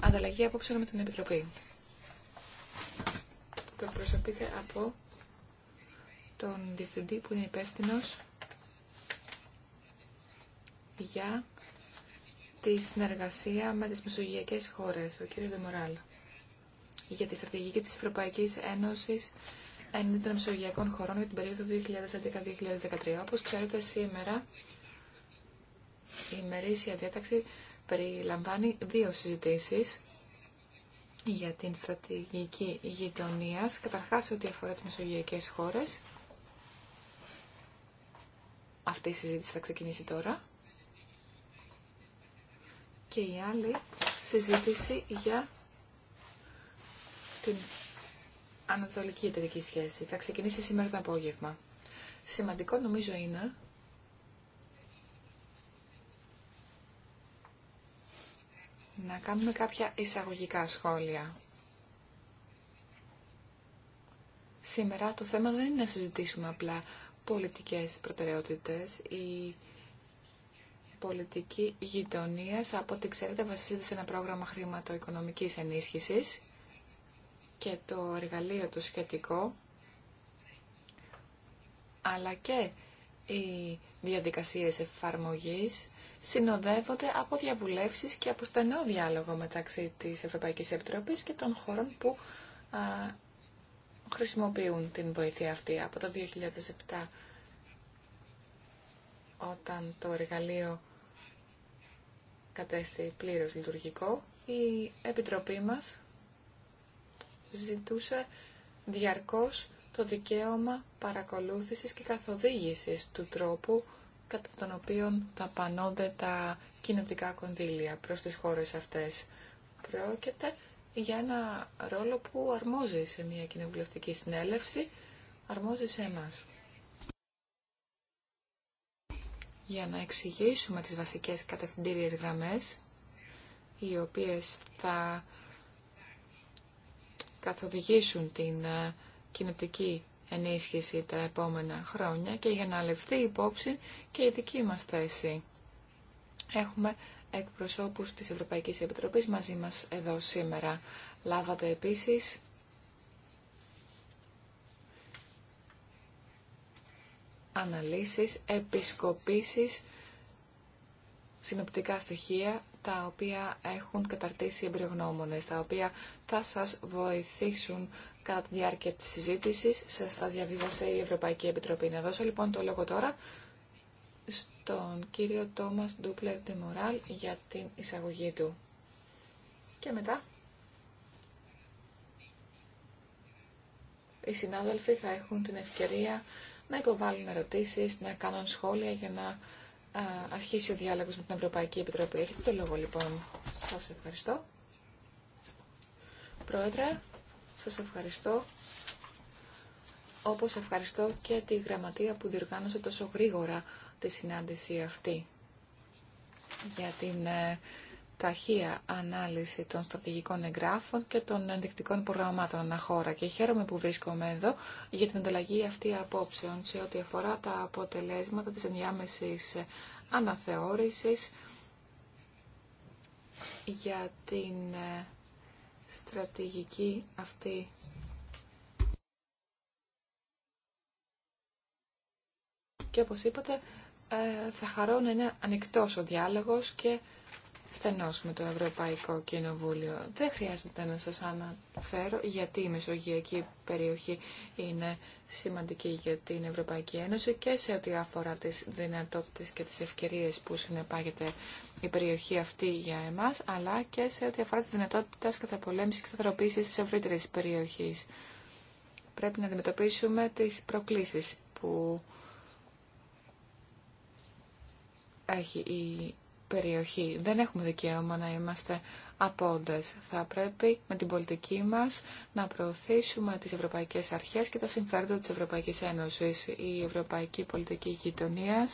ανταλλαγή απόψε με την Επιτροπή. Το προσωπείται από τον διευθυντή που είναι υπεύθυνο για τη συνεργασία με τις μεσογειακές χώρες, ο κύριος Δεμοράλ για τη στρατηγική της Ευρωπαϊκής Ένωσης έναντι των μεσογειακών χωρών για την περίοδο 2011-2013. Όπως ξέρετε σήμερα η ημερήσια διάταξη περιλαμβάνει δύο συζητήσεις για την στρατηγική γειτονία, καταρχάς ό,τι αφορά τις μεσογειακές χώρες. Αυτή η συζήτηση θα ξεκινήσει τώρα. Και η άλλη συζήτηση για την ανατολική εταιρική σχέση. Θα ξεκινήσει σήμερα το απόγευμα. Σημαντικό νομίζω είναι να κάνουμε κάποια εισαγωγικά σχόλια. Σήμερα το θέμα δεν είναι να συζητήσουμε απλά πολιτικές προτεραιότητες. Η πολιτική γειτονία, από ό,τι ξέρετε, βασίζεται σε ένα πρόγραμμα χρηματοοικονομικής ενίσχυσης και το εργαλείο του σχετικό, αλλά και οι διαδικασίες εφαρμογής συνοδεύονται από διαβουλεύσεις και από στενό διάλογο μεταξύ της Ευρωπαϊκής Επιτροπής και των χωρών που α, χρησιμοποιούν την βοήθεια αυτή. Από το 2007, όταν το εργαλείο κατέστη πλήρως λειτουργικό, η Επιτροπή μας ζητούσε διαρκώς το δικαίωμα παρακολούθησης και καθοδήγησης του τρόπου κατά τον οποίο ταπανώνται τα κοινωτικά κονδύλια προς τις χώρες αυτές. Πρόκειται για ένα ρόλο που αρμόζει σε μια κοινοβουλευτική συνέλευση, αρμόζει σε εμάς. Για να εξηγήσουμε τις βασικές κατευθυντήριες γραμμές, οι οποίες θα καθοδηγήσουν την ε, κοινοτική ενίσχυση τα επόμενα χρόνια και για να λεφθεί υπόψη και η δική μας θέση. Έχουμε εκπροσώπους της Ευρωπαϊκής Επιτροπής μαζί μας εδώ σήμερα. Λάβατε επίσης αναλύσεις, επισκοπήσεις, συνοπτικά στοιχεία τα οποία έχουν καταρτήσει εμπειρογνώμονες, τα οποία θα σας βοηθήσουν κατά τη διάρκεια της συζήτησης. Σας τα διαβίβασε η Ευρωπαϊκή Επιτροπή. Να δώσω λοιπόν το λόγο τώρα στον κύριο Τόμας Ντούπλερ Μοράλ για την εισαγωγή του. Και μετά οι συνάδελφοι θα έχουν την ευκαιρία να υποβάλουν ερωτήσεις, να κάνουν σχόλια για να αρχίσει ο διάλογος με την Ευρωπαϊκή Επιτροπή. Έχετε το λόγο λοιπόν. Σας ευχαριστώ. Πρόεδρε, σας ευχαριστώ. Όπως ευχαριστώ και τη γραμματεία που διοργάνωσε τόσο γρήγορα τη συνάντηση αυτή για την ε, ταχεία ανάλυση των στρατηγικών εγγράφων και των ενδεικτικών προγραμμάτων αναχώρα. Και χαίρομαι που βρίσκομαι εδώ για την ανταλλαγή αυτή απόψεων σε ό,τι αφορά τα αποτελέσματα της ενδιάμεσης αναθεώρησης για την ε, στρατηγική αυτή και όπως είπατε ε, θα χαρώ να είναι ανοιχτός ο διάλογος και στενός με το Ευρωπαϊκό Κοινοβούλιο. Δεν χρειάζεται να σας αναφέρω γιατί η Μεσογειακή περιοχή είναι σημαντική για την Ευρωπαϊκή Ένωση και σε ό,τι αφορά τις δυνατότητες και τις ευκαιρίες που συνεπάγεται η περιοχή αυτή για εμάς, αλλά και σε ό,τι αφορά τις δυνατότητες καταπολέμησης και σταθεροποίησης της ευρύτερη περιοχή. Πρέπει να αντιμετωπίσουμε τις προκλήσεις που έχει η περιοχή. Δεν έχουμε δικαίωμα να είμαστε απόντες. Θα πρέπει με την πολιτική μας να προωθήσουμε τις ευρωπαϊκές αρχές και τα συμφέροντα της Ευρωπαϊκής Ένωσης. Η ευρωπαϊκή πολιτική γειτονία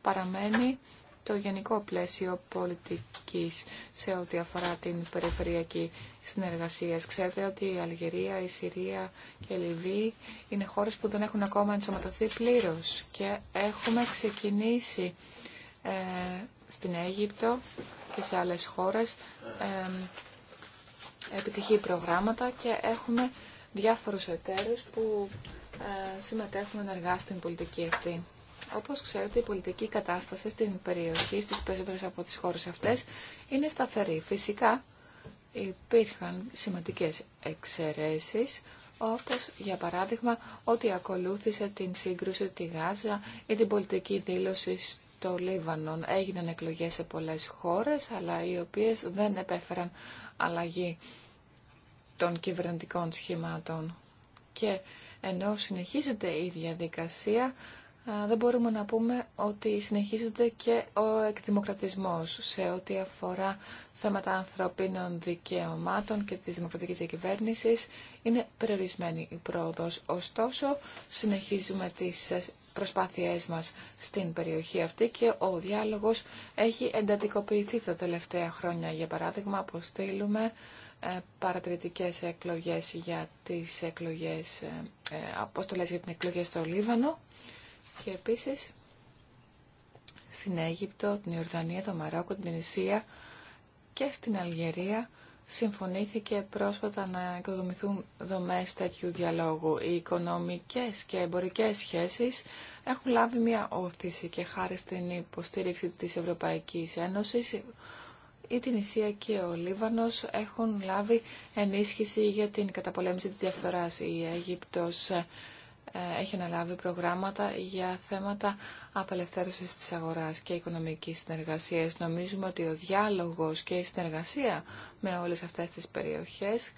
παραμένει το γενικό πλαίσιο πολιτικής σε ό,τι αφορά την περιφερειακή συνεργασία. Ξέρετε ότι η Αλγερία, η Συρία και η Λιβύη είναι χώρες που δεν έχουν ακόμα ενσωματωθεί πλήρως και έχουμε ξεκινήσει ε, στην Αίγυπτο και σε άλλες χώρες επιτυχεί προγράμματα και έχουμε διάφορους εταίρους που ε, συμμετέχουν ενεργά στην πολιτική αυτή. Όπως ξέρετε, η πολιτική κατάσταση στην περιοχή, στις περισσότερες από τις χώρες αυτές, είναι σταθερή. Φυσικά υπήρχαν σημαντικές εξαιρέσεις, όπως για παράδειγμα ότι ακολούθησε την σύγκρουση τη Γάζα ή την πολιτική δήλωση το Λίβανον. Έγιναν εκλογές σε πολλές χώρες, αλλά οι οποίες δεν επέφεραν αλλαγή των κυβερνητικών σχημάτων. Και ενώ συνεχίζεται η διαδικασία, δεν μπορούμε να πούμε ότι συνεχίζεται και ο εκδημοκρατισμός σε ό,τι αφορά θέματα ανθρωπίνων δικαιωμάτων και της δημοκρατικής διακυβέρνησης. Είναι περιορισμένη η πρόοδος. Ωστόσο, συνεχίζουμε τις προσπάθειές μας στην περιοχή αυτή και ο διάλογος έχει εντατικοποιηθεί τα τελευταία χρόνια. Για παράδειγμα, αποστείλουμε ε, παρατηρητικές εκλογές για τις εκλογές, ε, ε, αποστολές για την εκλογές στο Λίβανο και επίσης στην Αίγυπτο, την Ιορδανία, το Μαρόκο, την Ισία και στην Αλγερία συμφωνήθηκε πρόσφατα να οικοδομηθούν δομές τέτοιου διαλόγου. Οι οικονομικές και εμπορικές σχέσεις έχουν λάβει μια όθηση και χάρη στην υποστήριξη της Ευρωπαϊκής Ένωσης η την Ισία και ο Λίβανος έχουν λάβει ενίσχυση για την καταπολέμηση της διαφθοράς. Η Αίγυπτος ε, έχει αναλάβει προγράμματα για θέματα απελευθέρωσης της αγοράς και οικονομικής συνεργασίας. Νομίζουμε ότι ο διάλογος και η συνεργασία με όλες αυτές τις περιοχές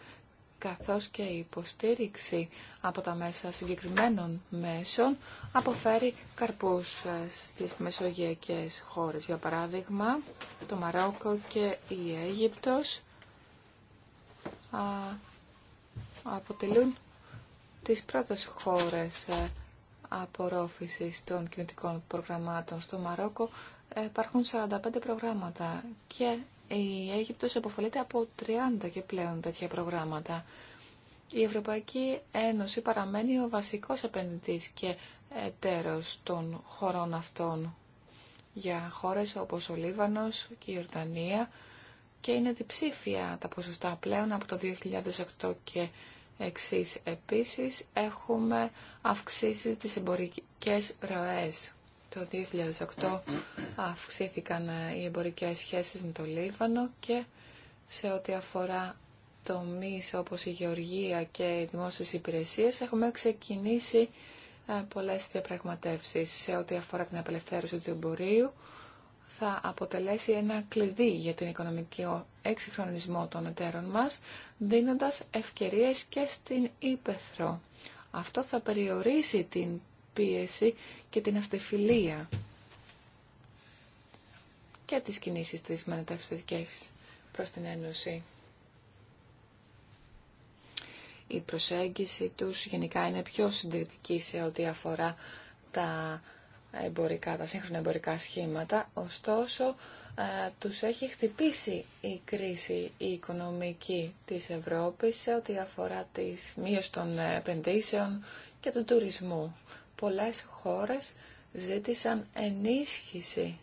καθώς και η υποστήριξη από τα μέσα συγκεκριμένων μέσων αποφέρει καρπούς ε, στις μεσογειακές χώρες. Για παράδειγμα, το Μαρόκο και η Αίγυπτος αποτελούν τις πρώτες χώρες ε, απορρόφησης των κινητικών προγραμμάτων στο Μαρόκο ε, υπάρχουν 45 προγράμματα και η Αίγυπτος αποφαλείται από 30 και πλέον τέτοια προγράμματα. Η Ευρωπαϊκή Ένωση παραμένει ο βασικός επενδυτής και εταίρος των χωρών αυτών για χώρες όπως ο Λίβανος και η Ιορδανία και είναι διψήφια τα ποσοστά πλέον από το 2008 και εξής. Επίσης, έχουμε αυξήσει τις εμπορικές ροές. Το 2008 αυξήθηκαν ε, οι εμπορικές σχέσεις με το Λίβανο και σε ό,τι αφορά τομείς όπως η γεωργία και οι δημόσιες υπηρεσίες έχουμε ξεκινήσει ε, πολλές διαπραγματεύσεις σε ό,τι αφορά την απελευθέρωση του εμπορίου θα αποτελέσει ένα κλειδί για την οικονομική εξυγχρονισμό των εταίρων μας, δίνοντας ευκαιρίες και στην ύπεθρο. Αυτό θα περιορίσει την πίεση και την αστεφιλία και τις κινήσεις της μεταυστατικής προς την Ένωση. Η προσέγγιση τους γενικά είναι πιο συντηρητική σε ό,τι αφορά τα εμπορικά, τα σύγχρονα εμπορικά σχήματα, ωστόσο ε, τους έχει χτυπήσει η κρίση η οικονομική της Ευρώπης σε ό,τι αφορά τις μείωση των επενδύσεων και του τουρισμού. Πολλές χώρες ζήτησαν ενίσχυση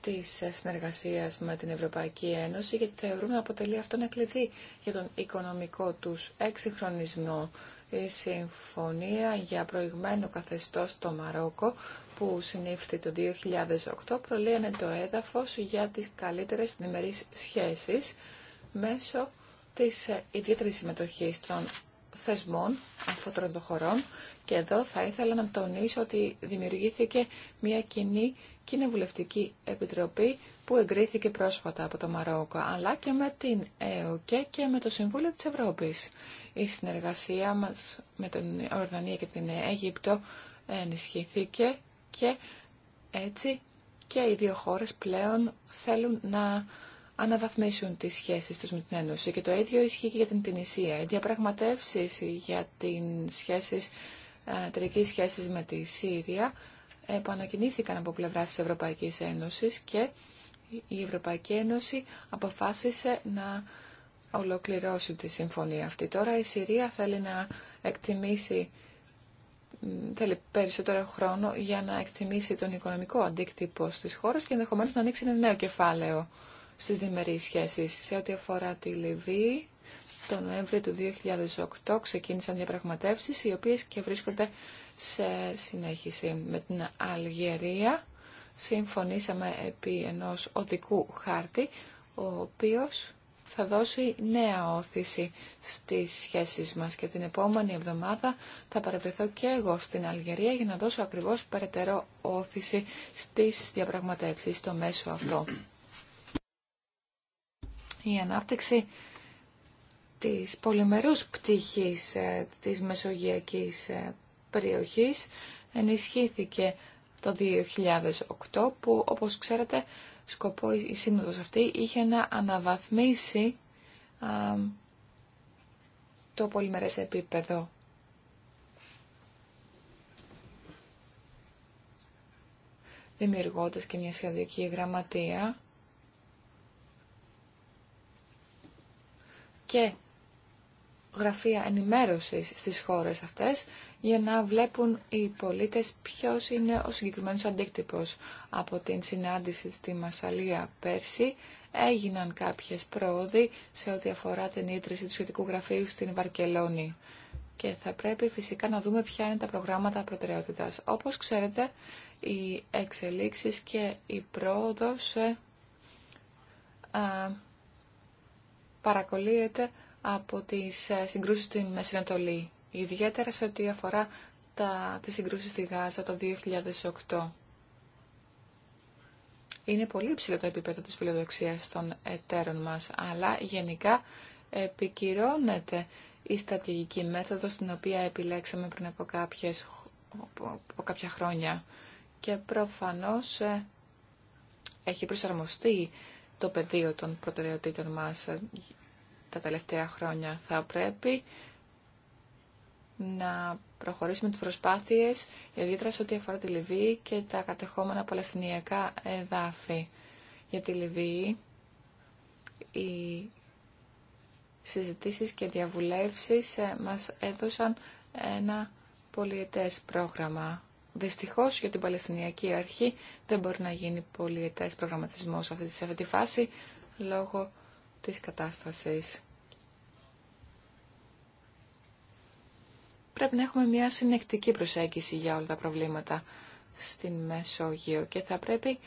της συνεργασίας με την Ευρωπαϊκή Ένωση γιατί θεωρούν να αποτελεί αυτό ένα κλειδί για τον οικονομικό τους εξυγχρονισμό. Η συμφωνία για προηγμένο καθεστώς στο Μαρόκο που συνήφθη το 2008 προλύανε το έδαφος για τις καλύτερες διμερείς σχέσεις μέσω της ε, ιδιαίτερης συμμετοχής των θεσμών αφότρων των χωρών και εδώ θα ήθελα να τονίσω ότι δημιουργήθηκε μια κοινή κοινοβουλευτική επιτροπή που εγκρίθηκε πρόσφατα από το Μαρόκο αλλά και με την ΕΟΚΕ και με το Συμβούλιο της Ευρώπης. Η συνεργασία μας με την Ορδανία και την Αίγυπτο ενισχύθηκε και έτσι και οι δύο χώρες πλέον θέλουν να αναβαθμίσουν τις σχέσεις τους με την Ένωση. Και το ίδιο ισχύει και για την Τινησία. Οι διαπραγματεύσεις για την σχέσεις, ε, σχέσεις με τη Σύρια επανακινήθηκαν από πλευρά της Ευρωπαϊκής Ένωσης και η Ευρωπαϊκή Ένωση αποφάσισε να ολοκληρώσει τη συμφωνία αυτή. Τώρα η Συρία θέλει να εκτιμήσει θέλει περισσότερο χρόνο για να εκτιμήσει τον οικονομικό αντίκτυπο στις χώρες και ενδεχομένως να ανοίξει ένα νέο κεφάλαιο στις διμερείς σχέσεις. Σε ό,τι αφορά τη Λιβύη, τον Νοέμβριο του 2008 ξεκίνησαν διαπραγματεύσεις οι οποίες και βρίσκονται σε συνέχιση με την Αλγερία. Συμφωνήσαμε επί ενός οδικού χάρτη, ο οποίος θα δώσει νέα όθηση στις σχέσεις μας και την επόμενη εβδομάδα θα παρευρεθώ και εγώ στην Αλγερία για να δώσω ακριβώς περαιτέρω όθηση στις διαπραγματεύσεις στο μέσο αυτό. Η ανάπτυξη της πολυμερούς πτυχής ε, της μεσογειακής ε, περιοχής ενισχύθηκε το 2008 που όπως ξέρετε σκοπό η σύνοδος αυτή είχε να αναβαθμίσει το πολυμερές επίπεδο. Δημιουργώντας και μια σχεδιακή γραμματεία και γραφεία ενημέρωσης στις χώρες αυτές για να βλέπουν οι πολίτες ποιος είναι ο συγκεκριμένος αντίκτυπος. Από την συνάντηση στη Μασαλία πέρσι έγιναν κάποιες πρόοδοι σε ό,τι αφορά την ίδρυση του σχετικού γραφείου στην Βαρκελόνη. Και θα πρέπει φυσικά να δούμε ποια είναι τα προγράμματα προτεραιότητας. Όπως ξέρετε, οι εξελίξεις και η πρόοδος ε, παρακολύεται από τις ε, συγκρούσεις στην Μεσανατολή ιδιαίτερα σε ό,τι αφορά τα, τις συγκρούσεις στη Γάζα το 2008. Είναι πολύ υψηλό το επίπεδο της φιλοδοξίας των εταίρων μας, αλλά γενικά επικυρώνεται η στρατηγική μέθοδος την οποία επιλέξαμε πριν από, κάποιες, από κάποια χρόνια και προφανώς ε, έχει προσαρμοστεί το πεδίο των προτεραιοτήτων μας ε, τα τελευταία χρόνια. Θα πρέπει να προχωρήσουμε τις προσπάθειες, ιδιαίτερα σε ό,τι αφορά τη Λιβύη και τα κατεχόμενα παλαιστινιακά εδάφη. Για τη Λιβύη, οι συζητήσεις και διαβουλεύσεις ε, μας έδωσαν ένα πολιετές πρόγραμμα. Δυστυχώς για την Παλαιστινιακή Αρχή δεν μπορεί να γίνει πολιετές προγραμματισμός σε αυτή τη φάση λόγω της κατάστασης. πρέπει να έχουμε μια συνεκτική προσέγγιση για όλα τα προβλήματα στην Μεσόγειο και θα πρέπει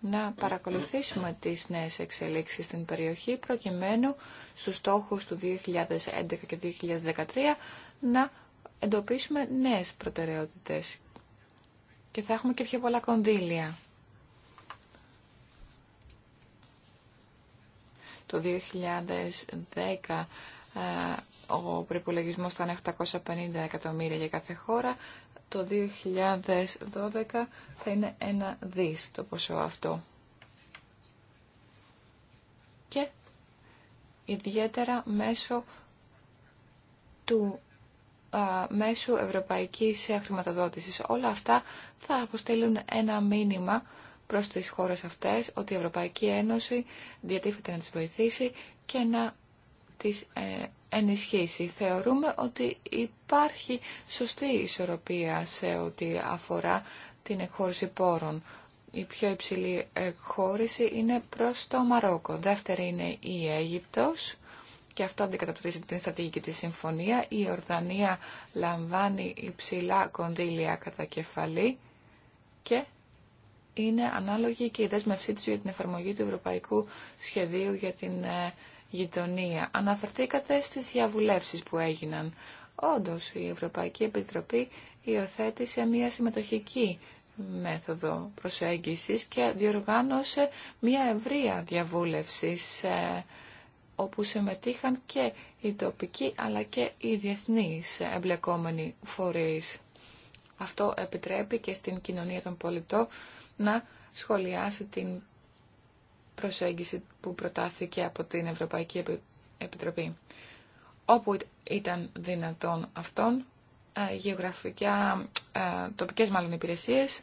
να παρακολουθήσουμε τις νέες εξελίξεις στην περιοχή προκειμένου στους στόχους του 2011 και 2013 να εντοπίσουμε νέες προτεραιότητες και θα έχουμε και πιο πολλά κονδύλια. Το 2010 ε, ο προπολογισμό ήταν 850 εκατομμύρια για κάθε χώρα. Το 2012 θα είναι ένα δις το ποσό αυτό. Και ιδιαίτερα μέσω του ε, μέσω ευρωπαϊκής χρηματοδότησης. Όλα αυτά θα αποστέλουν ένα μήνυμα προς τις χώρες αυτές ότι η Ευρωπαϊκή Ένωση διατίθεται να τις βοηθήσει και να τις ε, ενισχύσει. Θεωρούμε ότι υπάρχει σωστή ισορροπία σε ό,τι αφορά την εκχώρηση πόρων. Η πιο υψηλή εκχώρηση είναι προς το Μαρόκο. Δεύτερη είναι η Αίγυπτος και αυτό αντικατοπτρίζει την στρατηγική της συμφωνία. Η Ορδανία λαμβάνει υψηλά κονδύλια κατά κεφαλή και είναι ανάλογη και η δέσμευσή της για την εφαρμογή του Ευρωπαϊκού Σχεδίου για την ε, γειτονία. Αναφερθήκατε στις διαβουλεύσεις που έγιναν. Όντως, η Ευρωπαϊκή Επιτροπή υιοθέτησε μια συμμετοχική μέθοδο προσέγγισης και διοργάνωσε μια ευρεία διαβούλευση όπου συμμετείχαν και οι τοπικοί αλλά και οι διεθνείς εμπλεκόμενοι φορείς. Αυτό επιτρέπει και στην κοινωνία των πολιτών να σχολιάσει την προσέγγιση που προτάθηκε από την Ευρωπαϊκή Επιτροπή. Όπου ήταν δυνατόν αυτόν, ε, γεωγραφικά, ε, τοπικές μάλλον υπηρεσίες,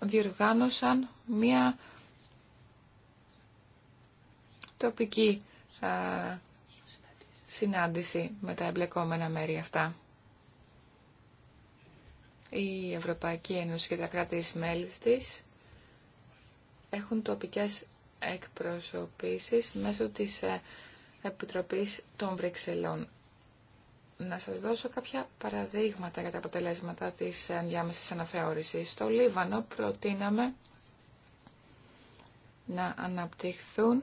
διοργάνωσαν μία τοπική ε, συνάντηση με τα εμπλεκόμενα μέρη αυτά. Η Ευρωπαϊκή Ένωση και τα κράτη μέλη της έχουν τοπικές εκπροσωπήσεις μέσω της ε, Επιτροπής των Βρυξελών. Να σας δώσω κάποια παραδείγματα για τα αποτελέσματα της ενδιάμεσης αναθεώρησης. Στο Λίβανο προτείναμε να αναπτυχθούν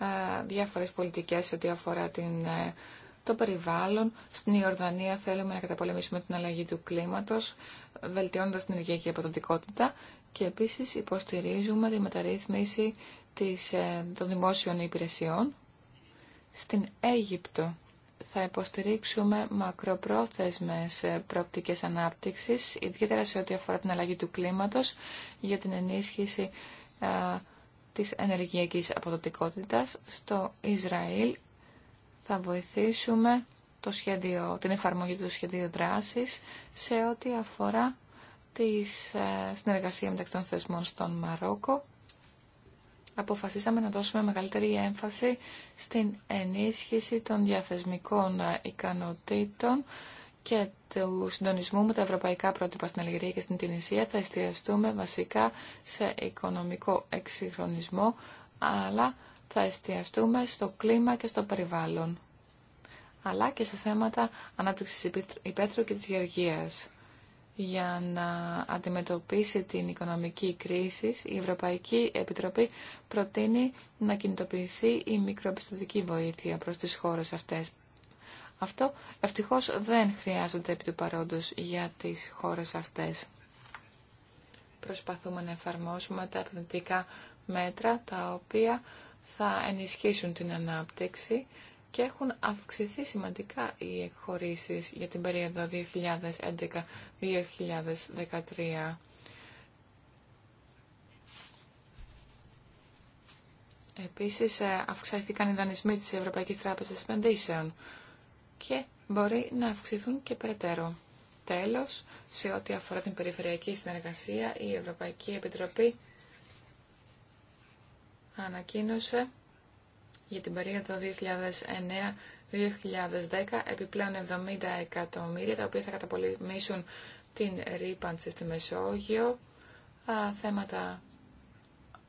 ε, διάφορες πολιτικές ό,τι αφορά την, ε, το περιβάλλον. Στην Ιορδανία θέλουμε να καταπολεμήσουμε την αλλαγή του κλίματος, βελτιώνοντας την ενεργειακή αποδοτικότητα και επίσης υποστηρίζουμε τη μεταρρύθμιση της, ε, των δημόσιων υπηρεσιών στην Αίγυπτο. Θα υποστηρίξουμε μακροπρόθεσμες ε, προοπτικές ανάπτυξης, ιδιαίτερα σε ό,τι αφορά την αλλαγή του κλίματος, για την ενίσχυση ε, της ενεργειακής αποδοτικότητας. Στο Ισραήλ θα βοηθήσουμε το σχέδιο, την εφαρμογή του σχεδίου δράσης σε ό,τι αφορά τη ε, συνεργασία μεταξύ των θεσμών στον Μαρόκο, αποφασίσαμε να δώσουμε μεγαλύτερη έμφαση στην ενίσχυση των διαθεσμικών ε, ικανοτήτων και του συντονισμού με τα ευρωπαϊκά πρότυπα στην Αλγερία και στην Τινησία. Θα εστιαστούμε βασικά σε οικονομικό εξυγχρονισμό, αλλά θα εστιαστούμε στο κλίμα και στο περιβάλλον αλλά και σε θέματα ανάπτυξης υπέτρου και της γεωργίας για να αντιμετωπίσει την οικονομική κρίση, η Ευρωπαϊκή Επιτροπή προτείνει να κινητοποιηθεί η μικροπιστωτική βοήθεια προς τις χώρες αυτές. Αυτό ευτυχώς δεν χρειάζεται επί του παρόντος για τις χώρες αυτές. Προσπαθούμε να εφαρμόσουμε τα επενδυτικά μέτρα τα οποία θα ενισχύσουν την ανάπτυξη και έχουν αυξηθεί σημαντικά οι εκχωρήσεις για την περίοδο 2011-2013. Επίσης ε, αυξήθηκαν οι δανεισμοί της Ευρωπαϊκής Τράπεζας Επενδύσεων και μπορεί να αυξηθούν και περαιτέρω. Τέλος, σε ό,τι αφορά την περιφερειακή συνεργασία, η Ευρωπαϊκή Επιτροπή ανακοίνωσε για την περίοδο 2009-2010 επιπλέον 70 εκατομμύρια τα οποία θα καταπολεμήσουν την ρήπανση στη Μεσόγειο, θέματα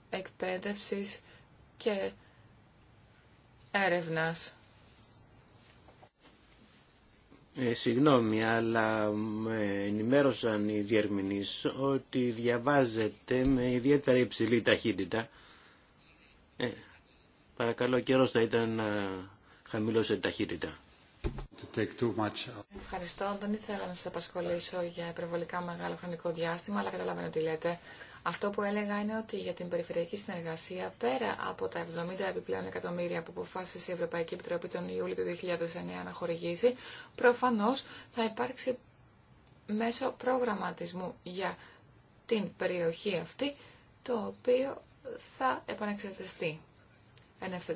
εκπαίδευσης και έρευνας. Ε, συγγνώμη, αλλά με ενημέρωσαν οι διερμηνείς ότι διαβάζεται με ιδιαίτερα υψηλή ταχύτητα. Ε, Παρακαλώ, ο καιρός θα ήταν ε, χαμηλός σε ταχύτητα. Ευχαριστώ. Δεν ήθελα να σας απασχολήσω για υπερβολικά μεγάλο χρονικό διάστημα, αλλά καταλαβαίνω τι λέτε. Αυτό που έλεγα είναι ότι για την περιφερειακή συνεργασία, πέρα από τα 70 επιπλέον εκατομμύρια που αποφάσισε η Ευρωπαϊκή Επιτροπή τον Ιούλιο του 2009 να χορηγήσει, προφανώς θα υπάρξει μέσω προγραμματισμού για την περιοχή αυτή, το οποίο θα επανεξεταστεί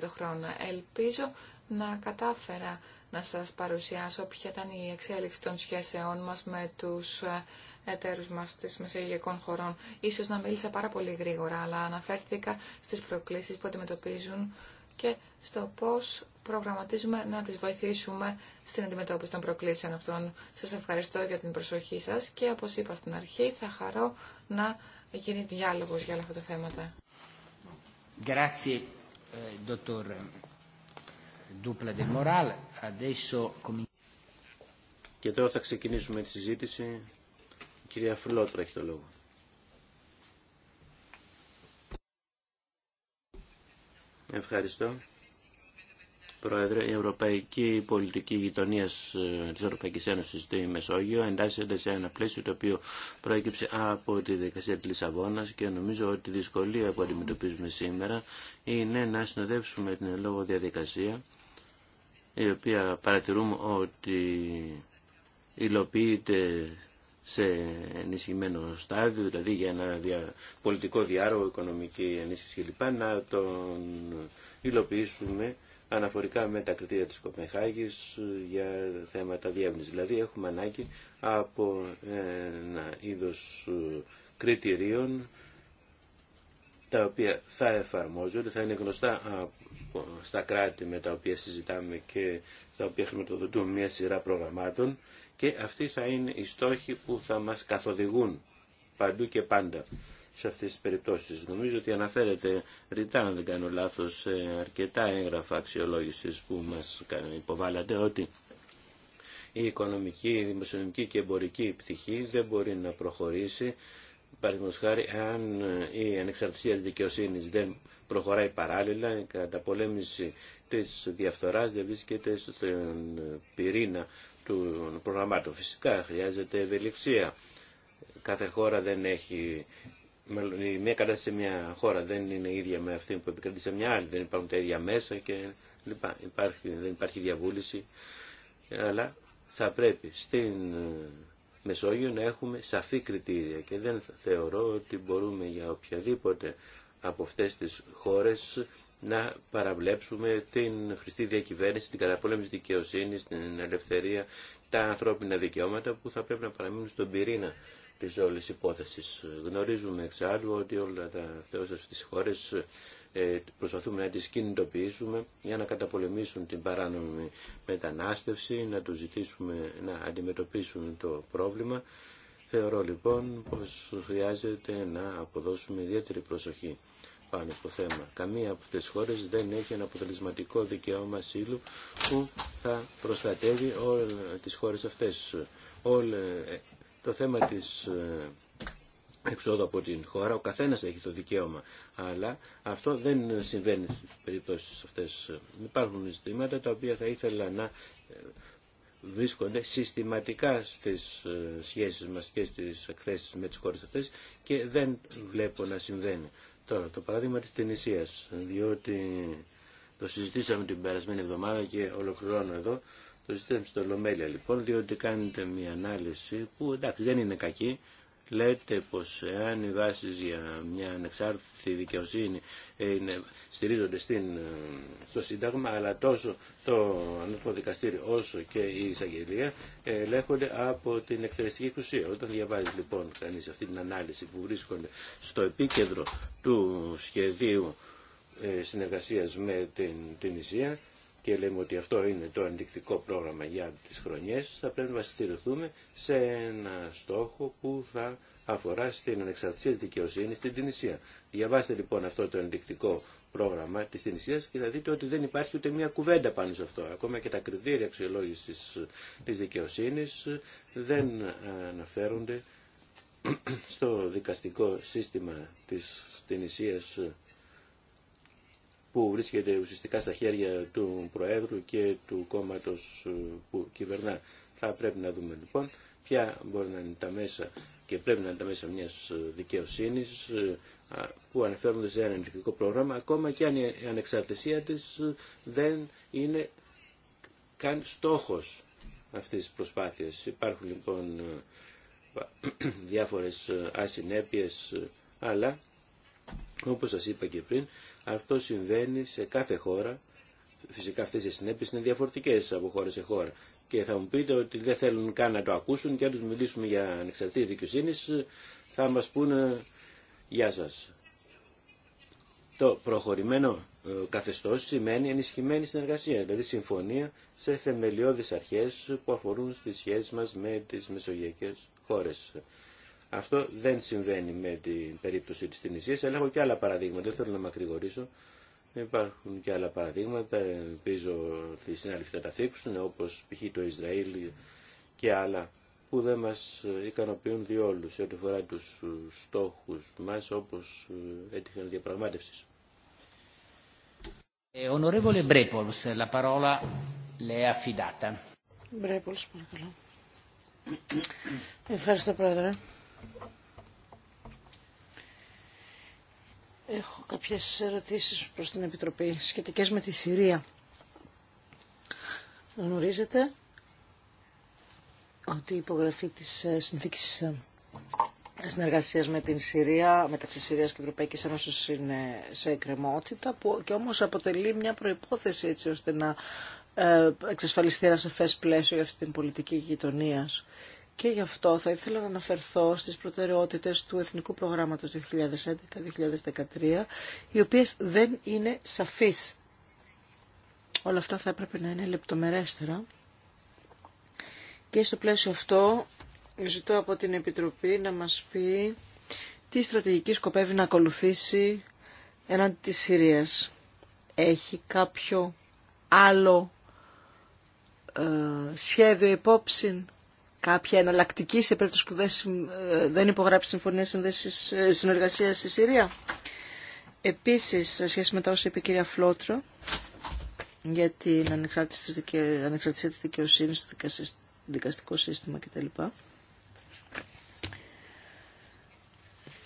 χρόνο. Ελπίζω να κατάφερα να σας παρουσιάσω ποια ήταν η εξέλιξη των σχέσεών μας με τους ε, εταίρους μας της μεσογειακών χωρών. Ίσως να μίλησα πάρα πολύ γρήγορα, αλλά αναφέρθηκα στις προκλήσεις που αντιμετωπίζουν και στο πώς προγραμματίζουμε να τις βοηθήσουμε στην αντιμετώπιση των προκλήσεων αυτών. Σας ευχαριστώ για την προσοχή σας και όπως είπα στην αρχή θα χαρώ να γίνει διάλογος για όλα αυτά τα θέματα. Eh, eh, Και τώρα θα ξεκινήσουμε τη συζήτηση. Η κυρία Φλότρα έχει το λόγο. Ευχαριστώ. Πρόεδρε, η ευρωπαϊκή πολιτική γειτονία ε, τη Ευρωπαϊκή Ένωση στη Μεσόγειο εντάσσεται σε ένα πλαίσιο το οποίο προέκυψε από τη δικασία τη Λισαβόνα και νομίζω ότι η δυσκολία που αντιμετωπίζουμε σήμερα είναι να συνοδεύσουμε την λόγω διαδικασία η οποία παρατηρούμε ότι υλοποιείται σε ενισχυμένο στάδιο, δηλαδή για ένα πολιτικό διάλογο, οικονομική ενίσχυση κλπ. να τον υλοποιήσουμε αναφορικά με τα κριτήρια της Κοπενχάγης για θέματα διεύνησης. Δηλαδή έχουμε ανάγκη από ένα είδος ε, κριτηρίων τα οποία θα εφαρμόζονται, θα είναι γνωστά στα κράτη με τα οποία συζητάμε και τα οποία χρηματοδοτούν μια σειρά προγραμμάτων και αυτοί θα είναι οι στόχοι που θα μας καθοδηγούν παντού και πάντα σε αυτές τις περιπτώσεις. Νομίζω ότι αναφέρεται ρητά, αν δεν κάνω λάθος, σε αρκετά έγγραφα αξιολόγησης που μας υποβάλλατε ότι η οικονομική, η δημοσιονομική και εμπορική πτυχή δεν μπορεί να προχωρήσει Παραδείγματο χάρη, αν η ανεξαρτησία τη δικαιοσύνη δεν προχωράει παράλληλα, η καταπολέμηση τη διαφθορά δεν βρίσκεται στον πυρήνα του προγραμμάτων. Φυσικά χρειάζεται ευελιξία. Κάθε χώρα δεν έχει η μία κατάσταση σε μια χώρα δεν είναι ίδια με αυτή που επικρατεί σε μια άλλη, δεν υπάρχουν τα ίδια μέσα και λοιπά. Υπάρχει, δεν υπάρχει διαβούληση, αλλά θα πρέπει στην Μεσόγειο να έχουμε σαφή κριτήρια και δεν θεωρώ ότι μπορούμε για οποιαδήποτε από αυτές τις χώρες να παραβλέψουμε την χρηστή διακυβέρνηση, την καταπολέμηση δικαιοσύνη, την ελευθερία, τα ανθρώπινα δικαιώματα που θα πρέπει να παραμείνουν στον πυρήνα της όλης υπόθεσης. Γνωρίζουμε εξάλλου ότι όλα τα θεώσεις αυτές τις χώρες ε, προσπαθούμε να τις κινητοποιήσουμε για να καταπολεμήσουν την παράνομη μετανάστευση, να τους ζητήσουμε να αντιμετωπίσουν το πρόβλημα. Θεωρώ λοιπόν πως χρειάζεται να αποδώσουμε ιδιαίτερη προσοχή πάνω στο θέμα. Καμία από τις χώρες δεν έχει ένα αποτελεσματικό δικαίωμα ασύλου που θα προστατεύει όλες τις χώρες αυτές. Ε, το θέμα της ε, εξόδου από την χώρα, ο καθένας έχει το δικαίωμα, αλλά αυτό δεν συμβαίνει στις περιπτώσεις αυτές. Υπάρχουν ζητήματα τα οποία θα ήθελα να ε, βρίσκονται συστηματικά στις ε, σχέσεις μας και στις εκθέσεις με τις χώρες αυτές και δεν βλέπω να συμβαίνει. Τώρα, το παράδειγμα της Τινησίας, διότι το συζητήσαμε την περασμένη εβδομάδα και ολοκληρώνω εδώ, το ζητήσαμε στο Λομέλια λοιπόν, διότι κάνετε μια ανάλυση που εντάξει δεν είναι κακή. Λέτε πως εάν οι βάσει για μια ανεξάρτητη δικαιοσύνη είναι, στηρίζονται στην, στο Σύνταγμα, αλλά τόσο το Ανώτατο Δικαστήριο όσο και η εισαγγελία ελέγχονται από την εκτελεστική εξουσία. Όταν διαβάζει λοιπόν κανείς αυτή την ανάλυση που βρίσκονται στο επίκεντρο του σχεδίου ε, συνεργασίας με την Τινησία και λέμε ότι αυτό είναι το ενδεικτικό πρόγραμμα για τις χρονιές, θα πρέπει να στηριχθούμε σε ένα στόχο που θα αφορά στην ανεξαρτησία της δικαιοσύνης στην Τινησία. Διαβάστε λοιπόν αυτό το ενδεικτικό πρόγραμμα της Τινησίας και θα δείτε ότι δεν υπάρχει ούτε μια κουβέντα πάνω σε αυτό. Ακόμα και τα κριτήρια αξιολόγηση της δικαιοσύνης δεν αναφέρονται στο δικαστικό σύστημα της Τινησίας που βρίσκεται ουσιαστικά στα χέρια του Προέδρου και του κόμματος ε, που κυβερνά. Θα πρέπει να δούμε λοιπόν ποια μπορεί να είναι τα μέσα και πρέπει να είναι τα μέσα μιας ε, δικαιοσύνη ε, που αναφέρονται σε ένα ενεργητικό πρόγραμμα, ακόμα και αν η ανεξαρτησία της δεν είναι καν στόχος αυτής της προσπάθειας. Υπάρχουν λοιπόν διάφορες ασυνέπειες, αλλά όπως σας είπα και πριν, αυτό συμβαίνει σε κάθε χώρα. Φυσικά αυτές οι συνέπειες είναι διαφορετικές από χώρα σε χώρα. Και θα μου πείτε ότι δεν θέλουν καν να το ακούσουν και αν τους μιλήσουμε για ανεξαρτή δικαιοσύνη θα μας πούνε γεια σας. Το προχωρημένο ε, καθεστώς σημαίνει ενισχυμένη συνεργασία, δηλαδή συμφωνία σε θεμελιώδεις αρχές που αφορούν στις σχέσεις μας με τις μεσογειακές χώρες. Αυτό δεν συμβαίνει με την περίπτωση της Τινησίας, αλλά έχω και άλλα παραδείγματα, δεν θέλω να μακρηγορήσω. Υπάρχουν και άλλα παραδείγματα, ελπίζω ότι οι συνάδελφοι θα τα θίξουν, όπως π.χ. το Ισραήλ και άλλα που δεν μας ικανοποιούν διόλου σε ό,τι αφορά τους στόχους μας όπως έτυχαν διαπραγμάτευσης. Ε, Ευχαριστώ, Πρόεδρε. Έχω κάποιες ερωτήσεις προς την Επιτροπή σχετικές με τη Συρία. Γνωρίζετε ότι η υπογραφή της ε, συνθήκης ε, συνεργασίας με την Συρία, μεταξύ Συρίας και Ευρωπαϊκής Ένωσης είναι σε εκκρεμότητα, και όμως αποτελεί μια προϋπόθεση έτσι ώστε να ε, εξασφαλιστεί ένα σαφές πλαίσιο για αυτή την πολιτική γειτονίας. Και γι' αυτό θα ήθελα να αναφερθώ στις προτεραιότητες του Εθνικού Προγράμματος 2011-2013, οι οποίες δεν είναι σαφείς. Όλα αυτά θα έπρεπε να είναι λεπτομερέστερα. Και στο πλαίσιο αυτό ζητώ από την Επιτροπή να μας πει τι στρατηγική σκοπεύει να ακολουθήσει έναντι της Συρίας. Έχει κάποιο άλλο ε, σχέδιο υπόψη κάποια εναλλακτική σε περίπτωση που δεν ε, υπογράψει συμφωνία ε, συνεργασία στη Συρία. Επίση, σε σχέση με τα όσα είπε η κυρία Φλότρο για την ανεξαρτησία της δικαιοσύνη το δικαστικό σύστημα κτλ.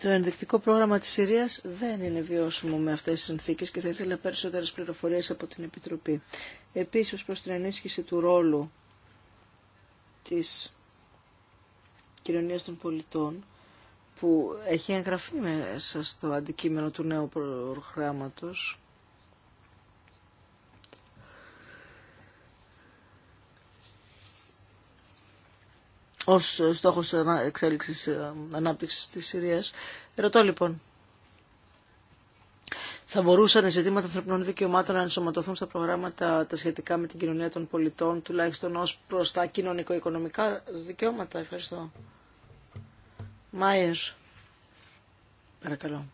Το ενδεικτικό πρόγραμμα της Συρίας δεν είναι βιώσιμο με αυτές τις συνθήκες και θα ήθελα περισσότερες πληροφορίες από την Επιτροπή. Επίσης, προς την ενίσχυση του ρόλου της Κοινωνία των πολιτών που έχει εγγραφεί μέσα στο αντικείμενο του νέου προγράμματος ως στόχος εξέλιξης ε, ανάπτυξης της Συρίας. Ρωτώ λοιπόν, θα μπορούσαν ζητήματα ανθρωπινών δικαιωμάτων να ενσωματωθούν στα προγράμματα τα σχετικά με την κοινωνία των πολιτών, τουλάχιστον ω προ τα κοινωνικο-οικονομικά δικαιώματα. Ευχαριστώ. Μάιερ. Παρακαλώ.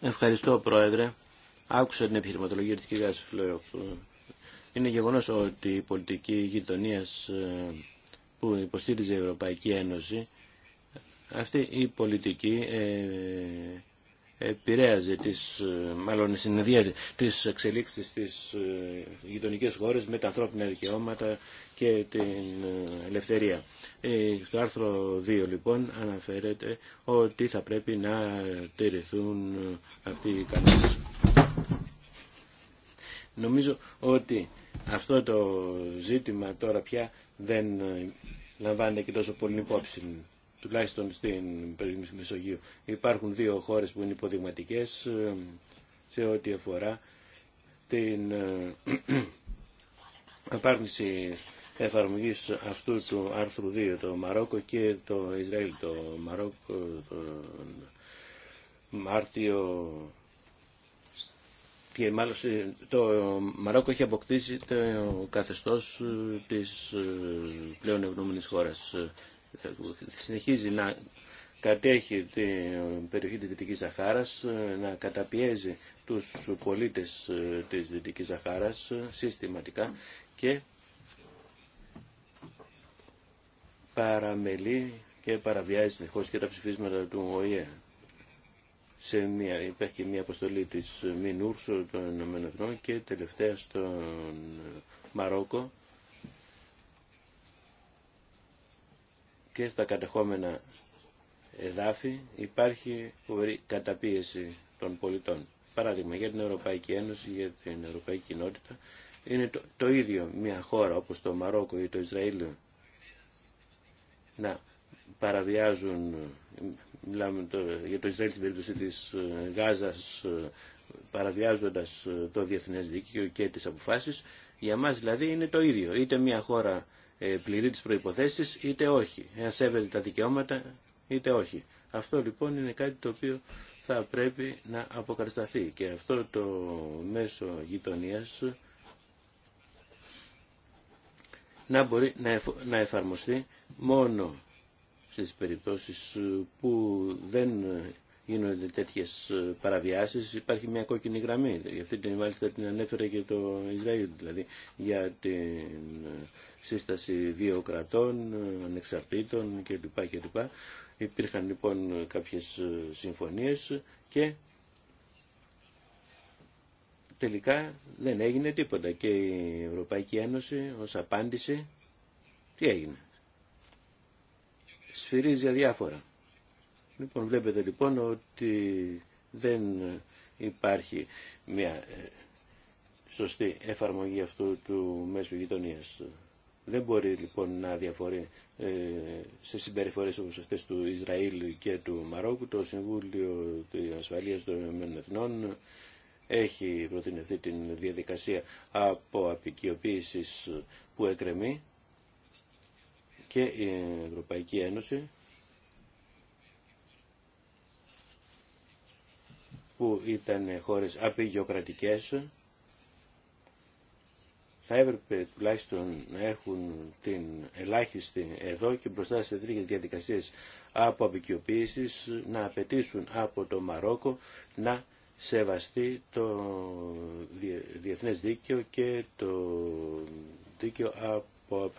Ευχαριστώ, Πρόεδρε. Άκουσα την επιχειρηματολογία της κυρία Φλόιου. Είναι γεγονός ότι η πολιτική γειτονία ε, που υποστήριζε η Ευρωπαϊκή Ένωση, αυτή η πολιτική ε, επηρέαζε τις, ε, μάλλον συνδυάζει τις εξελίξεις στις ε, γειτονικέ χώρες με τα ανθρώπινα δικαιώματα και την ε, ελευθερία. Το άρθρο 2 λοιπόν αναφέρεται ότι θα πρέπει να τηρηθούν αυτοί οι κανόνες. Νομίζω ότι αυτό το ζήτημα τώρα πια δεν λαμβάνεται και τόσο πολύ υπόψη τουλάχιστον στην Μεσογείο. Μεσογείου. Υπάρχουν δύο χώρες που είναι υποδειγματικές ε, σε ό,τι αφορά την ε, απάρνηση εφαρμογής αυτού του άρθρου 2, το Μαρόκο και το Ισραήλ. Το Μαρόκο το Μάρτιο και μάλλον ε, το Μαρόκο έχει αποκτήσει το καθεστώς της πλέον ευνούμενης χώρας συνεχίζει να κατέχει την περιοχή της Δυτικής Ζαχάρας, να καταπιέζει τους πολίτες ε, της Δυτικής Ζαχάρας ε, συστηματικά και παραμελεί και παραβιάζει συνεχώ και τα ψηφίσματα του ΟΗΕ. Σε μια, υπάρχει και μια αποστολή της Μινούρσου των Ηνωμένων και τελευταία στον Μαρόκο και στα κατεχόμενα εδάφη υπάρχει καταπίεση των πολιτών. Παράδειγμα, για την Ευρωπαϊκή Ένωση, για την Ευρωπαϊκή Κοινότητα, είναι το, ίδιο μια χώρα όπως το Μαρόκο ή το Ισραήλ να παραβιάζουν, μιλάμε το, για το Ισραήλ στην περίπτωση της ε, Γάζας, ε, παραβιάζοντας ε, το διεθνές δίκαιο και τις αποφάσεις, για μας δηλαδή είναι το ίδιο. Είτε μια χώρα ε, πληρεί τις προϋποθέσεις είτε όχι, εάν σέβεται τα δικαιώματα είτε όχι. Αυτό λοιπόν είναι κάτι το οποίο θα πρέπει να αποκατασταθεί και αυτό το μέσο γειτονίας να μπορεί να εφαρμοστεί μόνο στις περιπτώσεις που δεν γίνονται τέτοιε ε, παραβιάσεις υπάρχει μια κόκκινη γραμμή. Για αυτή την μάλιστα την ανέφερε και το Ισραήλ, δηλαδή για την ε, σύσταση δύο κρατών, ε, ανεξαρτήτων κλπ. Υπήρχαν λοιπόν κάποιες συμφωνίες και τελικά δεν έγινε τίποτα και η Ευρωπαϊκή Ένωση ως απάντηση τι έγινε. Σφυρίζει αδιάφορα. Λοιπόν, βλέπετε λοιπόν ότι δεν υπάρχει μια ε, σωστή εφαρμογή αυτού του μέσου γειτονία. Δεν μπορεί λοιπόν να διαφορεί ε, σε συμπεριφορές όπως αυτές του Ισραήλ και του Μαρόκου. Το Συμβούλιο της Ασφαλείας των Ηνωμένων Εθνών έχει προτείνει την διαδικασία από απεικιοποίησης που εκρεμεί και η Ευρωπαϊκή Ένωση που ήταν χώρες απειγιοκρατικές θα έπρεπε τουλάχιστον να έχουν την ελάχιστη εδώ και μπροστά σε τρίτε διαδικασίες από να απαιτήσουν από το Μαρόκο να σεβαστεί το διεθνές δίκαιο και το δίκαιο από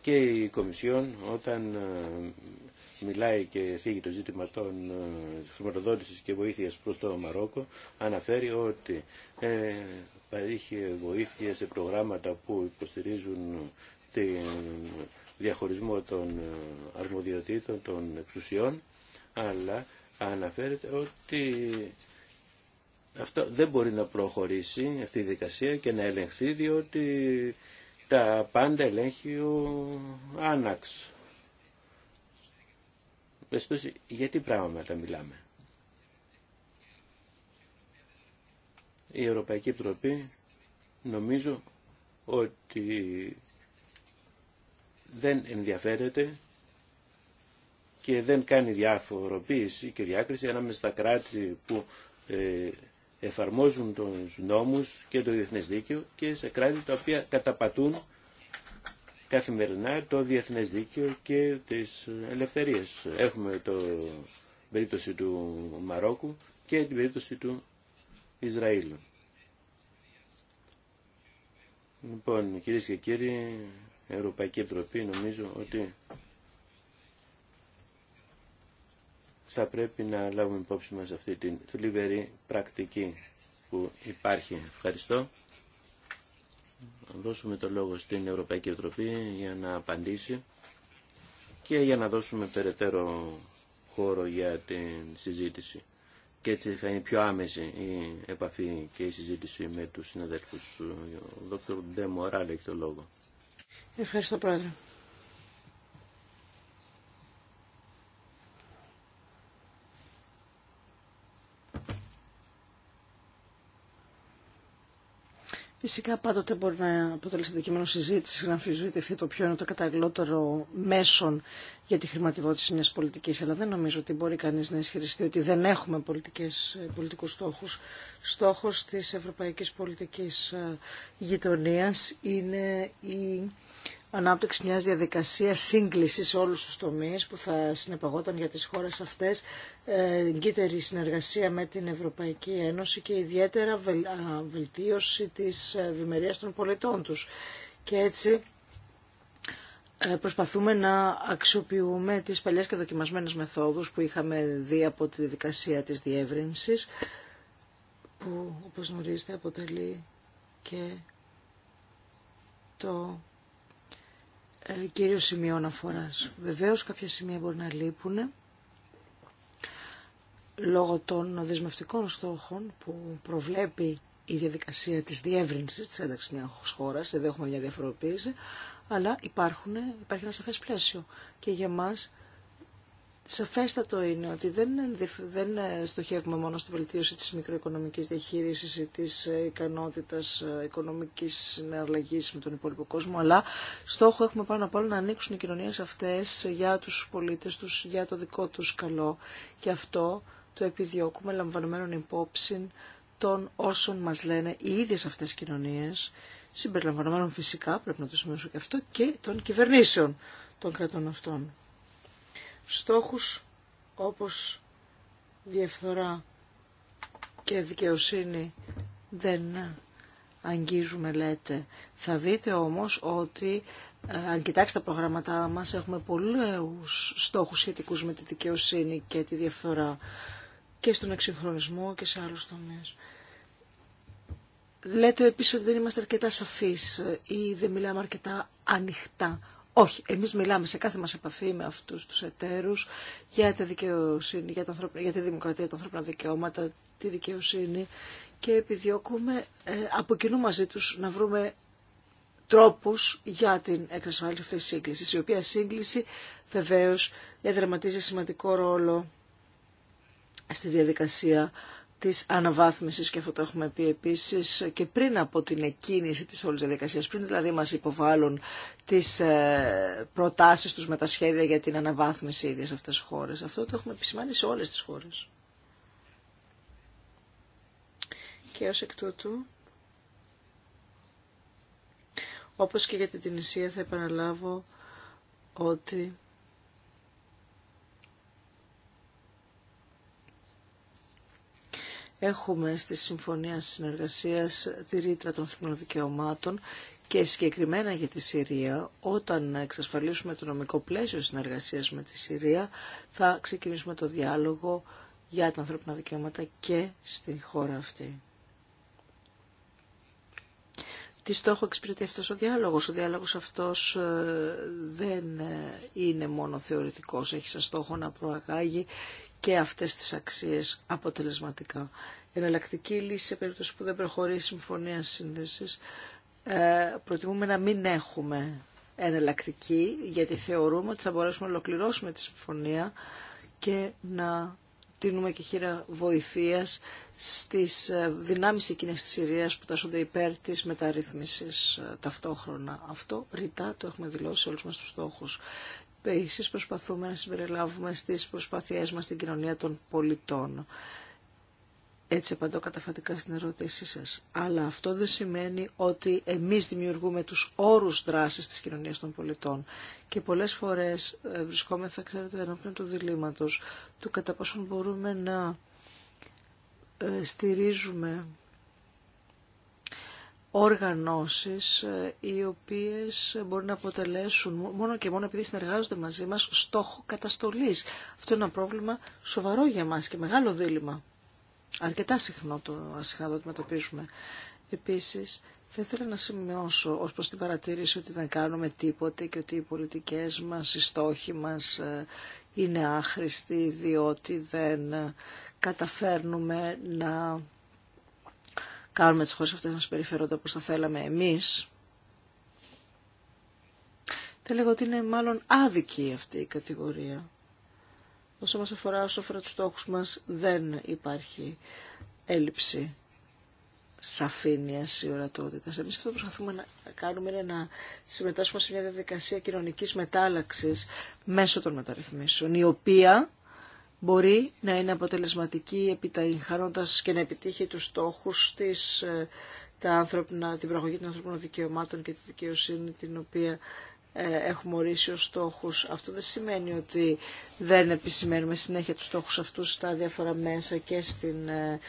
Και η Κομισιόν όταν μιλάει και θίγει το ζήτημα των ε, χρηματοδότησης και βοήθειας προς το Μαρόκο, αναφέρει ότι ε, παρήχε βοήθεια σε προγράμματα που υποστηρίζουν τη διαχωρισμό των ε, αρμοδιοτήτων, των εξουσιών, αλλά αναφέρεται ότι αυτό δεν μπορεί να προχωρήσει αυτή η δικασία και να ελεγχθεί διότι τα πάντα ελέγχει ο Άναξ πες για τι πράγματα μιλάμε. Η Ευρωπαϊκή Επιτροπή νομίζω ότι δεν ενδιαφέρεται και δεν κάνει διαφοροποίηση και διάκριση ανάμεσα στα κράτη που ε, εφαρμόζουν τους νόμους και το διεθνές δίκαιο και σε κράτη τα οποία καταπατούν καθημερινά το διεθνές δίκαιο και τις ελευθερίες. Έχουμε το περίπτωση του Μαρόκου και την περίπτωση του Ισραήλ. Λοιπόν, κυρίε και κύριοι, Ευρωπαϊκή Επιτροπή νομίζω ότι θα πρέπει να λάβουμε υπόψη μας αυτή την θλιβερή πρακτική που υπάρχει. Ευχαριστώ δώσουμε το λόγο στην Ευρωπαϊκή Επιτροπή για να απαντήσει και για να δώσουμε περαιτέρω χώρο για την συζήτηση. Και έτσι θα είναι πιο άμεση η επαφή και η συζήτηση με τους συναδέλφους. Ο Δ. Ντε Μοράλ έχει το λόγο. Ευχαριστώ Πρόεδρε. Φυσικά πάντοτε μπορεί να αποτελέσει αντικείμενο συζήτηση, να αμφισβητηθεί το πιο είναι το καταλληλότερο μέσον για τη χρηματοδότηση μια πολιτική. Αλλά δεν νομίζω ότι μπορεί κανεί να ισχυριστεί ότι δεν έχουμε πολιτικού στόχου. Στόχο τη ευρωπαϊκή πολιτική ε, γειτονία είναι η ανάπτυξη μιας διαδικασίας σύγκλησης σε όλους τους τομείς που θα συνεπαγόταν για τις χώρες αυτές ε, εγκύτερη συνεργασία με την Ευρωπαϊκή Ένωση και ιδιαίτερα βελτίωση της ευημερίας των πολιτών τους. Και έτσι ε, προσπαθούμε να αξιοποιούμε τις παλιές και δοκιμασμένες μεθόδους που είχαμε δει από τη διαδικασία της διεύρυνσης που όπως γνωρίζετε αποτελεί και το ε, κύριο σημείο αναφοράς. Βεβαίως κάποια σημεία μπορεί να λείπουν λόγω των δεσμευτικών στόχων που προβλέπει η διαδικασία της διεύρυνσης της ένταξης μιας χώρας, εδώ έχουμε μια διαφοροποίηση, αλλά υπάρχουν, υπάρχει ένα σαφές πλαίσιο και για μας Σαφέστατο είναι ότι δεν, δεν στοχεύουμε μόνο στη βελτίωση της μικροοικονομικής διαχείρισης ή της ικανότητας οικονομικής συναλλαγής με τον υπόλοιπο κόσμο, αλλά στόχο έχουμε πάνω απ' όλα να ανοίξουν οι κοινωνίες αυτές για τους πολίτες τους, για το δικό τους καλό. Και αυτό το επιδιώκουμε λαμβανωμένων υπόψη των όσων μας λένε οι ίδιες αυτές οι κοινωνίες, συμπεριλαμβανομένων φυσικά, πρέπει να το σημειώσω και αυτό, και των κυβερνήσεων των κρατών αυτών στόχους όπως διευθορά και δικαιοσύνη δεν αγγίζουμε λέτε. Θα δείτε όμως ότι ε, αν κοιτάξετε τα προγράμματά μας έχουμε πολλούς στόχους σχετικούς με τη δικαιοσύνη και τη διευθορά. και στον εξυγχρονισμό και σε άλλους τομείς. Λέτε επίσης ότι δεν είμαστε αρκετά σαφείς ή δεν μιλάμε αρκετά ανοιχτά όχι, εμείς μιλάμε σε κάθε μας επαφή με αυτούς τους εταίρους για, τη δικαιοσύνη, για, για τη δημοκρατία, τα ανθρώπινα δικαιώματα, τη δικαιοσύνη και επιδιώκουμε ε, από κοινού μαζί τους να βρούμε τρόπους για την εξασφάλιση αυτής της σύγκλησης, η οποία σύγκληση βεβαίως διαδραματίζει σημαντικό ρόλο στη διαδικασία της αναβάθμισης και αυτό το έχουμε πει επίσης και πριν από την εκκίνηση της όλης διαδικασίας, πριν δηλαδή μας υποβάλλουν τις ε, προτάσεις τους με τα σχέδια για την αναβάθμιση ίδιας αυτές τις χώρες. Αυτό το έχουμε επισημάνει σε όλες τις χώρες. Και ως εκ τούτου, όπως και για την Τινησία θα επαναλάβω ότι Έχουμε στη Συμφωνία Συνεργασίας τη ρήτρα των θρηνών δικαιωμάτων και συγκεκριμένα για τη Συρία, όταν εξασφαλίσουμε το νομικό πλαίσιο συνεργασίας με τη Συρία, θα ξεκινήσουμε το διάλογο για τα ανθρώπινα δικαιώματα και στη χώρα αυτή. Τι στόχο εξυπηρετεί αυτός ο διάλογος. Ο διάλογος αυτός ε, δεν ε, είναι μόνο θεωρητικός. Έχει σαν στόχο να προαγάγει και αυτές τις αξίες αποτελεσματικά. Η εναλλακτική λύση σε περίπτωση που δεν προχωρεί η συμφωνία σύνδεσης ε, προτιμούμε να μην έχουμε εναλλακτική γιατί θεωρούμε ότι θα μπορέσουμε να ολοκληρώσουμε τη συμφωνία και να δίνουμε και χείρα βοηθείας στις ε, δυνάμεις εκείνες της Συρίας που τάσσονται υπέρ της μεταρρύθμισης ε, ταυτόχρονα. Αυτό ρητά το έχουμε δηλώσει όλους μας τους στόχους. Επίση προσπαθούμε να συμπεριλάβουμε στις προσπάθειές μας την κοινωνία των πολιτών. Έτσι απαντώ καταφατικά στην ερώτησή σας. Αλλά αυτό δεν σημαίνει ότι εμείς δημιουργούμε τους όρους δράσης της κοινωνίας των πολιτών. Και πολλές φορές ε, βρισκόμεθα, ξέρετε, ενώπιον του διλήμματος, του κατά πόσον μπορούμε να ε, στηρίζουμε οργανώσεις ε, οι οποίες μπορεί να αποτελέσουν μόνο και μόνο επειδή συνεργάζονται μαζί μας στόχο καταστολής. Αυτό είναι ένα πρόβλημα σοβαρό για μας και μεγάλο δίλημα. Αρκετά συχνό το, συχνά το αντιμετωπίζουμε. Επίσης, θα ήθελα να σημειώσω ως προς την παρατήρηση ότι δεν κάνουμε τίποτε και ότι οι πολιτικές μας, οι στόχοι μας ε, είναι άχρηστοι διότι δεν ε, καταφέρνουμε να κάνουμε τις χώρες αυτές να συμπεριφέρονται όπως θα θέλαμε εμείς, θα λέγω ότι είναι μάλλον άδικη αυτή η κατηγορία. Όσο μας αφορά, όσο αφορά τους στόχους μας, δεν υπάρχει έλλειψη σαφήνειας ή ορατότητας. Εμείς αυτό που προσπαθούμε να κάνουμε είναι να συμμετάσχουμε σε μια διαδικασία κοινωνικής μετάλλαξης μέσω των μεταρρυθμίσεων, η οποία μπορεί να είναι αποτελεσματική επιταχύνοντας και να επιτύχει τους στόχους της, ε, τα ανθρωπινα, την πραγωγή των ανθρώπινων δικαιωμάτων και τη δικαιοσύνη την οποία ε, έχουμε ορίσει ως στόχους. Αυτό δεν σημαίνει ότι δεν επισημαίνουμε συνέχεια τους στόχους αυτούς στα διάφορα μέσα και στην ε,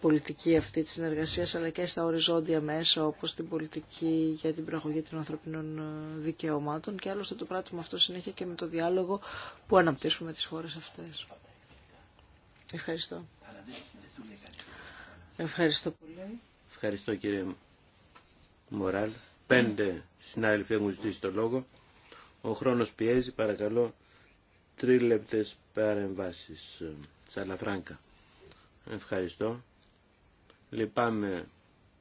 πολιτική αυτή της συνεργασίας αλλά και στα οριζόντια μέσα όπως την πολιτική για την προαγωγή των ανθρωπινών δικαιωμάτων και άλλωστε το πράττουμε αυτό συνέχεια και με το διάλογο που αναπτύσσουμε με τις χώρες αυτές. Ευχαριστώ. Ευχαριστώ πολύ. Ευχαριστώ κύριε Μοράλ. Πέντε συνάδελφοι έχουν ζητήσει το λόγο. Ο χρόνος πιέζει, παρακαλώ, λεπτές παρεμβάσεις. Σαλαφράγκα. Ευχαριστώ. Λυπάμαι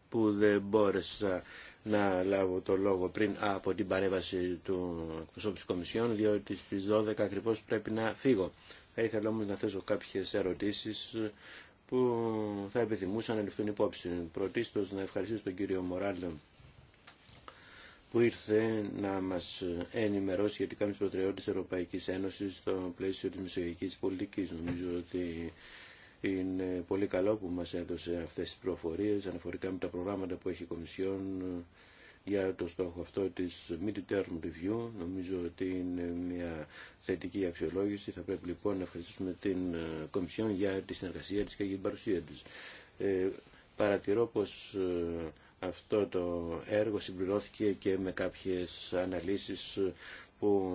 που δεν μπόρεσα να λάβω το λόγο πριν από την παρέμβαση του εκπροσώπου της Κομισιόν, διότι στις 12 ακριβώς πρέπει να φύγω. Θα ήθελα όμως να θέσω κάποιες ερωτήσεις που θα επιθυμούσαν να ληφθούν υπόψη. Πρωτίστως να ευχαριστήσω τον κύριο Μοράλ που ήρθε να μας ενημερώσει σχετικά με τις προτεραιότητες της Ευρωπαϊκής Ένωσης στο πλαίσιο της μεσογειακής πολιτικής. Νομίζω ότι είναι πολύ καλό που μας έδωσε αυτές τις προφορίες αναφορικά με τα προγράμματα που έχει η Κομισιόν για το στόχο αυτό της mid-term review. Νομίζω ότι είναι μια θετική αξιολόγηση. Θα πρέπει λοιπόν να ευχαριστήσουμε την ε, Κομισιόν για τη συνεργασία της και για την παρουσία της. Ε, παρατηρώ πως ε, αυτό το έργο συμπληρώθηκε και με κάποιες αναλύσεις που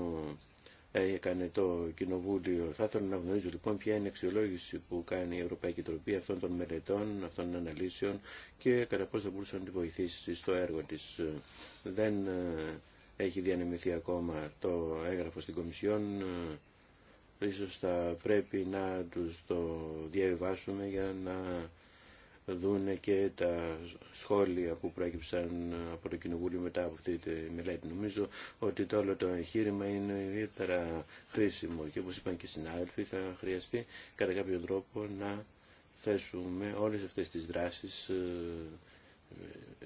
έκανε το Κοινοβούλιο. Θα ήθελα να γνωρίζω λοιπόν ποια είναι η αξιολόγηση που κάνει η Ευρωπαϊκή Τροπή αυτών των μελετών, αυτών των αναλύσεων και κατά πώς θα μπορούσαν να τη βοηθήσει στο έργο της. Δεν ε, έχει διανεμηθεί ακόμα το έγγραφο στην Κομισιόν. Ε, ίσως θα πρέπει να τους το διαβιβάσουμε για να δούνε και τα σχόλια που προέκυψαν από το Κοινοβούλιο μετά από αυτή τη μελέτη. Νομίζω ότι το όλο το εγχείρημα είναι ιδιαίτερα χρήσιμο και όπως είπαν και οι συνάδελφοι θα χρειαστεί κατά κάποιο τρόπο να θέσουμε όλες αυτές τις δράσεις ε,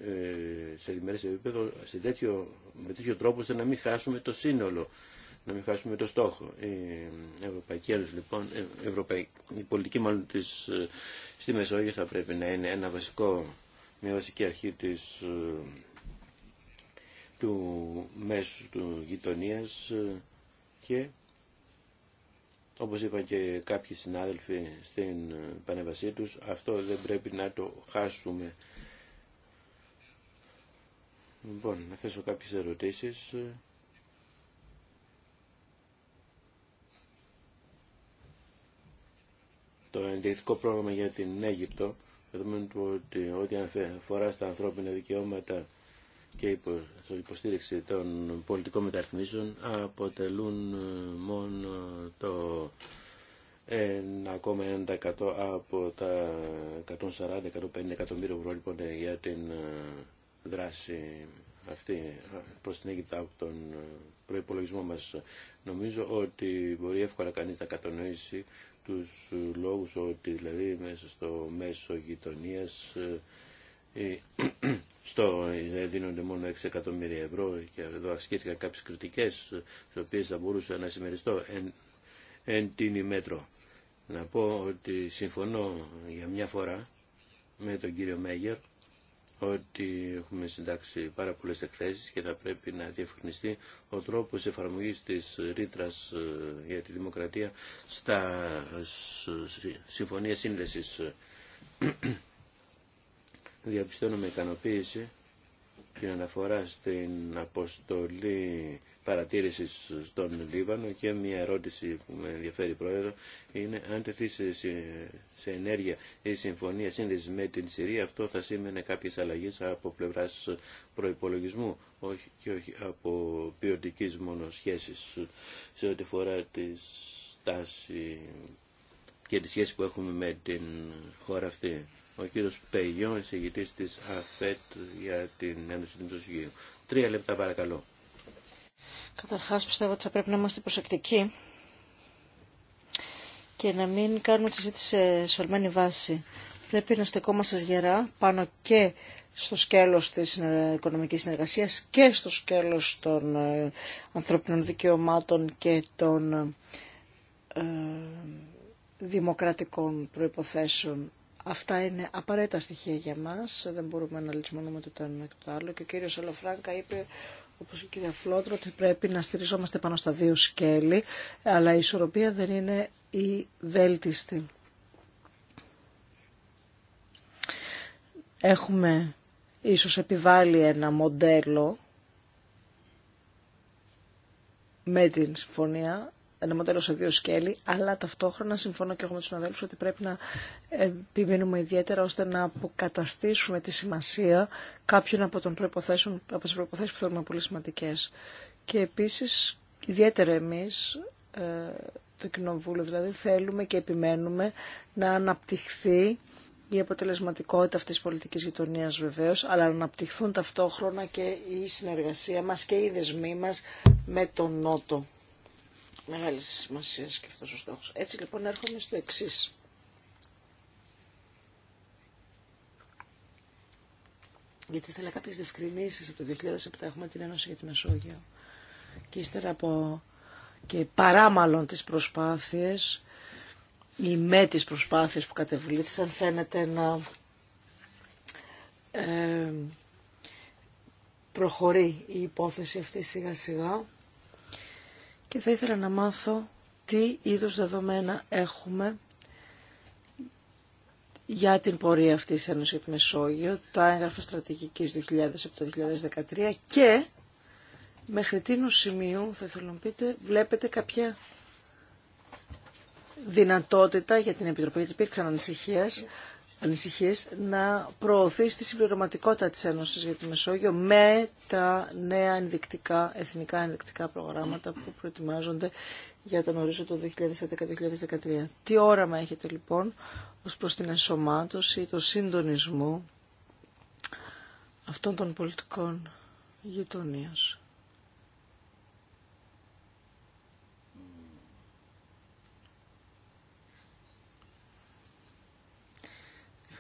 ε, σε διμερές επίπεδο σε τέτοιο, με τέτοιο τρόπο ώστε να μην χάσουμε το σύνολο να μην χάσουμε το στόχο. Η Ευρωπαϊκή Ένωση, λοιπόν, ε, η, πολιτική μάλλον της, ε, στη Μεσόγειο θα πρέπει να είναι ένα βασικό, μια βασική αρχή της, ε, του μέσου του γειτονίας και όπως είπαν και κάποιοι συνάδελφοι στην πανεβασία τους, αυτό δεν πρέπει να το χάσουμε. Λοιπόν, να θέσω κάποιες ερωτήσεις. το ενδεικτικό πρόγραμμα για την Αίγυπτο, δεδομένου ότι ό,τι αφορά στα ανθρώπινα δικαιώματα και υποστήριξη των πολιτικών μεταρρυθμίσεων αποτελούν ε, μόνο το 1,1% από τα 140-150 εκατομμύρια ευρώ λοιπόν για την ε, δράση αυτή προς την Αίγυπτο από τον ε, προϋπολογισμό μας. Νομίζω ότι μπορεί εύκολα κανείς να κατανοήσει τους λόγους ότι δηλαδή μέσα στο μέσο γειτονίας ε, στο ε, δίνονται μόνο 6 εκατομμύρια ευρώ και εδώ ασκήθηκαν κάποιες κριτικές τις οποίες θα μπορούσα να συμμεριστώ εν, εν τίνη μέτρο. Να πω ότι συμφωνώ για μια φορά με τον κύριο Μέγερ ότι έχουμε συντάξει πάρα πολλέ εκθέσει και θα πρέπει να διευκρινιστεί ο τρόπος εφαρμογής της ρήτρα ε, για τη δημοκρατία στα συμφωνία σύνδεση. Διαπιστώνω με ικανοποίηση την αναφορά στην αποστολή παρατήρησης στον Λίβανο και μια ερώτηση που με ενδιαφέρει πρόεδρο είναι αν τεθεί σε, ενέργεια η συμφωνία σύνδεση με την Συρία αυτό θα σήμαινε κάποιες αλλαγές από πλευράς προϋπολογισμού όχι, και όχι από ποιοτική μόνο σε ό,τι φορά τη στάση και τη σχέση που έχουμε με την χώρα αυτή ο κύριος Πεγιό, εισηγητής της ΑΦΕΤ για την Ένωση του Μητροσυγείου. Τρία λεπτά παρακαλώ. Καταρχάς πιστεύω ότι θα πρέπει να είμαστε προσεκτικοί και να μην κάνουμε τη συζήτηση σε σφαλμένη βάση. Πρέπει να στεκόμαστε γερά πάνω και στο σκέλος της οικονομικής συνεργασίας και στο σκέλος των ε, ανθρωπινών δικαιωμάτων και των ε, ε, δημοκρατικών προϋποθέσεων Αυτά είναι απαραίτητα στοιχεία για μας, δεν μπορούμε να λησμονούμε το ένα και το άλλο. Και ο κύριος Αλαφράγκα είπε, όπως η κυρία Φλότρο, ότι πρέπει να στηριζόμαστε πάνω στα δύο σκέλη, αλλά η ισορροπία δεν είναι η βέλτιστη. Έχουμε ίσως επιβάλει ένα μοντέλο με την συμφωνία ένα μοντέλο σε δύο σκέλη, αλλά ταυτόχρονα συμφωνώ και εγώ με του συναδέλφους ότι πρέπει να επιμείνουμε ιδιαίτερα ώστε να αποκαταστήσουμε τη σημασία κάποιων από, των προϋποθέσεων, από τις προϋποθέσεις που θεωρούμε πολύ σημαντικέ. Και επίση, ιδιαίτερα εμεί, ε, το Κοινοβούλιο δηλαδή, θέλουμε και επιμένουμε να αναπτυχθεί η αποτελεσματικότητα αυτής της πολιτικής γειτονίας βεβαίως, αλλά να αναπτυχθούν ταυτόχρονα και η συνεργασία μας και οι δεσμοί μας με τον Νότο μεγάλη σημασία και αυτός ο στόχος. Έτσι λοιπόν έρχομαι στο εξή. Γιατί ήθελα κάποιε διευκρινήσει Από το 2007 έχουμε την Ένωση για τη Μεσόγειο. Και ύστερα από και παρά μάλλον τις προσπάθειες ή με τις προσπάθειες που κατεβλήθησαν φαίνεται να ε, προχωρεί η υπόθεση αυτή σιγά σιγά και θα ήθελα να μάθω τι είδους δεδομένα έχουμε για την πορεία αυτή της Ένωσης για Μεσόγειο, τα έγγραφα στρατηγικής 2007-2013 και μέχρι τίνου σημείου, θα ήθελα να πείτε, βλέπετε κάποια δυνατότητα για την Επιτροπή, γιατί υπήρξαν ανησυχίες ανησυχίες να προωθήσει τη συμπληρωματικότητα της Ένωσης για τη Μεσόγειο με τα νέα ενδεικτικά, εθνικά ενδεικτικά προγράμματα που προετοιμάζονται για τον ορίζοντα το 2011-2013. Τι όραμα έχετε λοιπόν ως προς την ενσωμάτωση, το συντονισμό αυτών των πολιτικών γειτονίας.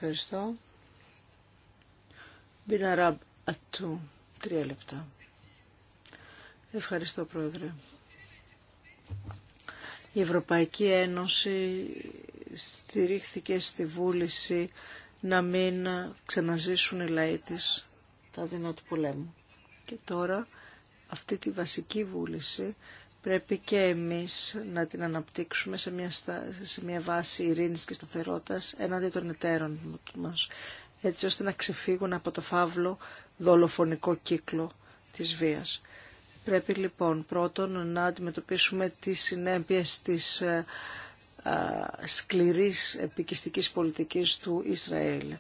Ευχαριστώ. Μπιναράμπ Ατού, τρία λεπτά. Ευχαριστώ, Πρόεδρε. Η Ευρωπαϊκή Ένωση στηρίχθηκε στη βούληση να μην ξαναζήσουν οι λαοί της τα δεινά του πολέμου. Και τώρα αυτή τη βασική βούληση πρέπει και εμείς να την αναπτύξουμε σε μια, μια βάση ειρήνης και σταθερότητας έναντι των εταίρων μας, έτσι ώστε να ξεφύγουν από το φαύλο δολοφονικό κύκλο της βίας. Πρέπει λοιπόν πρώτον να αντιμετωπίσουμε τις συνέπειες της ε, σκληρής επικιστικής πολιτικής του Ισραήλ.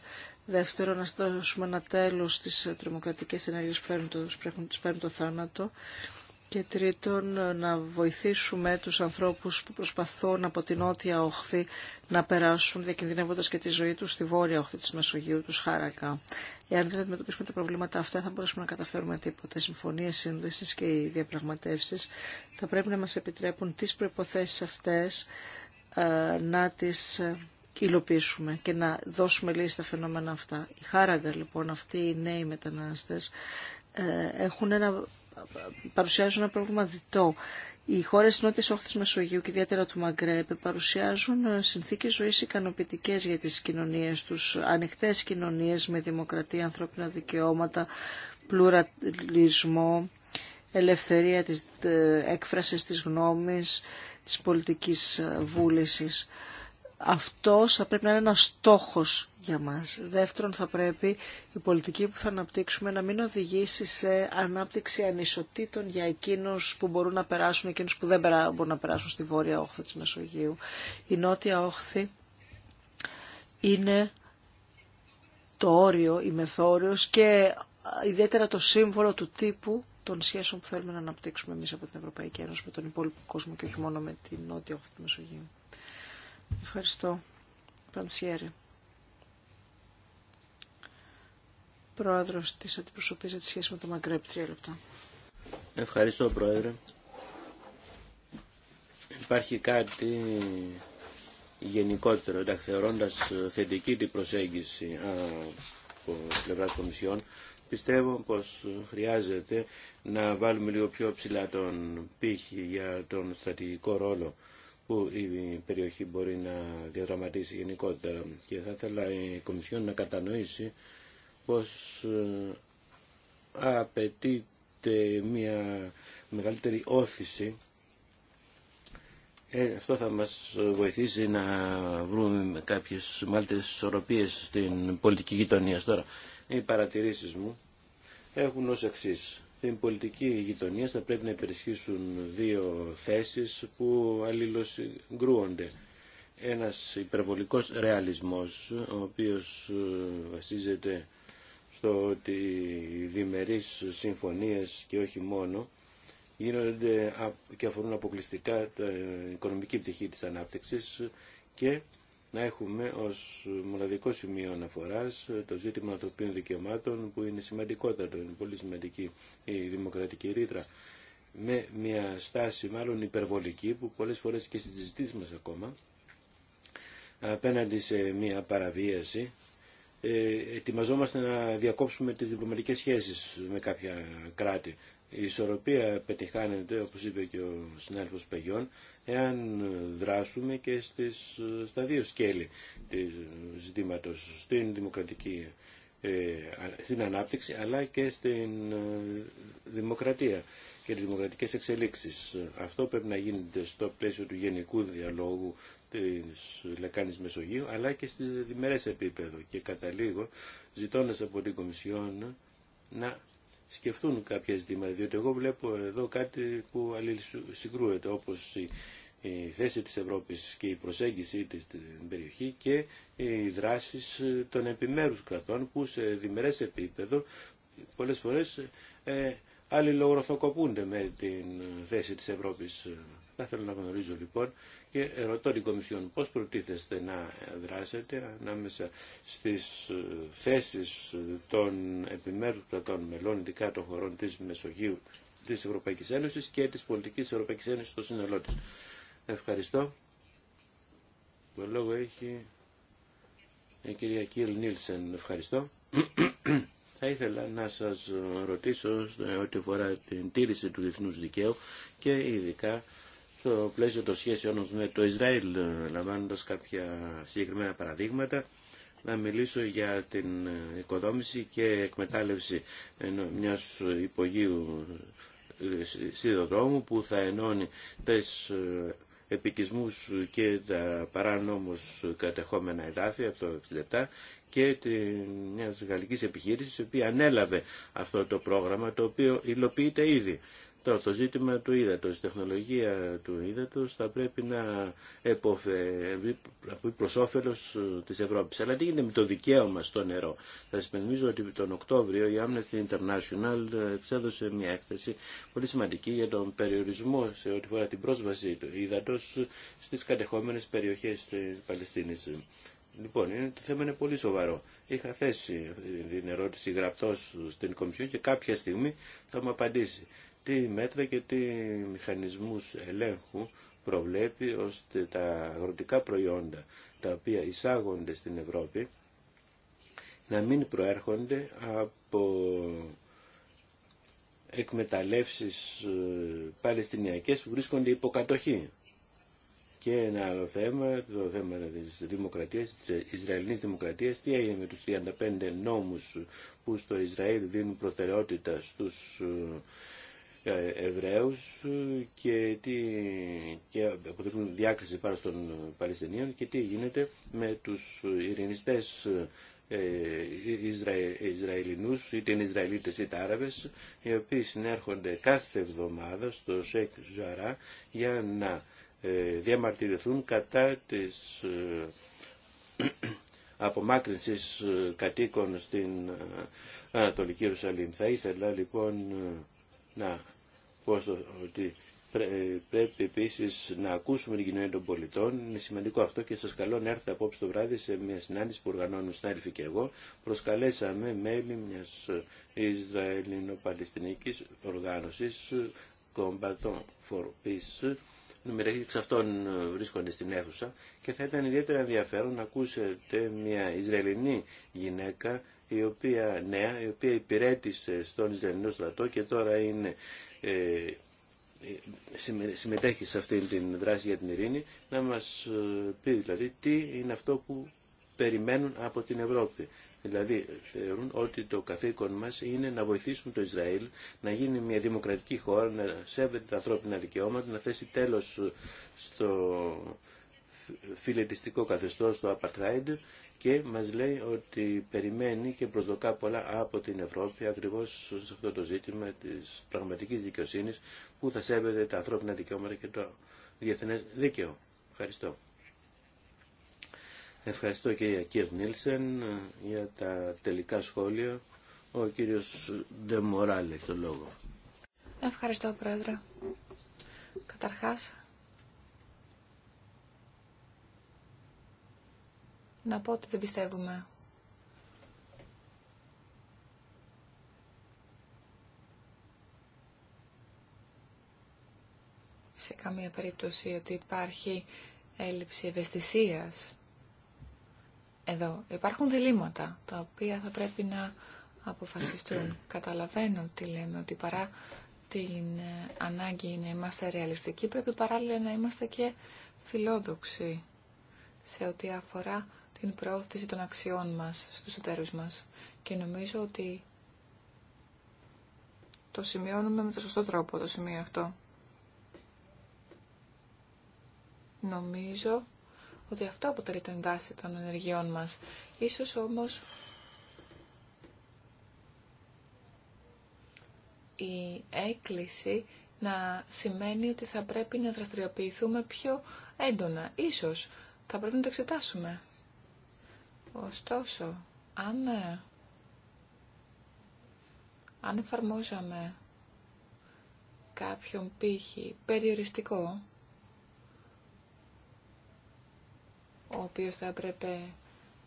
Δεύτερον, να στρώσουμε ένα τέλος στις τρομοκρατικές ενέργειες που τους, το θάνατο και τρίτον, να βοηθήσουμε τους ανθρώπους που προσπαθούν από την νότια όχθη να περάσουν, διακινδυνεύοντας και τη ζωή τους στη βόρεια όχθη της Μεσογείου, του Χάρακα. Εάν δεν αντιμετωπίσουμε τα προβλήματα αυτά, θα μπορέσουμε να καταφέρουμε τίποτα. Οι συμφωνίες σύνδεσης και οι διαπραγματεύσεις θα πρέπει να μας επιτρέπουν τις προϋποθέσεις αυτές ε, να τις ε, υλοποιήσουμε και να δώσουμε λύση στα φαινόμενα αυτά. Οι Χάραγκα, λοιπόν, αυτοί οι νέοι μετανάστε, ε, έχουν ένα παρουσιάζουν ένα πρόβλημα διτό. Οι χώρες της Νότιας Όχθης Μεσογείου και ιδιαίτερα του Μαγκρέπ παρουσιάζουν ε, συνθήκες ζωής ικανοποιητικές για τις κοινωνίες τους, ανοιχτές κοινωνίες με δημοκρατία, ανθρώπινα δικαιώματα, πλουραλισμό, ελευθερία της ε, έκφρασης της γνώμης, της πολιτικής ε, βούλησης. Αυτός θα πρέπει να είναι ένας στόχος για μας. Δεύτερον, θα πρέπει η πολιτική που θα αναπτύξουμε να μην οδηγήσει σε ανάπτυξη ανισοτήτων για εκείνους που μπορούν να περάσουν, εκείνους που δεν μπορούν να περάσουν στη βόρεια όχθη της Μεσογείου. Η νότια όχθη είναι το όριο, η μεθόριος και ιδιαίτερα το σύμβολο του τύπου των σχέσεων που θέλουμε να αναπτύξουμε εμείς από την Ευρωπαϊκή Ένωση με τον υπόλοιπο κόσμο και όχι μόνο με την νότια όχθη του Μεσογείου. Ευχαριστώ. Πανσιέρη. Πρόεδρος της Αντιπροσωπής για σχέση με το Μαγκρέπ. Τρία λεπτά. Ευχαριστώ, Πρόεδρε. Υπάρχει κάτι γενικότερο, εντάξει, θεωρώντας θετική την προσέγγιση από πλευρά Κομισιόν, πιστεύω πως χρειάζεται να βάλουμε λίγο πιο ψηλά τον πύχη για τον στρατηγικό ρόλο που η περιοχή μπορεί να διαδραματίσει γενικότερα. Και θα ήθελα η Κομισιόν να κατανοήσει πως ε, απαιτείται μια μεγαλύτερη όθηση ε, αυτό θα μας βοηθήσει να βρούμε κάποιες μάλτες ισορροπίες στην πολιτική γειτονία. Τώρα, οι παρατηρήσεις μου έχουν ως εξής στην πολιτική γειτονία θα πρέπει να υπερισχύσουν δύο θέσεις που αλληλοσυγκρούονται. Ένας υπερβολικός ρεαλισμός, ο οποίος ε, βασίζεται στο ότι οι διμερείς συμφωνίες και όχι μόνο γίνονται και αφορούν αποκλειστικά την οικονομική πτυχή της ανάπτυξης και να έχουμε ως μοναδικό σημείο αναφοράς το ζήτημα ανθρωπίνων δικαιωμάτων που είναι σημαντικότατο, είναι πολύ σημαντική η δημοκρατική ρήτρα με μια στάση μάλλον υπερβολική που πολλές φορές και στις συζητήσεις μας ακόμα απέναντι σε μια παραβίαση ε, ετοιμαζόμαστε να διακόψουμε τις διπλωματικές σχέσεις με κάποια κράτη. Η ισορροπία πετυχάνεται, όπως είπε και ο συνάδελφος Πεγιών, εάν δράσουμε και στις, στα δύο σκέλη του ζητήματος, στην δημοκρατική ε, στην ανάπτυξη αλλά και στην ε, δημοκρατία και τις δημοκρατικές εξελίξεις. Αυτό πρέπει να γίνεται στο πλαίσιο του γενικού διαλόγου της Λεκάνης Μεσογείου αλλά και στις διμερές επίπεδο και καταλήγω ζητώντας από την Κομισιόν να σκεφτούν κάποια ζητήματα, διότι εγώ βλέπω εδώ κάτι που αλληλοσυγκρούεται όπως η, θέση της Ευρώπης και η προσέγγιση της στην περιοχή και οι δράσεις των επιμέρους κρατών που σε διμερές επίπεδο πολλές φορές ε, με την θέση της Ευρώπης. Θα ήθελα να γνωρίζω λοιπόν και ρωτώ την Κομισιόν πώς προτίθεστε να δράσετε ανάμεσα στις ε, θέσεις ε, των επιμέρους κρατών μελών, ειδικά των χωρών της Μεσογείου της Ευρωπαϊκής Ένωσης και της πολιτικής της Ευρωπαϊκής Ένωσης στο σύνολό της. Ευχαριστώ. Το λόγο έχει η κυρία Κιλ Νίλσεν. Ευχαριστώ. Θα ήθελα να σας ρωτήσω ό,τι αφορά την τήρηση του διεθνούς δικαίου και ειδικά στο πλαίσιο των σχέσεων με το Ισραήλ, λαμβάνοντας κάποια συγκεκριμένα παραδείγματα, να μιλήσω για την οικοδόμηση και εκμετάλλευση μιας υπογείου ε, σύνδοτρομου που θα ενώνει τις ε, επικισμούς και τα παράνομους κατεχόμενα εδάφη από το 67 και τη μιας γαλλικής επιχείρησης η οποία ανέλαβε αυτό το πρόγραμμα το οποίο υλοποιείται ήδη. Τώρα το ζήτημα του ύδατος, η τεχνολογία του ύδατος θα πρέπει να επωφελεί προς όφελος ε, της Ευρώπης. Αλλά τι γίνεται με το δικαίωμα στο νερό. Θα σας πενθυμίζω ότι τον Οκτώβριο η Amnesty International εξέδωσε μια έκθεση πολύ σημαντική για τον περιορισμό σε ό,τι φορά την πρόσβαση του ύδατος στις κατεχόμενες περιοχές της Παλαιστίνης. Λοιπόν, είναι, το θέμα είναι πολύ σοβαρό. Είχα θέσει την ερώτηση γραπτό στην Κομισιόν και κάποια στιγμή θα μου απαντήσει τι μέτρα και τι μηχανισμούς ελέγχου προβλέπει ώστε τα αγροτικά προϊόντα τα οποία εισάγονται στην Ευρώπη να μην προέρχονται από εκμεταλλεύσεις ε, παλαιστινιακές που βρίσκονται υποκατοχή. Και ένα άλλο θέμα, το θέμα της δημοκρατίας, της Ισραηλινής δημοκρατίας, τι έγινε με τους 35 νόμους που στο Ισραήλ δίνουν προτεραιότητα στους ε, ε, Εβραίου και, τι, και αποτελούν διάκριση πάνω των Παλαιστινίων και τι γίνεται με τους ειρηνιστές ε, Ισραηλινούς, είτε είναι Ισραηλίτες είτε Άραβες, οι οποίοι συνέρχονται κάθε εβδομάδα στο Σεκ Ζαρά για να ε, διαμαρτυρηθούν κατά της ε, απομάκρυνσης ε, κατοίκων στην ε, Ανατολική Ιερουσαλήμ. Θα ήθελα λοιπόν να Κώστος ότι ε, πρέπει επίσης να ακούσουμε την κοινωνία των πολιτών. Είναι σημαντικό αυτό και σα καλώ να έρθετε απόψε το βράδυ σε μια συνάντηση που οργανώνουν Στάρφη και εγώ. Προσκαλέσαμε μέλη μιας Ισραηλινο-Παλαιστινικής οργάνωσης Combat for Peace Εξ αυτών ε, βρίσκονται στην αίθουσα και θα ήταν ιδιαίτερα ενδιαφέρον να ακούσετε μια Ισραηλινή γυναίκα η οποία νέα, η οποία υπηρέτησε στον Ισραηλινό στρατό και τώρα είναι, ε, συμμετέχει σε αυτήν την δράση για την ειρήνη, να μας ε, πει δηλαδή τι είναι αυτό που περιμένουν από την Ευρώπη. Δηλαδή θεωρούν ότι το καθήκον μας είναι να βοηθήσουμε το Ισραήλ να γίνει μια δημοκρατική χώρα, να σέβεται τα ανθρώπινα δικαιώματα, να θέσει τέλος στο φιλετιστικό καθεστώς, το Apartheid και μας λέει ότι περιμένει και προσδοκά πολλά από την Ευρώπη ακριβώς σε αυτό το ζήτημα της πραγματικής δικαιοσύνης που θα σέβεται τα ανθρώπινα δικαιώματα και το διεθνές δίκαιο. Ευχαριστώ. Ευχαριστώ κυρία Κίρ Νίλσεν για τα τελικά σχόλια. Ο κύριος Ντεμοράλ έχει το λόγο. Ευχαριστώ πρόεδρε. Καταρχάς να πω ότι δεν πιστεύουμε. σε καμία περίπτωση ότι υπάρχει έλλειψη ευαισθησίας. Εδώ υπάρχουν διλήμματα τα οποία θα πρέπει να αποφασιστούν. Καταλαβαίνω τι λέμε, ότι παρά την ε, ανάγκη να είμαστε ρεαλιστικοί, πρέπει παράλληλα να είμαστε και φιλόδοξοι σε ό,τι αφορά την προώθηση των αξιών μας στους εταίρους μας. Και νομίζω ότι το σημειώνουμε με το σωστό τρόπο το σημείο αυτό. Νομίζω ότι αυτό αποτελεί την βάση των ενεργειών μας. Ίσως όμως η έκκληση να σημαίνει ότι θα πρέπει να δραστηριοποιηθούμε πιο έντονα. Ίσως θα πρέπει να το εξετάσουμε. Ωστόσο, αν, ε, αν εφαρμόζαμε κάποιον πύχη περιοριστικό, ο οποίος θα έπρεπε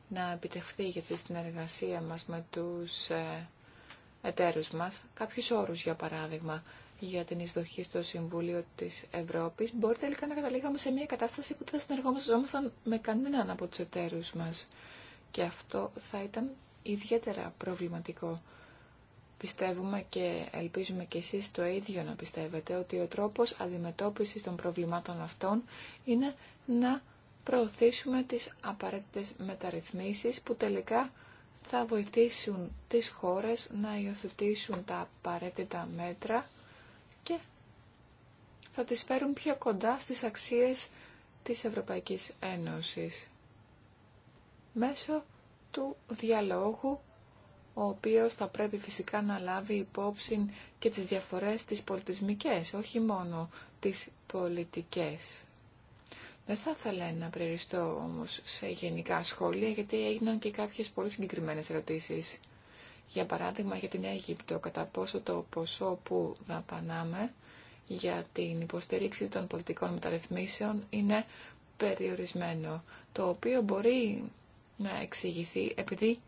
να επιτευχθεί για τη συνεργασία μας με τους ε, εταίρους μας, κάποιους όρους για παράδειγμα, για την εισδοχή στο Συμβούλιο της Ευρώπης, μπορεί τελικά να καταλήγαμε σε μια κατάσταση που δεν συνεργόμαστε με κανέναν από τους εταίρους μας. Και αυτό θα ήταν ιδιαίτερα προβληματικό. Πιστεύουμε και ελπίζουμε και εσείς το ίδιο να πιστεύετε ότι ο τρόπος αντιμετώπισης των προβλημάτων αυτών είναι να προωθήσουμε τις απαραίτητες μεταρρυθμίσεις που τελικά θα βοηθήσουν τις χώρες να υιοθετήσουν τα απαραίτητα μέτρα και θα τις φέρουν πιο κοντά στις αξίες της Ευρωπαϊκής Ένωσης μέσω του διαλόγου ο οποίος θα πρέπει φυσικά να λάβει υπόψη και τις διαφορές της πολιτισμικές, όχι μόνο τις πολιτικές. Δεν θα ήθελα να περιοριστώ όμως σε γενικά σχόλια, γιατί έγιναν και κάποιες πολύ συγκεκριμένες ερωτήσεις. Για παράδειγμα, για την Αίγυπτο, κατά πόσο το ποσό που δαπανάμε για την υποστήριξη των πολιτικών μεταρρυθμίσεων είναι περιορισμένο, το οποίο μπορεί να εξηγηθεί, επειδή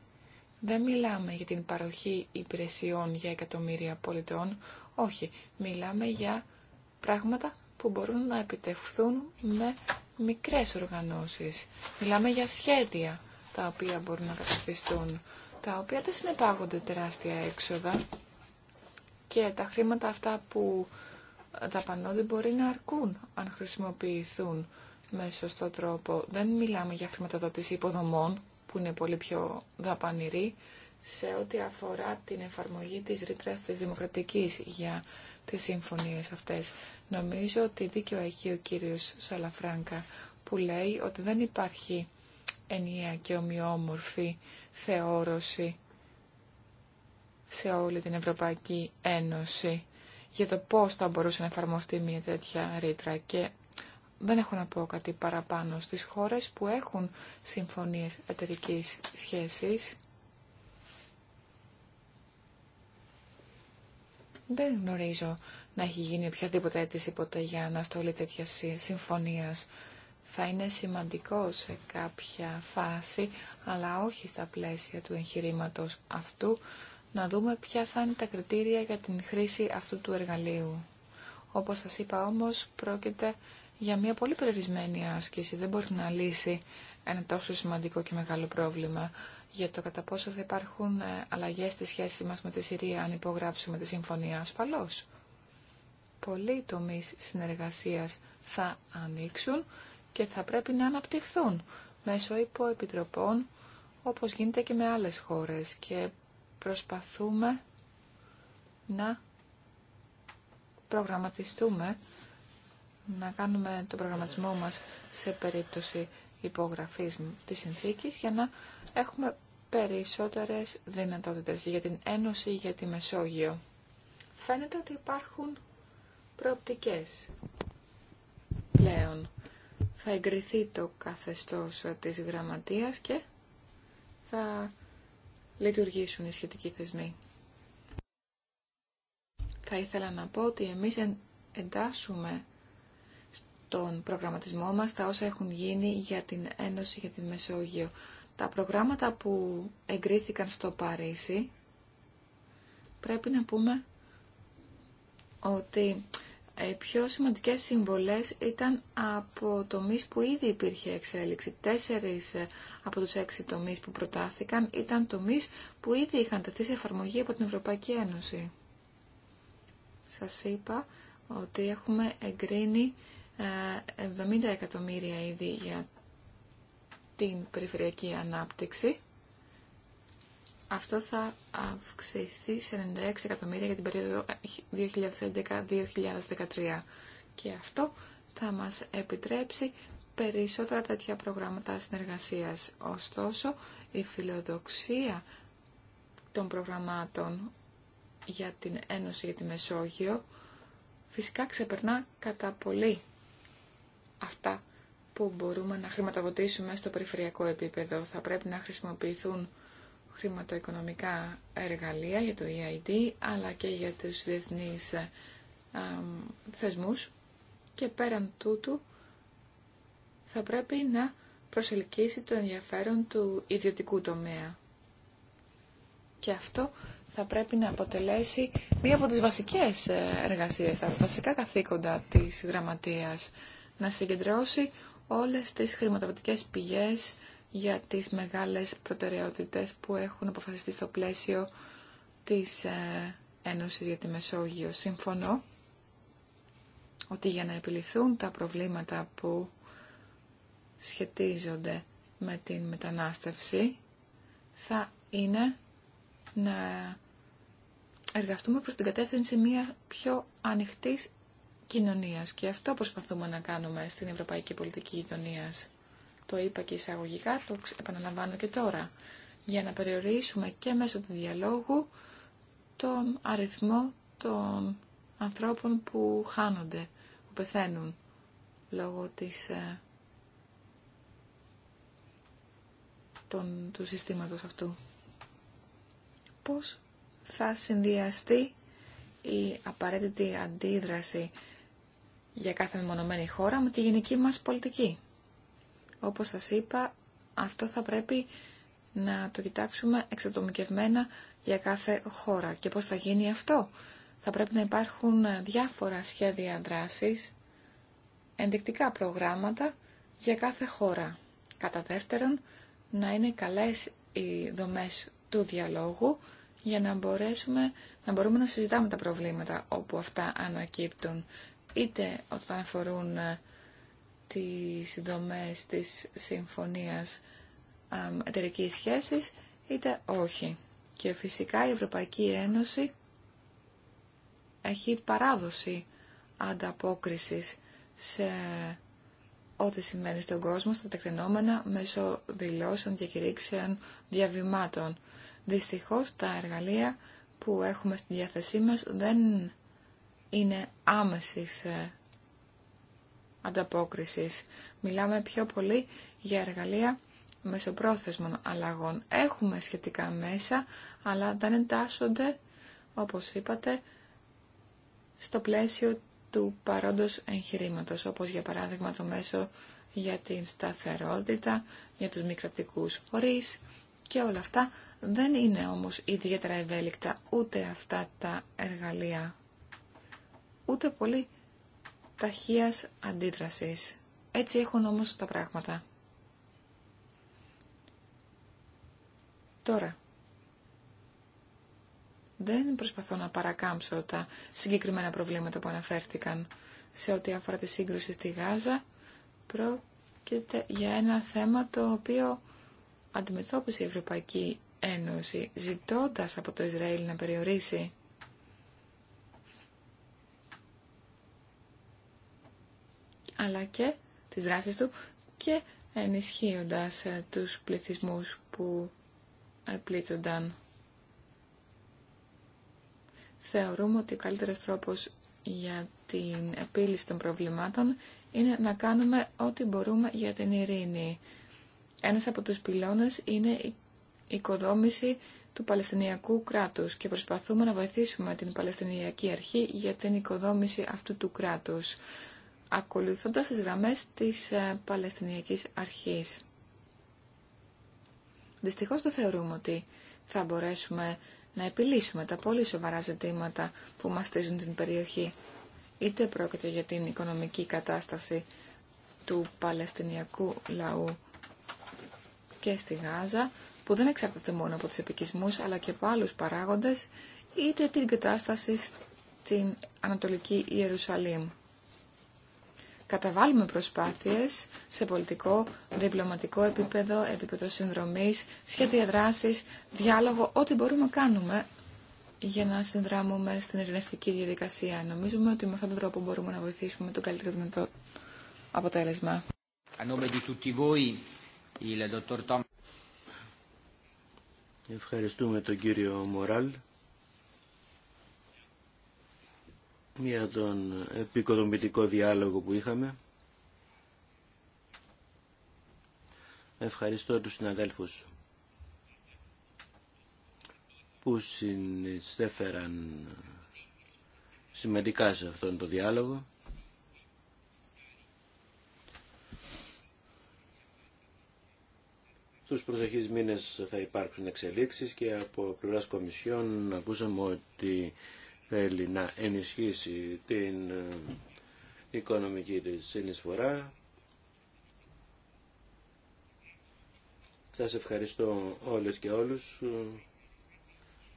δεν μιλάμε για την παροχή υπηρεσιών για εκατομμύρια πολιτών, όχι, μιλάμε για πράγματα που μπορούν να επιτευχθούν με μικρές οργανώσεις. Μιλάμε για σχέδια τα οποία μπορούν να καταστηθούν, τα οποία δεν συνεπάγονται τεράστια έξοδα και τα χρήματα αυτά που τα δαπανώνται μπορεί να αρκούν αν χρησιμοποιηθούν με σωστό τρόπο. Δεν μιλάμε για χρηματοδότηση υποδομών, που είναι πολύ πιο δαπανηρή, σε ό,τι αφορά την εφαρμογή της ρήτρας της δημοκρατικής για τις συμφωνίες αυτές. Νομίζω ότι δίκιο έχει ο κύριος Σαλαφράγκα που λέει ότι δεν υπάρχει ενιαία και ομοιόμορφη θεώρωση σε όλη την Ευρωπαϊκή Ένωση για το πώς θα μπορούσε να εφαρμοστεί μια τέτοια ρήτρα δεν έχω να πω κάτι παραπάνω στις χώρες που έχουν συμφωνίες εταιρικής σχέσης. Δεν γνωρίζω να έχει γίνει οποιαδήποτε αίτηση ποτέ για αναστολή τέτοια συμφωνίας. Θα είναι σημαντικό σε κάποια φάση, αλλά όχι στα πλαίσια του εγχειρήματο αυτού, να δούμε ποια θα είναι τα κριτήρια για την χρήση αυτού του εργαλείου. Όπως σας είπα όμως, πρόκειται για μια πολύ περιορισμένη άσκηση δεν μπορεί να λύσει ένα τόσο σημαντικό και μεγάλο πρόβλημα για το κατά πόσο θα υπάρχουν ε, αλλαγές στη σχέση μας με τη Συρία αν υπογράψουμε τη συμφωνία ασφαλώς. Πολλοί τομεί συνεργασίας θα ανοίξουν και θα πρέπει να αναπτυχθούν μέσω υποεπιτροπών όπως γίνεται και με άλλες χώρες και προσπαθούμε να προγραμματιστούμε να κάνουμε τον προγραμματισμό μας σε περίπτωση υπογραφής της συνθήκης για να έχουμε περισσότερες δυνατότητες για την Ένωση για τη Μεσόγειο. Φαίνεται ότι υπάρχουν προοπτικές πλέον. Θα εγκριθεί το καθεστώς της γραμματείας και θα λειτουργήσουν οι σχετικοί θεσμοί. Θα ήθελα να πω ότι εμείς εντάσσουμε τον προγραμματισμό μας τα όσα έχουν γίνει για την Ένωση για την Μεσόγειο. Τα προγράμματα που εγκρίθηκαν στο Παρίσι πρέπει να πούμε ότι οι πιο σημαντικές συμβολές ήταν από τομείς που ήδη υπήρχε εξέλιξη. Τέσσερις ε, από τους έξι τομείς που προτάθηκαν ήταν τομείς που ήδη είχαν τεθεί σε εφαρμογή από την Ευρωπαϊκή Ένωση. Σας είπα ότι έχουμε εγκρίνει 70 εκατομμύρια ήδη για την περιφερειακή ανάπτυξη. Αυτό θα αυξηθεί σε 96 εκατομμύρια για την περίοδο 2011-2013. Και αυτό θα μας επιτρέψει περισσότερα τέτοια προγράμματα συνεργασίας. Ωστόσο, η φιλοδοξία των προγραμμάτων για την Ένωση για τη Μεσόγειο φυσικά ξεπερνά κατά πολύ αυτά που μπορούμε να χρηματοδοτήσουμε στο περιφερειακό επίπεδο. Θα πρέπει να χρησιμοποιηθούν χρηματοοικονομικά εργαλεία για το EID, αλλά και για τους διεθνείς θεσμούς. Και πέραν τούτου θα πρέπει να προσελκύσει το ενδιαφέρον του ιδιωτικού τομέα. Και αυτό θα πρέπει να αποτελέσει μία από τις βασικές ε, εργασίες, τα βασικά καθήκοντα της γραμματείας να συγκεντρώσει όλες τις χρηματοδοτικές πηγές για τις μεγάλες προτεραιότητες που έχουν αποφασιστεί στο πλαίσιο της ε, Ένωσης για τη Μεσόγειο. Συμφωνώ ότι για να επιληθούν τα προβλήματα που σχετίζονται με την μετανάστευση θα είναι να εργαστούμε προς την κατεύθυνση μια πιο ανοιχτής κοινωνίας και αυτό προσπαθούμε να κάνουμε στην Ευρωπαϊκή Πολιτική Γειτονία. Το είπα και εισαγωγικά, το επαναλαμβάνω και τώρα, για να περιορίσουμε και μέσω του διαλόγου τον αριθμό των ανθρώπων που χάνονται, που πεθαίνουν λόγω της, ε, του συστήματος αυτού. Πώς θα συνδυαστεί η απαραίτητη αντίδραση για κάθε μεμονωμένη χώρα με τη γενική μας πολιτική. Όπως σας είπα, αυτό θα πρέπει να το κοιτάξουμε εξατομικευμένα για κάθε χώρα. Και πώς θα γίνει αυτό. Θα πρέπει να υπάρχουν διάφορα σχέδια δράσης, ενδεικτικά προγράμματα για κάθε χώρα. Κατά δεύτερον, να είναι καλές οι δομές του διαλόγου για να, μπορέσουμε, να μπορούμε να συζητάμε τα προβλήματα όπου αυτά ανακύπτουν είτε όταν αφορούν ε, τις δομές της συμφωνίας ε, εταιρική σχέσης, είτε όχι. Και φυσικά η Ευρωπαϊκή Ένωση έχει παράδοση ανταπόκρισης σε ό,τι σημαίνει στον κόσμο, στα τεκτενόμενα, μέσω δηλώσεων, διακηρύξεων, διαβημάτων. Δυστυχώς τα εργαλεία που έχουμε στη διάθεσή μας δεν είναι άμεσης ε, ανταπόκρισης. Μιλάμε πιο πολύ για εργαλεία μεσοπρόθεσμων αλλαγών. Έχουμε σχετικά μέσα, αλλά δεν εντάσσονται, όπως είπατε, στο πλαίσιο του παρόντος εγχειρήματος, όπως για παράδειγμα το μέσο για την σταθερότητα, για τους μικρατικούς φορείς και όλα αυτά δεν είναι όμως ιδιαίτερα ευέλικτα ούτε αυτά τα εργαλεία ούτε πολύ ταχείας αντίδρασης. Έτσι έχουν όμως τα πράγματα. Τώρα, δεν προσπαθώ να παρακάμψω τα συγκεκριμένα προβλήματα που αναφέρθηκαν σε ό,τι αφορά τη σύγκρουση στη Γάζα. Πρόκειται για ένα θέμα το οποίο αντιμετώπισε η Ευρωπαϊκή Ένωση ζητώντας από το Ισραήλ να περιορίσει αλλά και τις δράσεις του και ενισχύοντας ε, τους πληθυσμούς που ε, πλήττονταν. Θεωρούμε ότι ο καλύτερος τρόπος για την επίλυση των προβλημάτων είναι να κάνουμε ό,τι μπορούμε για την ειρήνη. Ένας από τους πυλώνες είναι η οικοδόμηση του Παλαιστινιακού κράτους και προσπαθούμε να βοηθήσουμε την Παλαιστινιακή Αρχή για την οικοδόμηση αυτού του κράτους ακολουθώντας τις γραμμές της ε, Παλαιστινιακής Αρχής. Δυστυχώς το θεωρούμε ότι θα μπορέσουμε να επιλύσουμε τα πολύ σοβαρά ζητήματα που μαστίζουν την περιοχή. Είτε πρόκειται για την οικονομική κατάσταση του Παλαιστινιακού λαού και στη Γάζα, που δεν εξαρτάται μόνο από τους επικισμούς αλλά και από άλλους παράγοντες, είτε την κατάσταση στην Ανατολική Ιερουσαλήμ καταβάλουμε προσπάθειες σε πολιτικό, διπλωματικό επίπεδο, επίπεδο συνδρομής, σχέδια δράσης, διάλογο, ό,τι μπορούμε να κάνουμε για να συνδράμουμε στην ειρηνευτική διαδικασία. Νομίζουμε ότι με αυτόν τον τρόπο μπορούμε να βοηθήσουμε το καλύτερο δυνατό αποτέλεσμα. Ευχαριστούμε τον κύριο Μοράλ. Μια τον επικοδομητικό διάλογο που είχαμε. Ευχαριστώ τους συναδέλφους που συνεισέφεραν σημαντικά σε αυτόν τον διάλογο. Στους προσεχείς μήνες θα υπάρξουν εξελίξεις και από πλευράς κομισιών ακούσαμε ότι θέλει να ενισχύσει την ε, οικονομική της συνεισφορά. Σας ευχαριστώ όλες και όλους.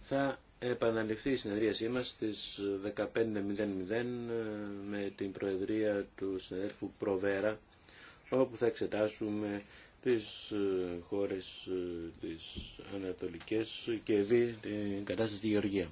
Θα επαναληφθεί η συνεδρίασή μας στις 15.00 ε, με την Προεδρία του Συνέδελφου Προβέρα, όπου θα εξετάσουμε τις ε, χώρες της Ανατολικής και δει την κατάσταση στη Γεωργία.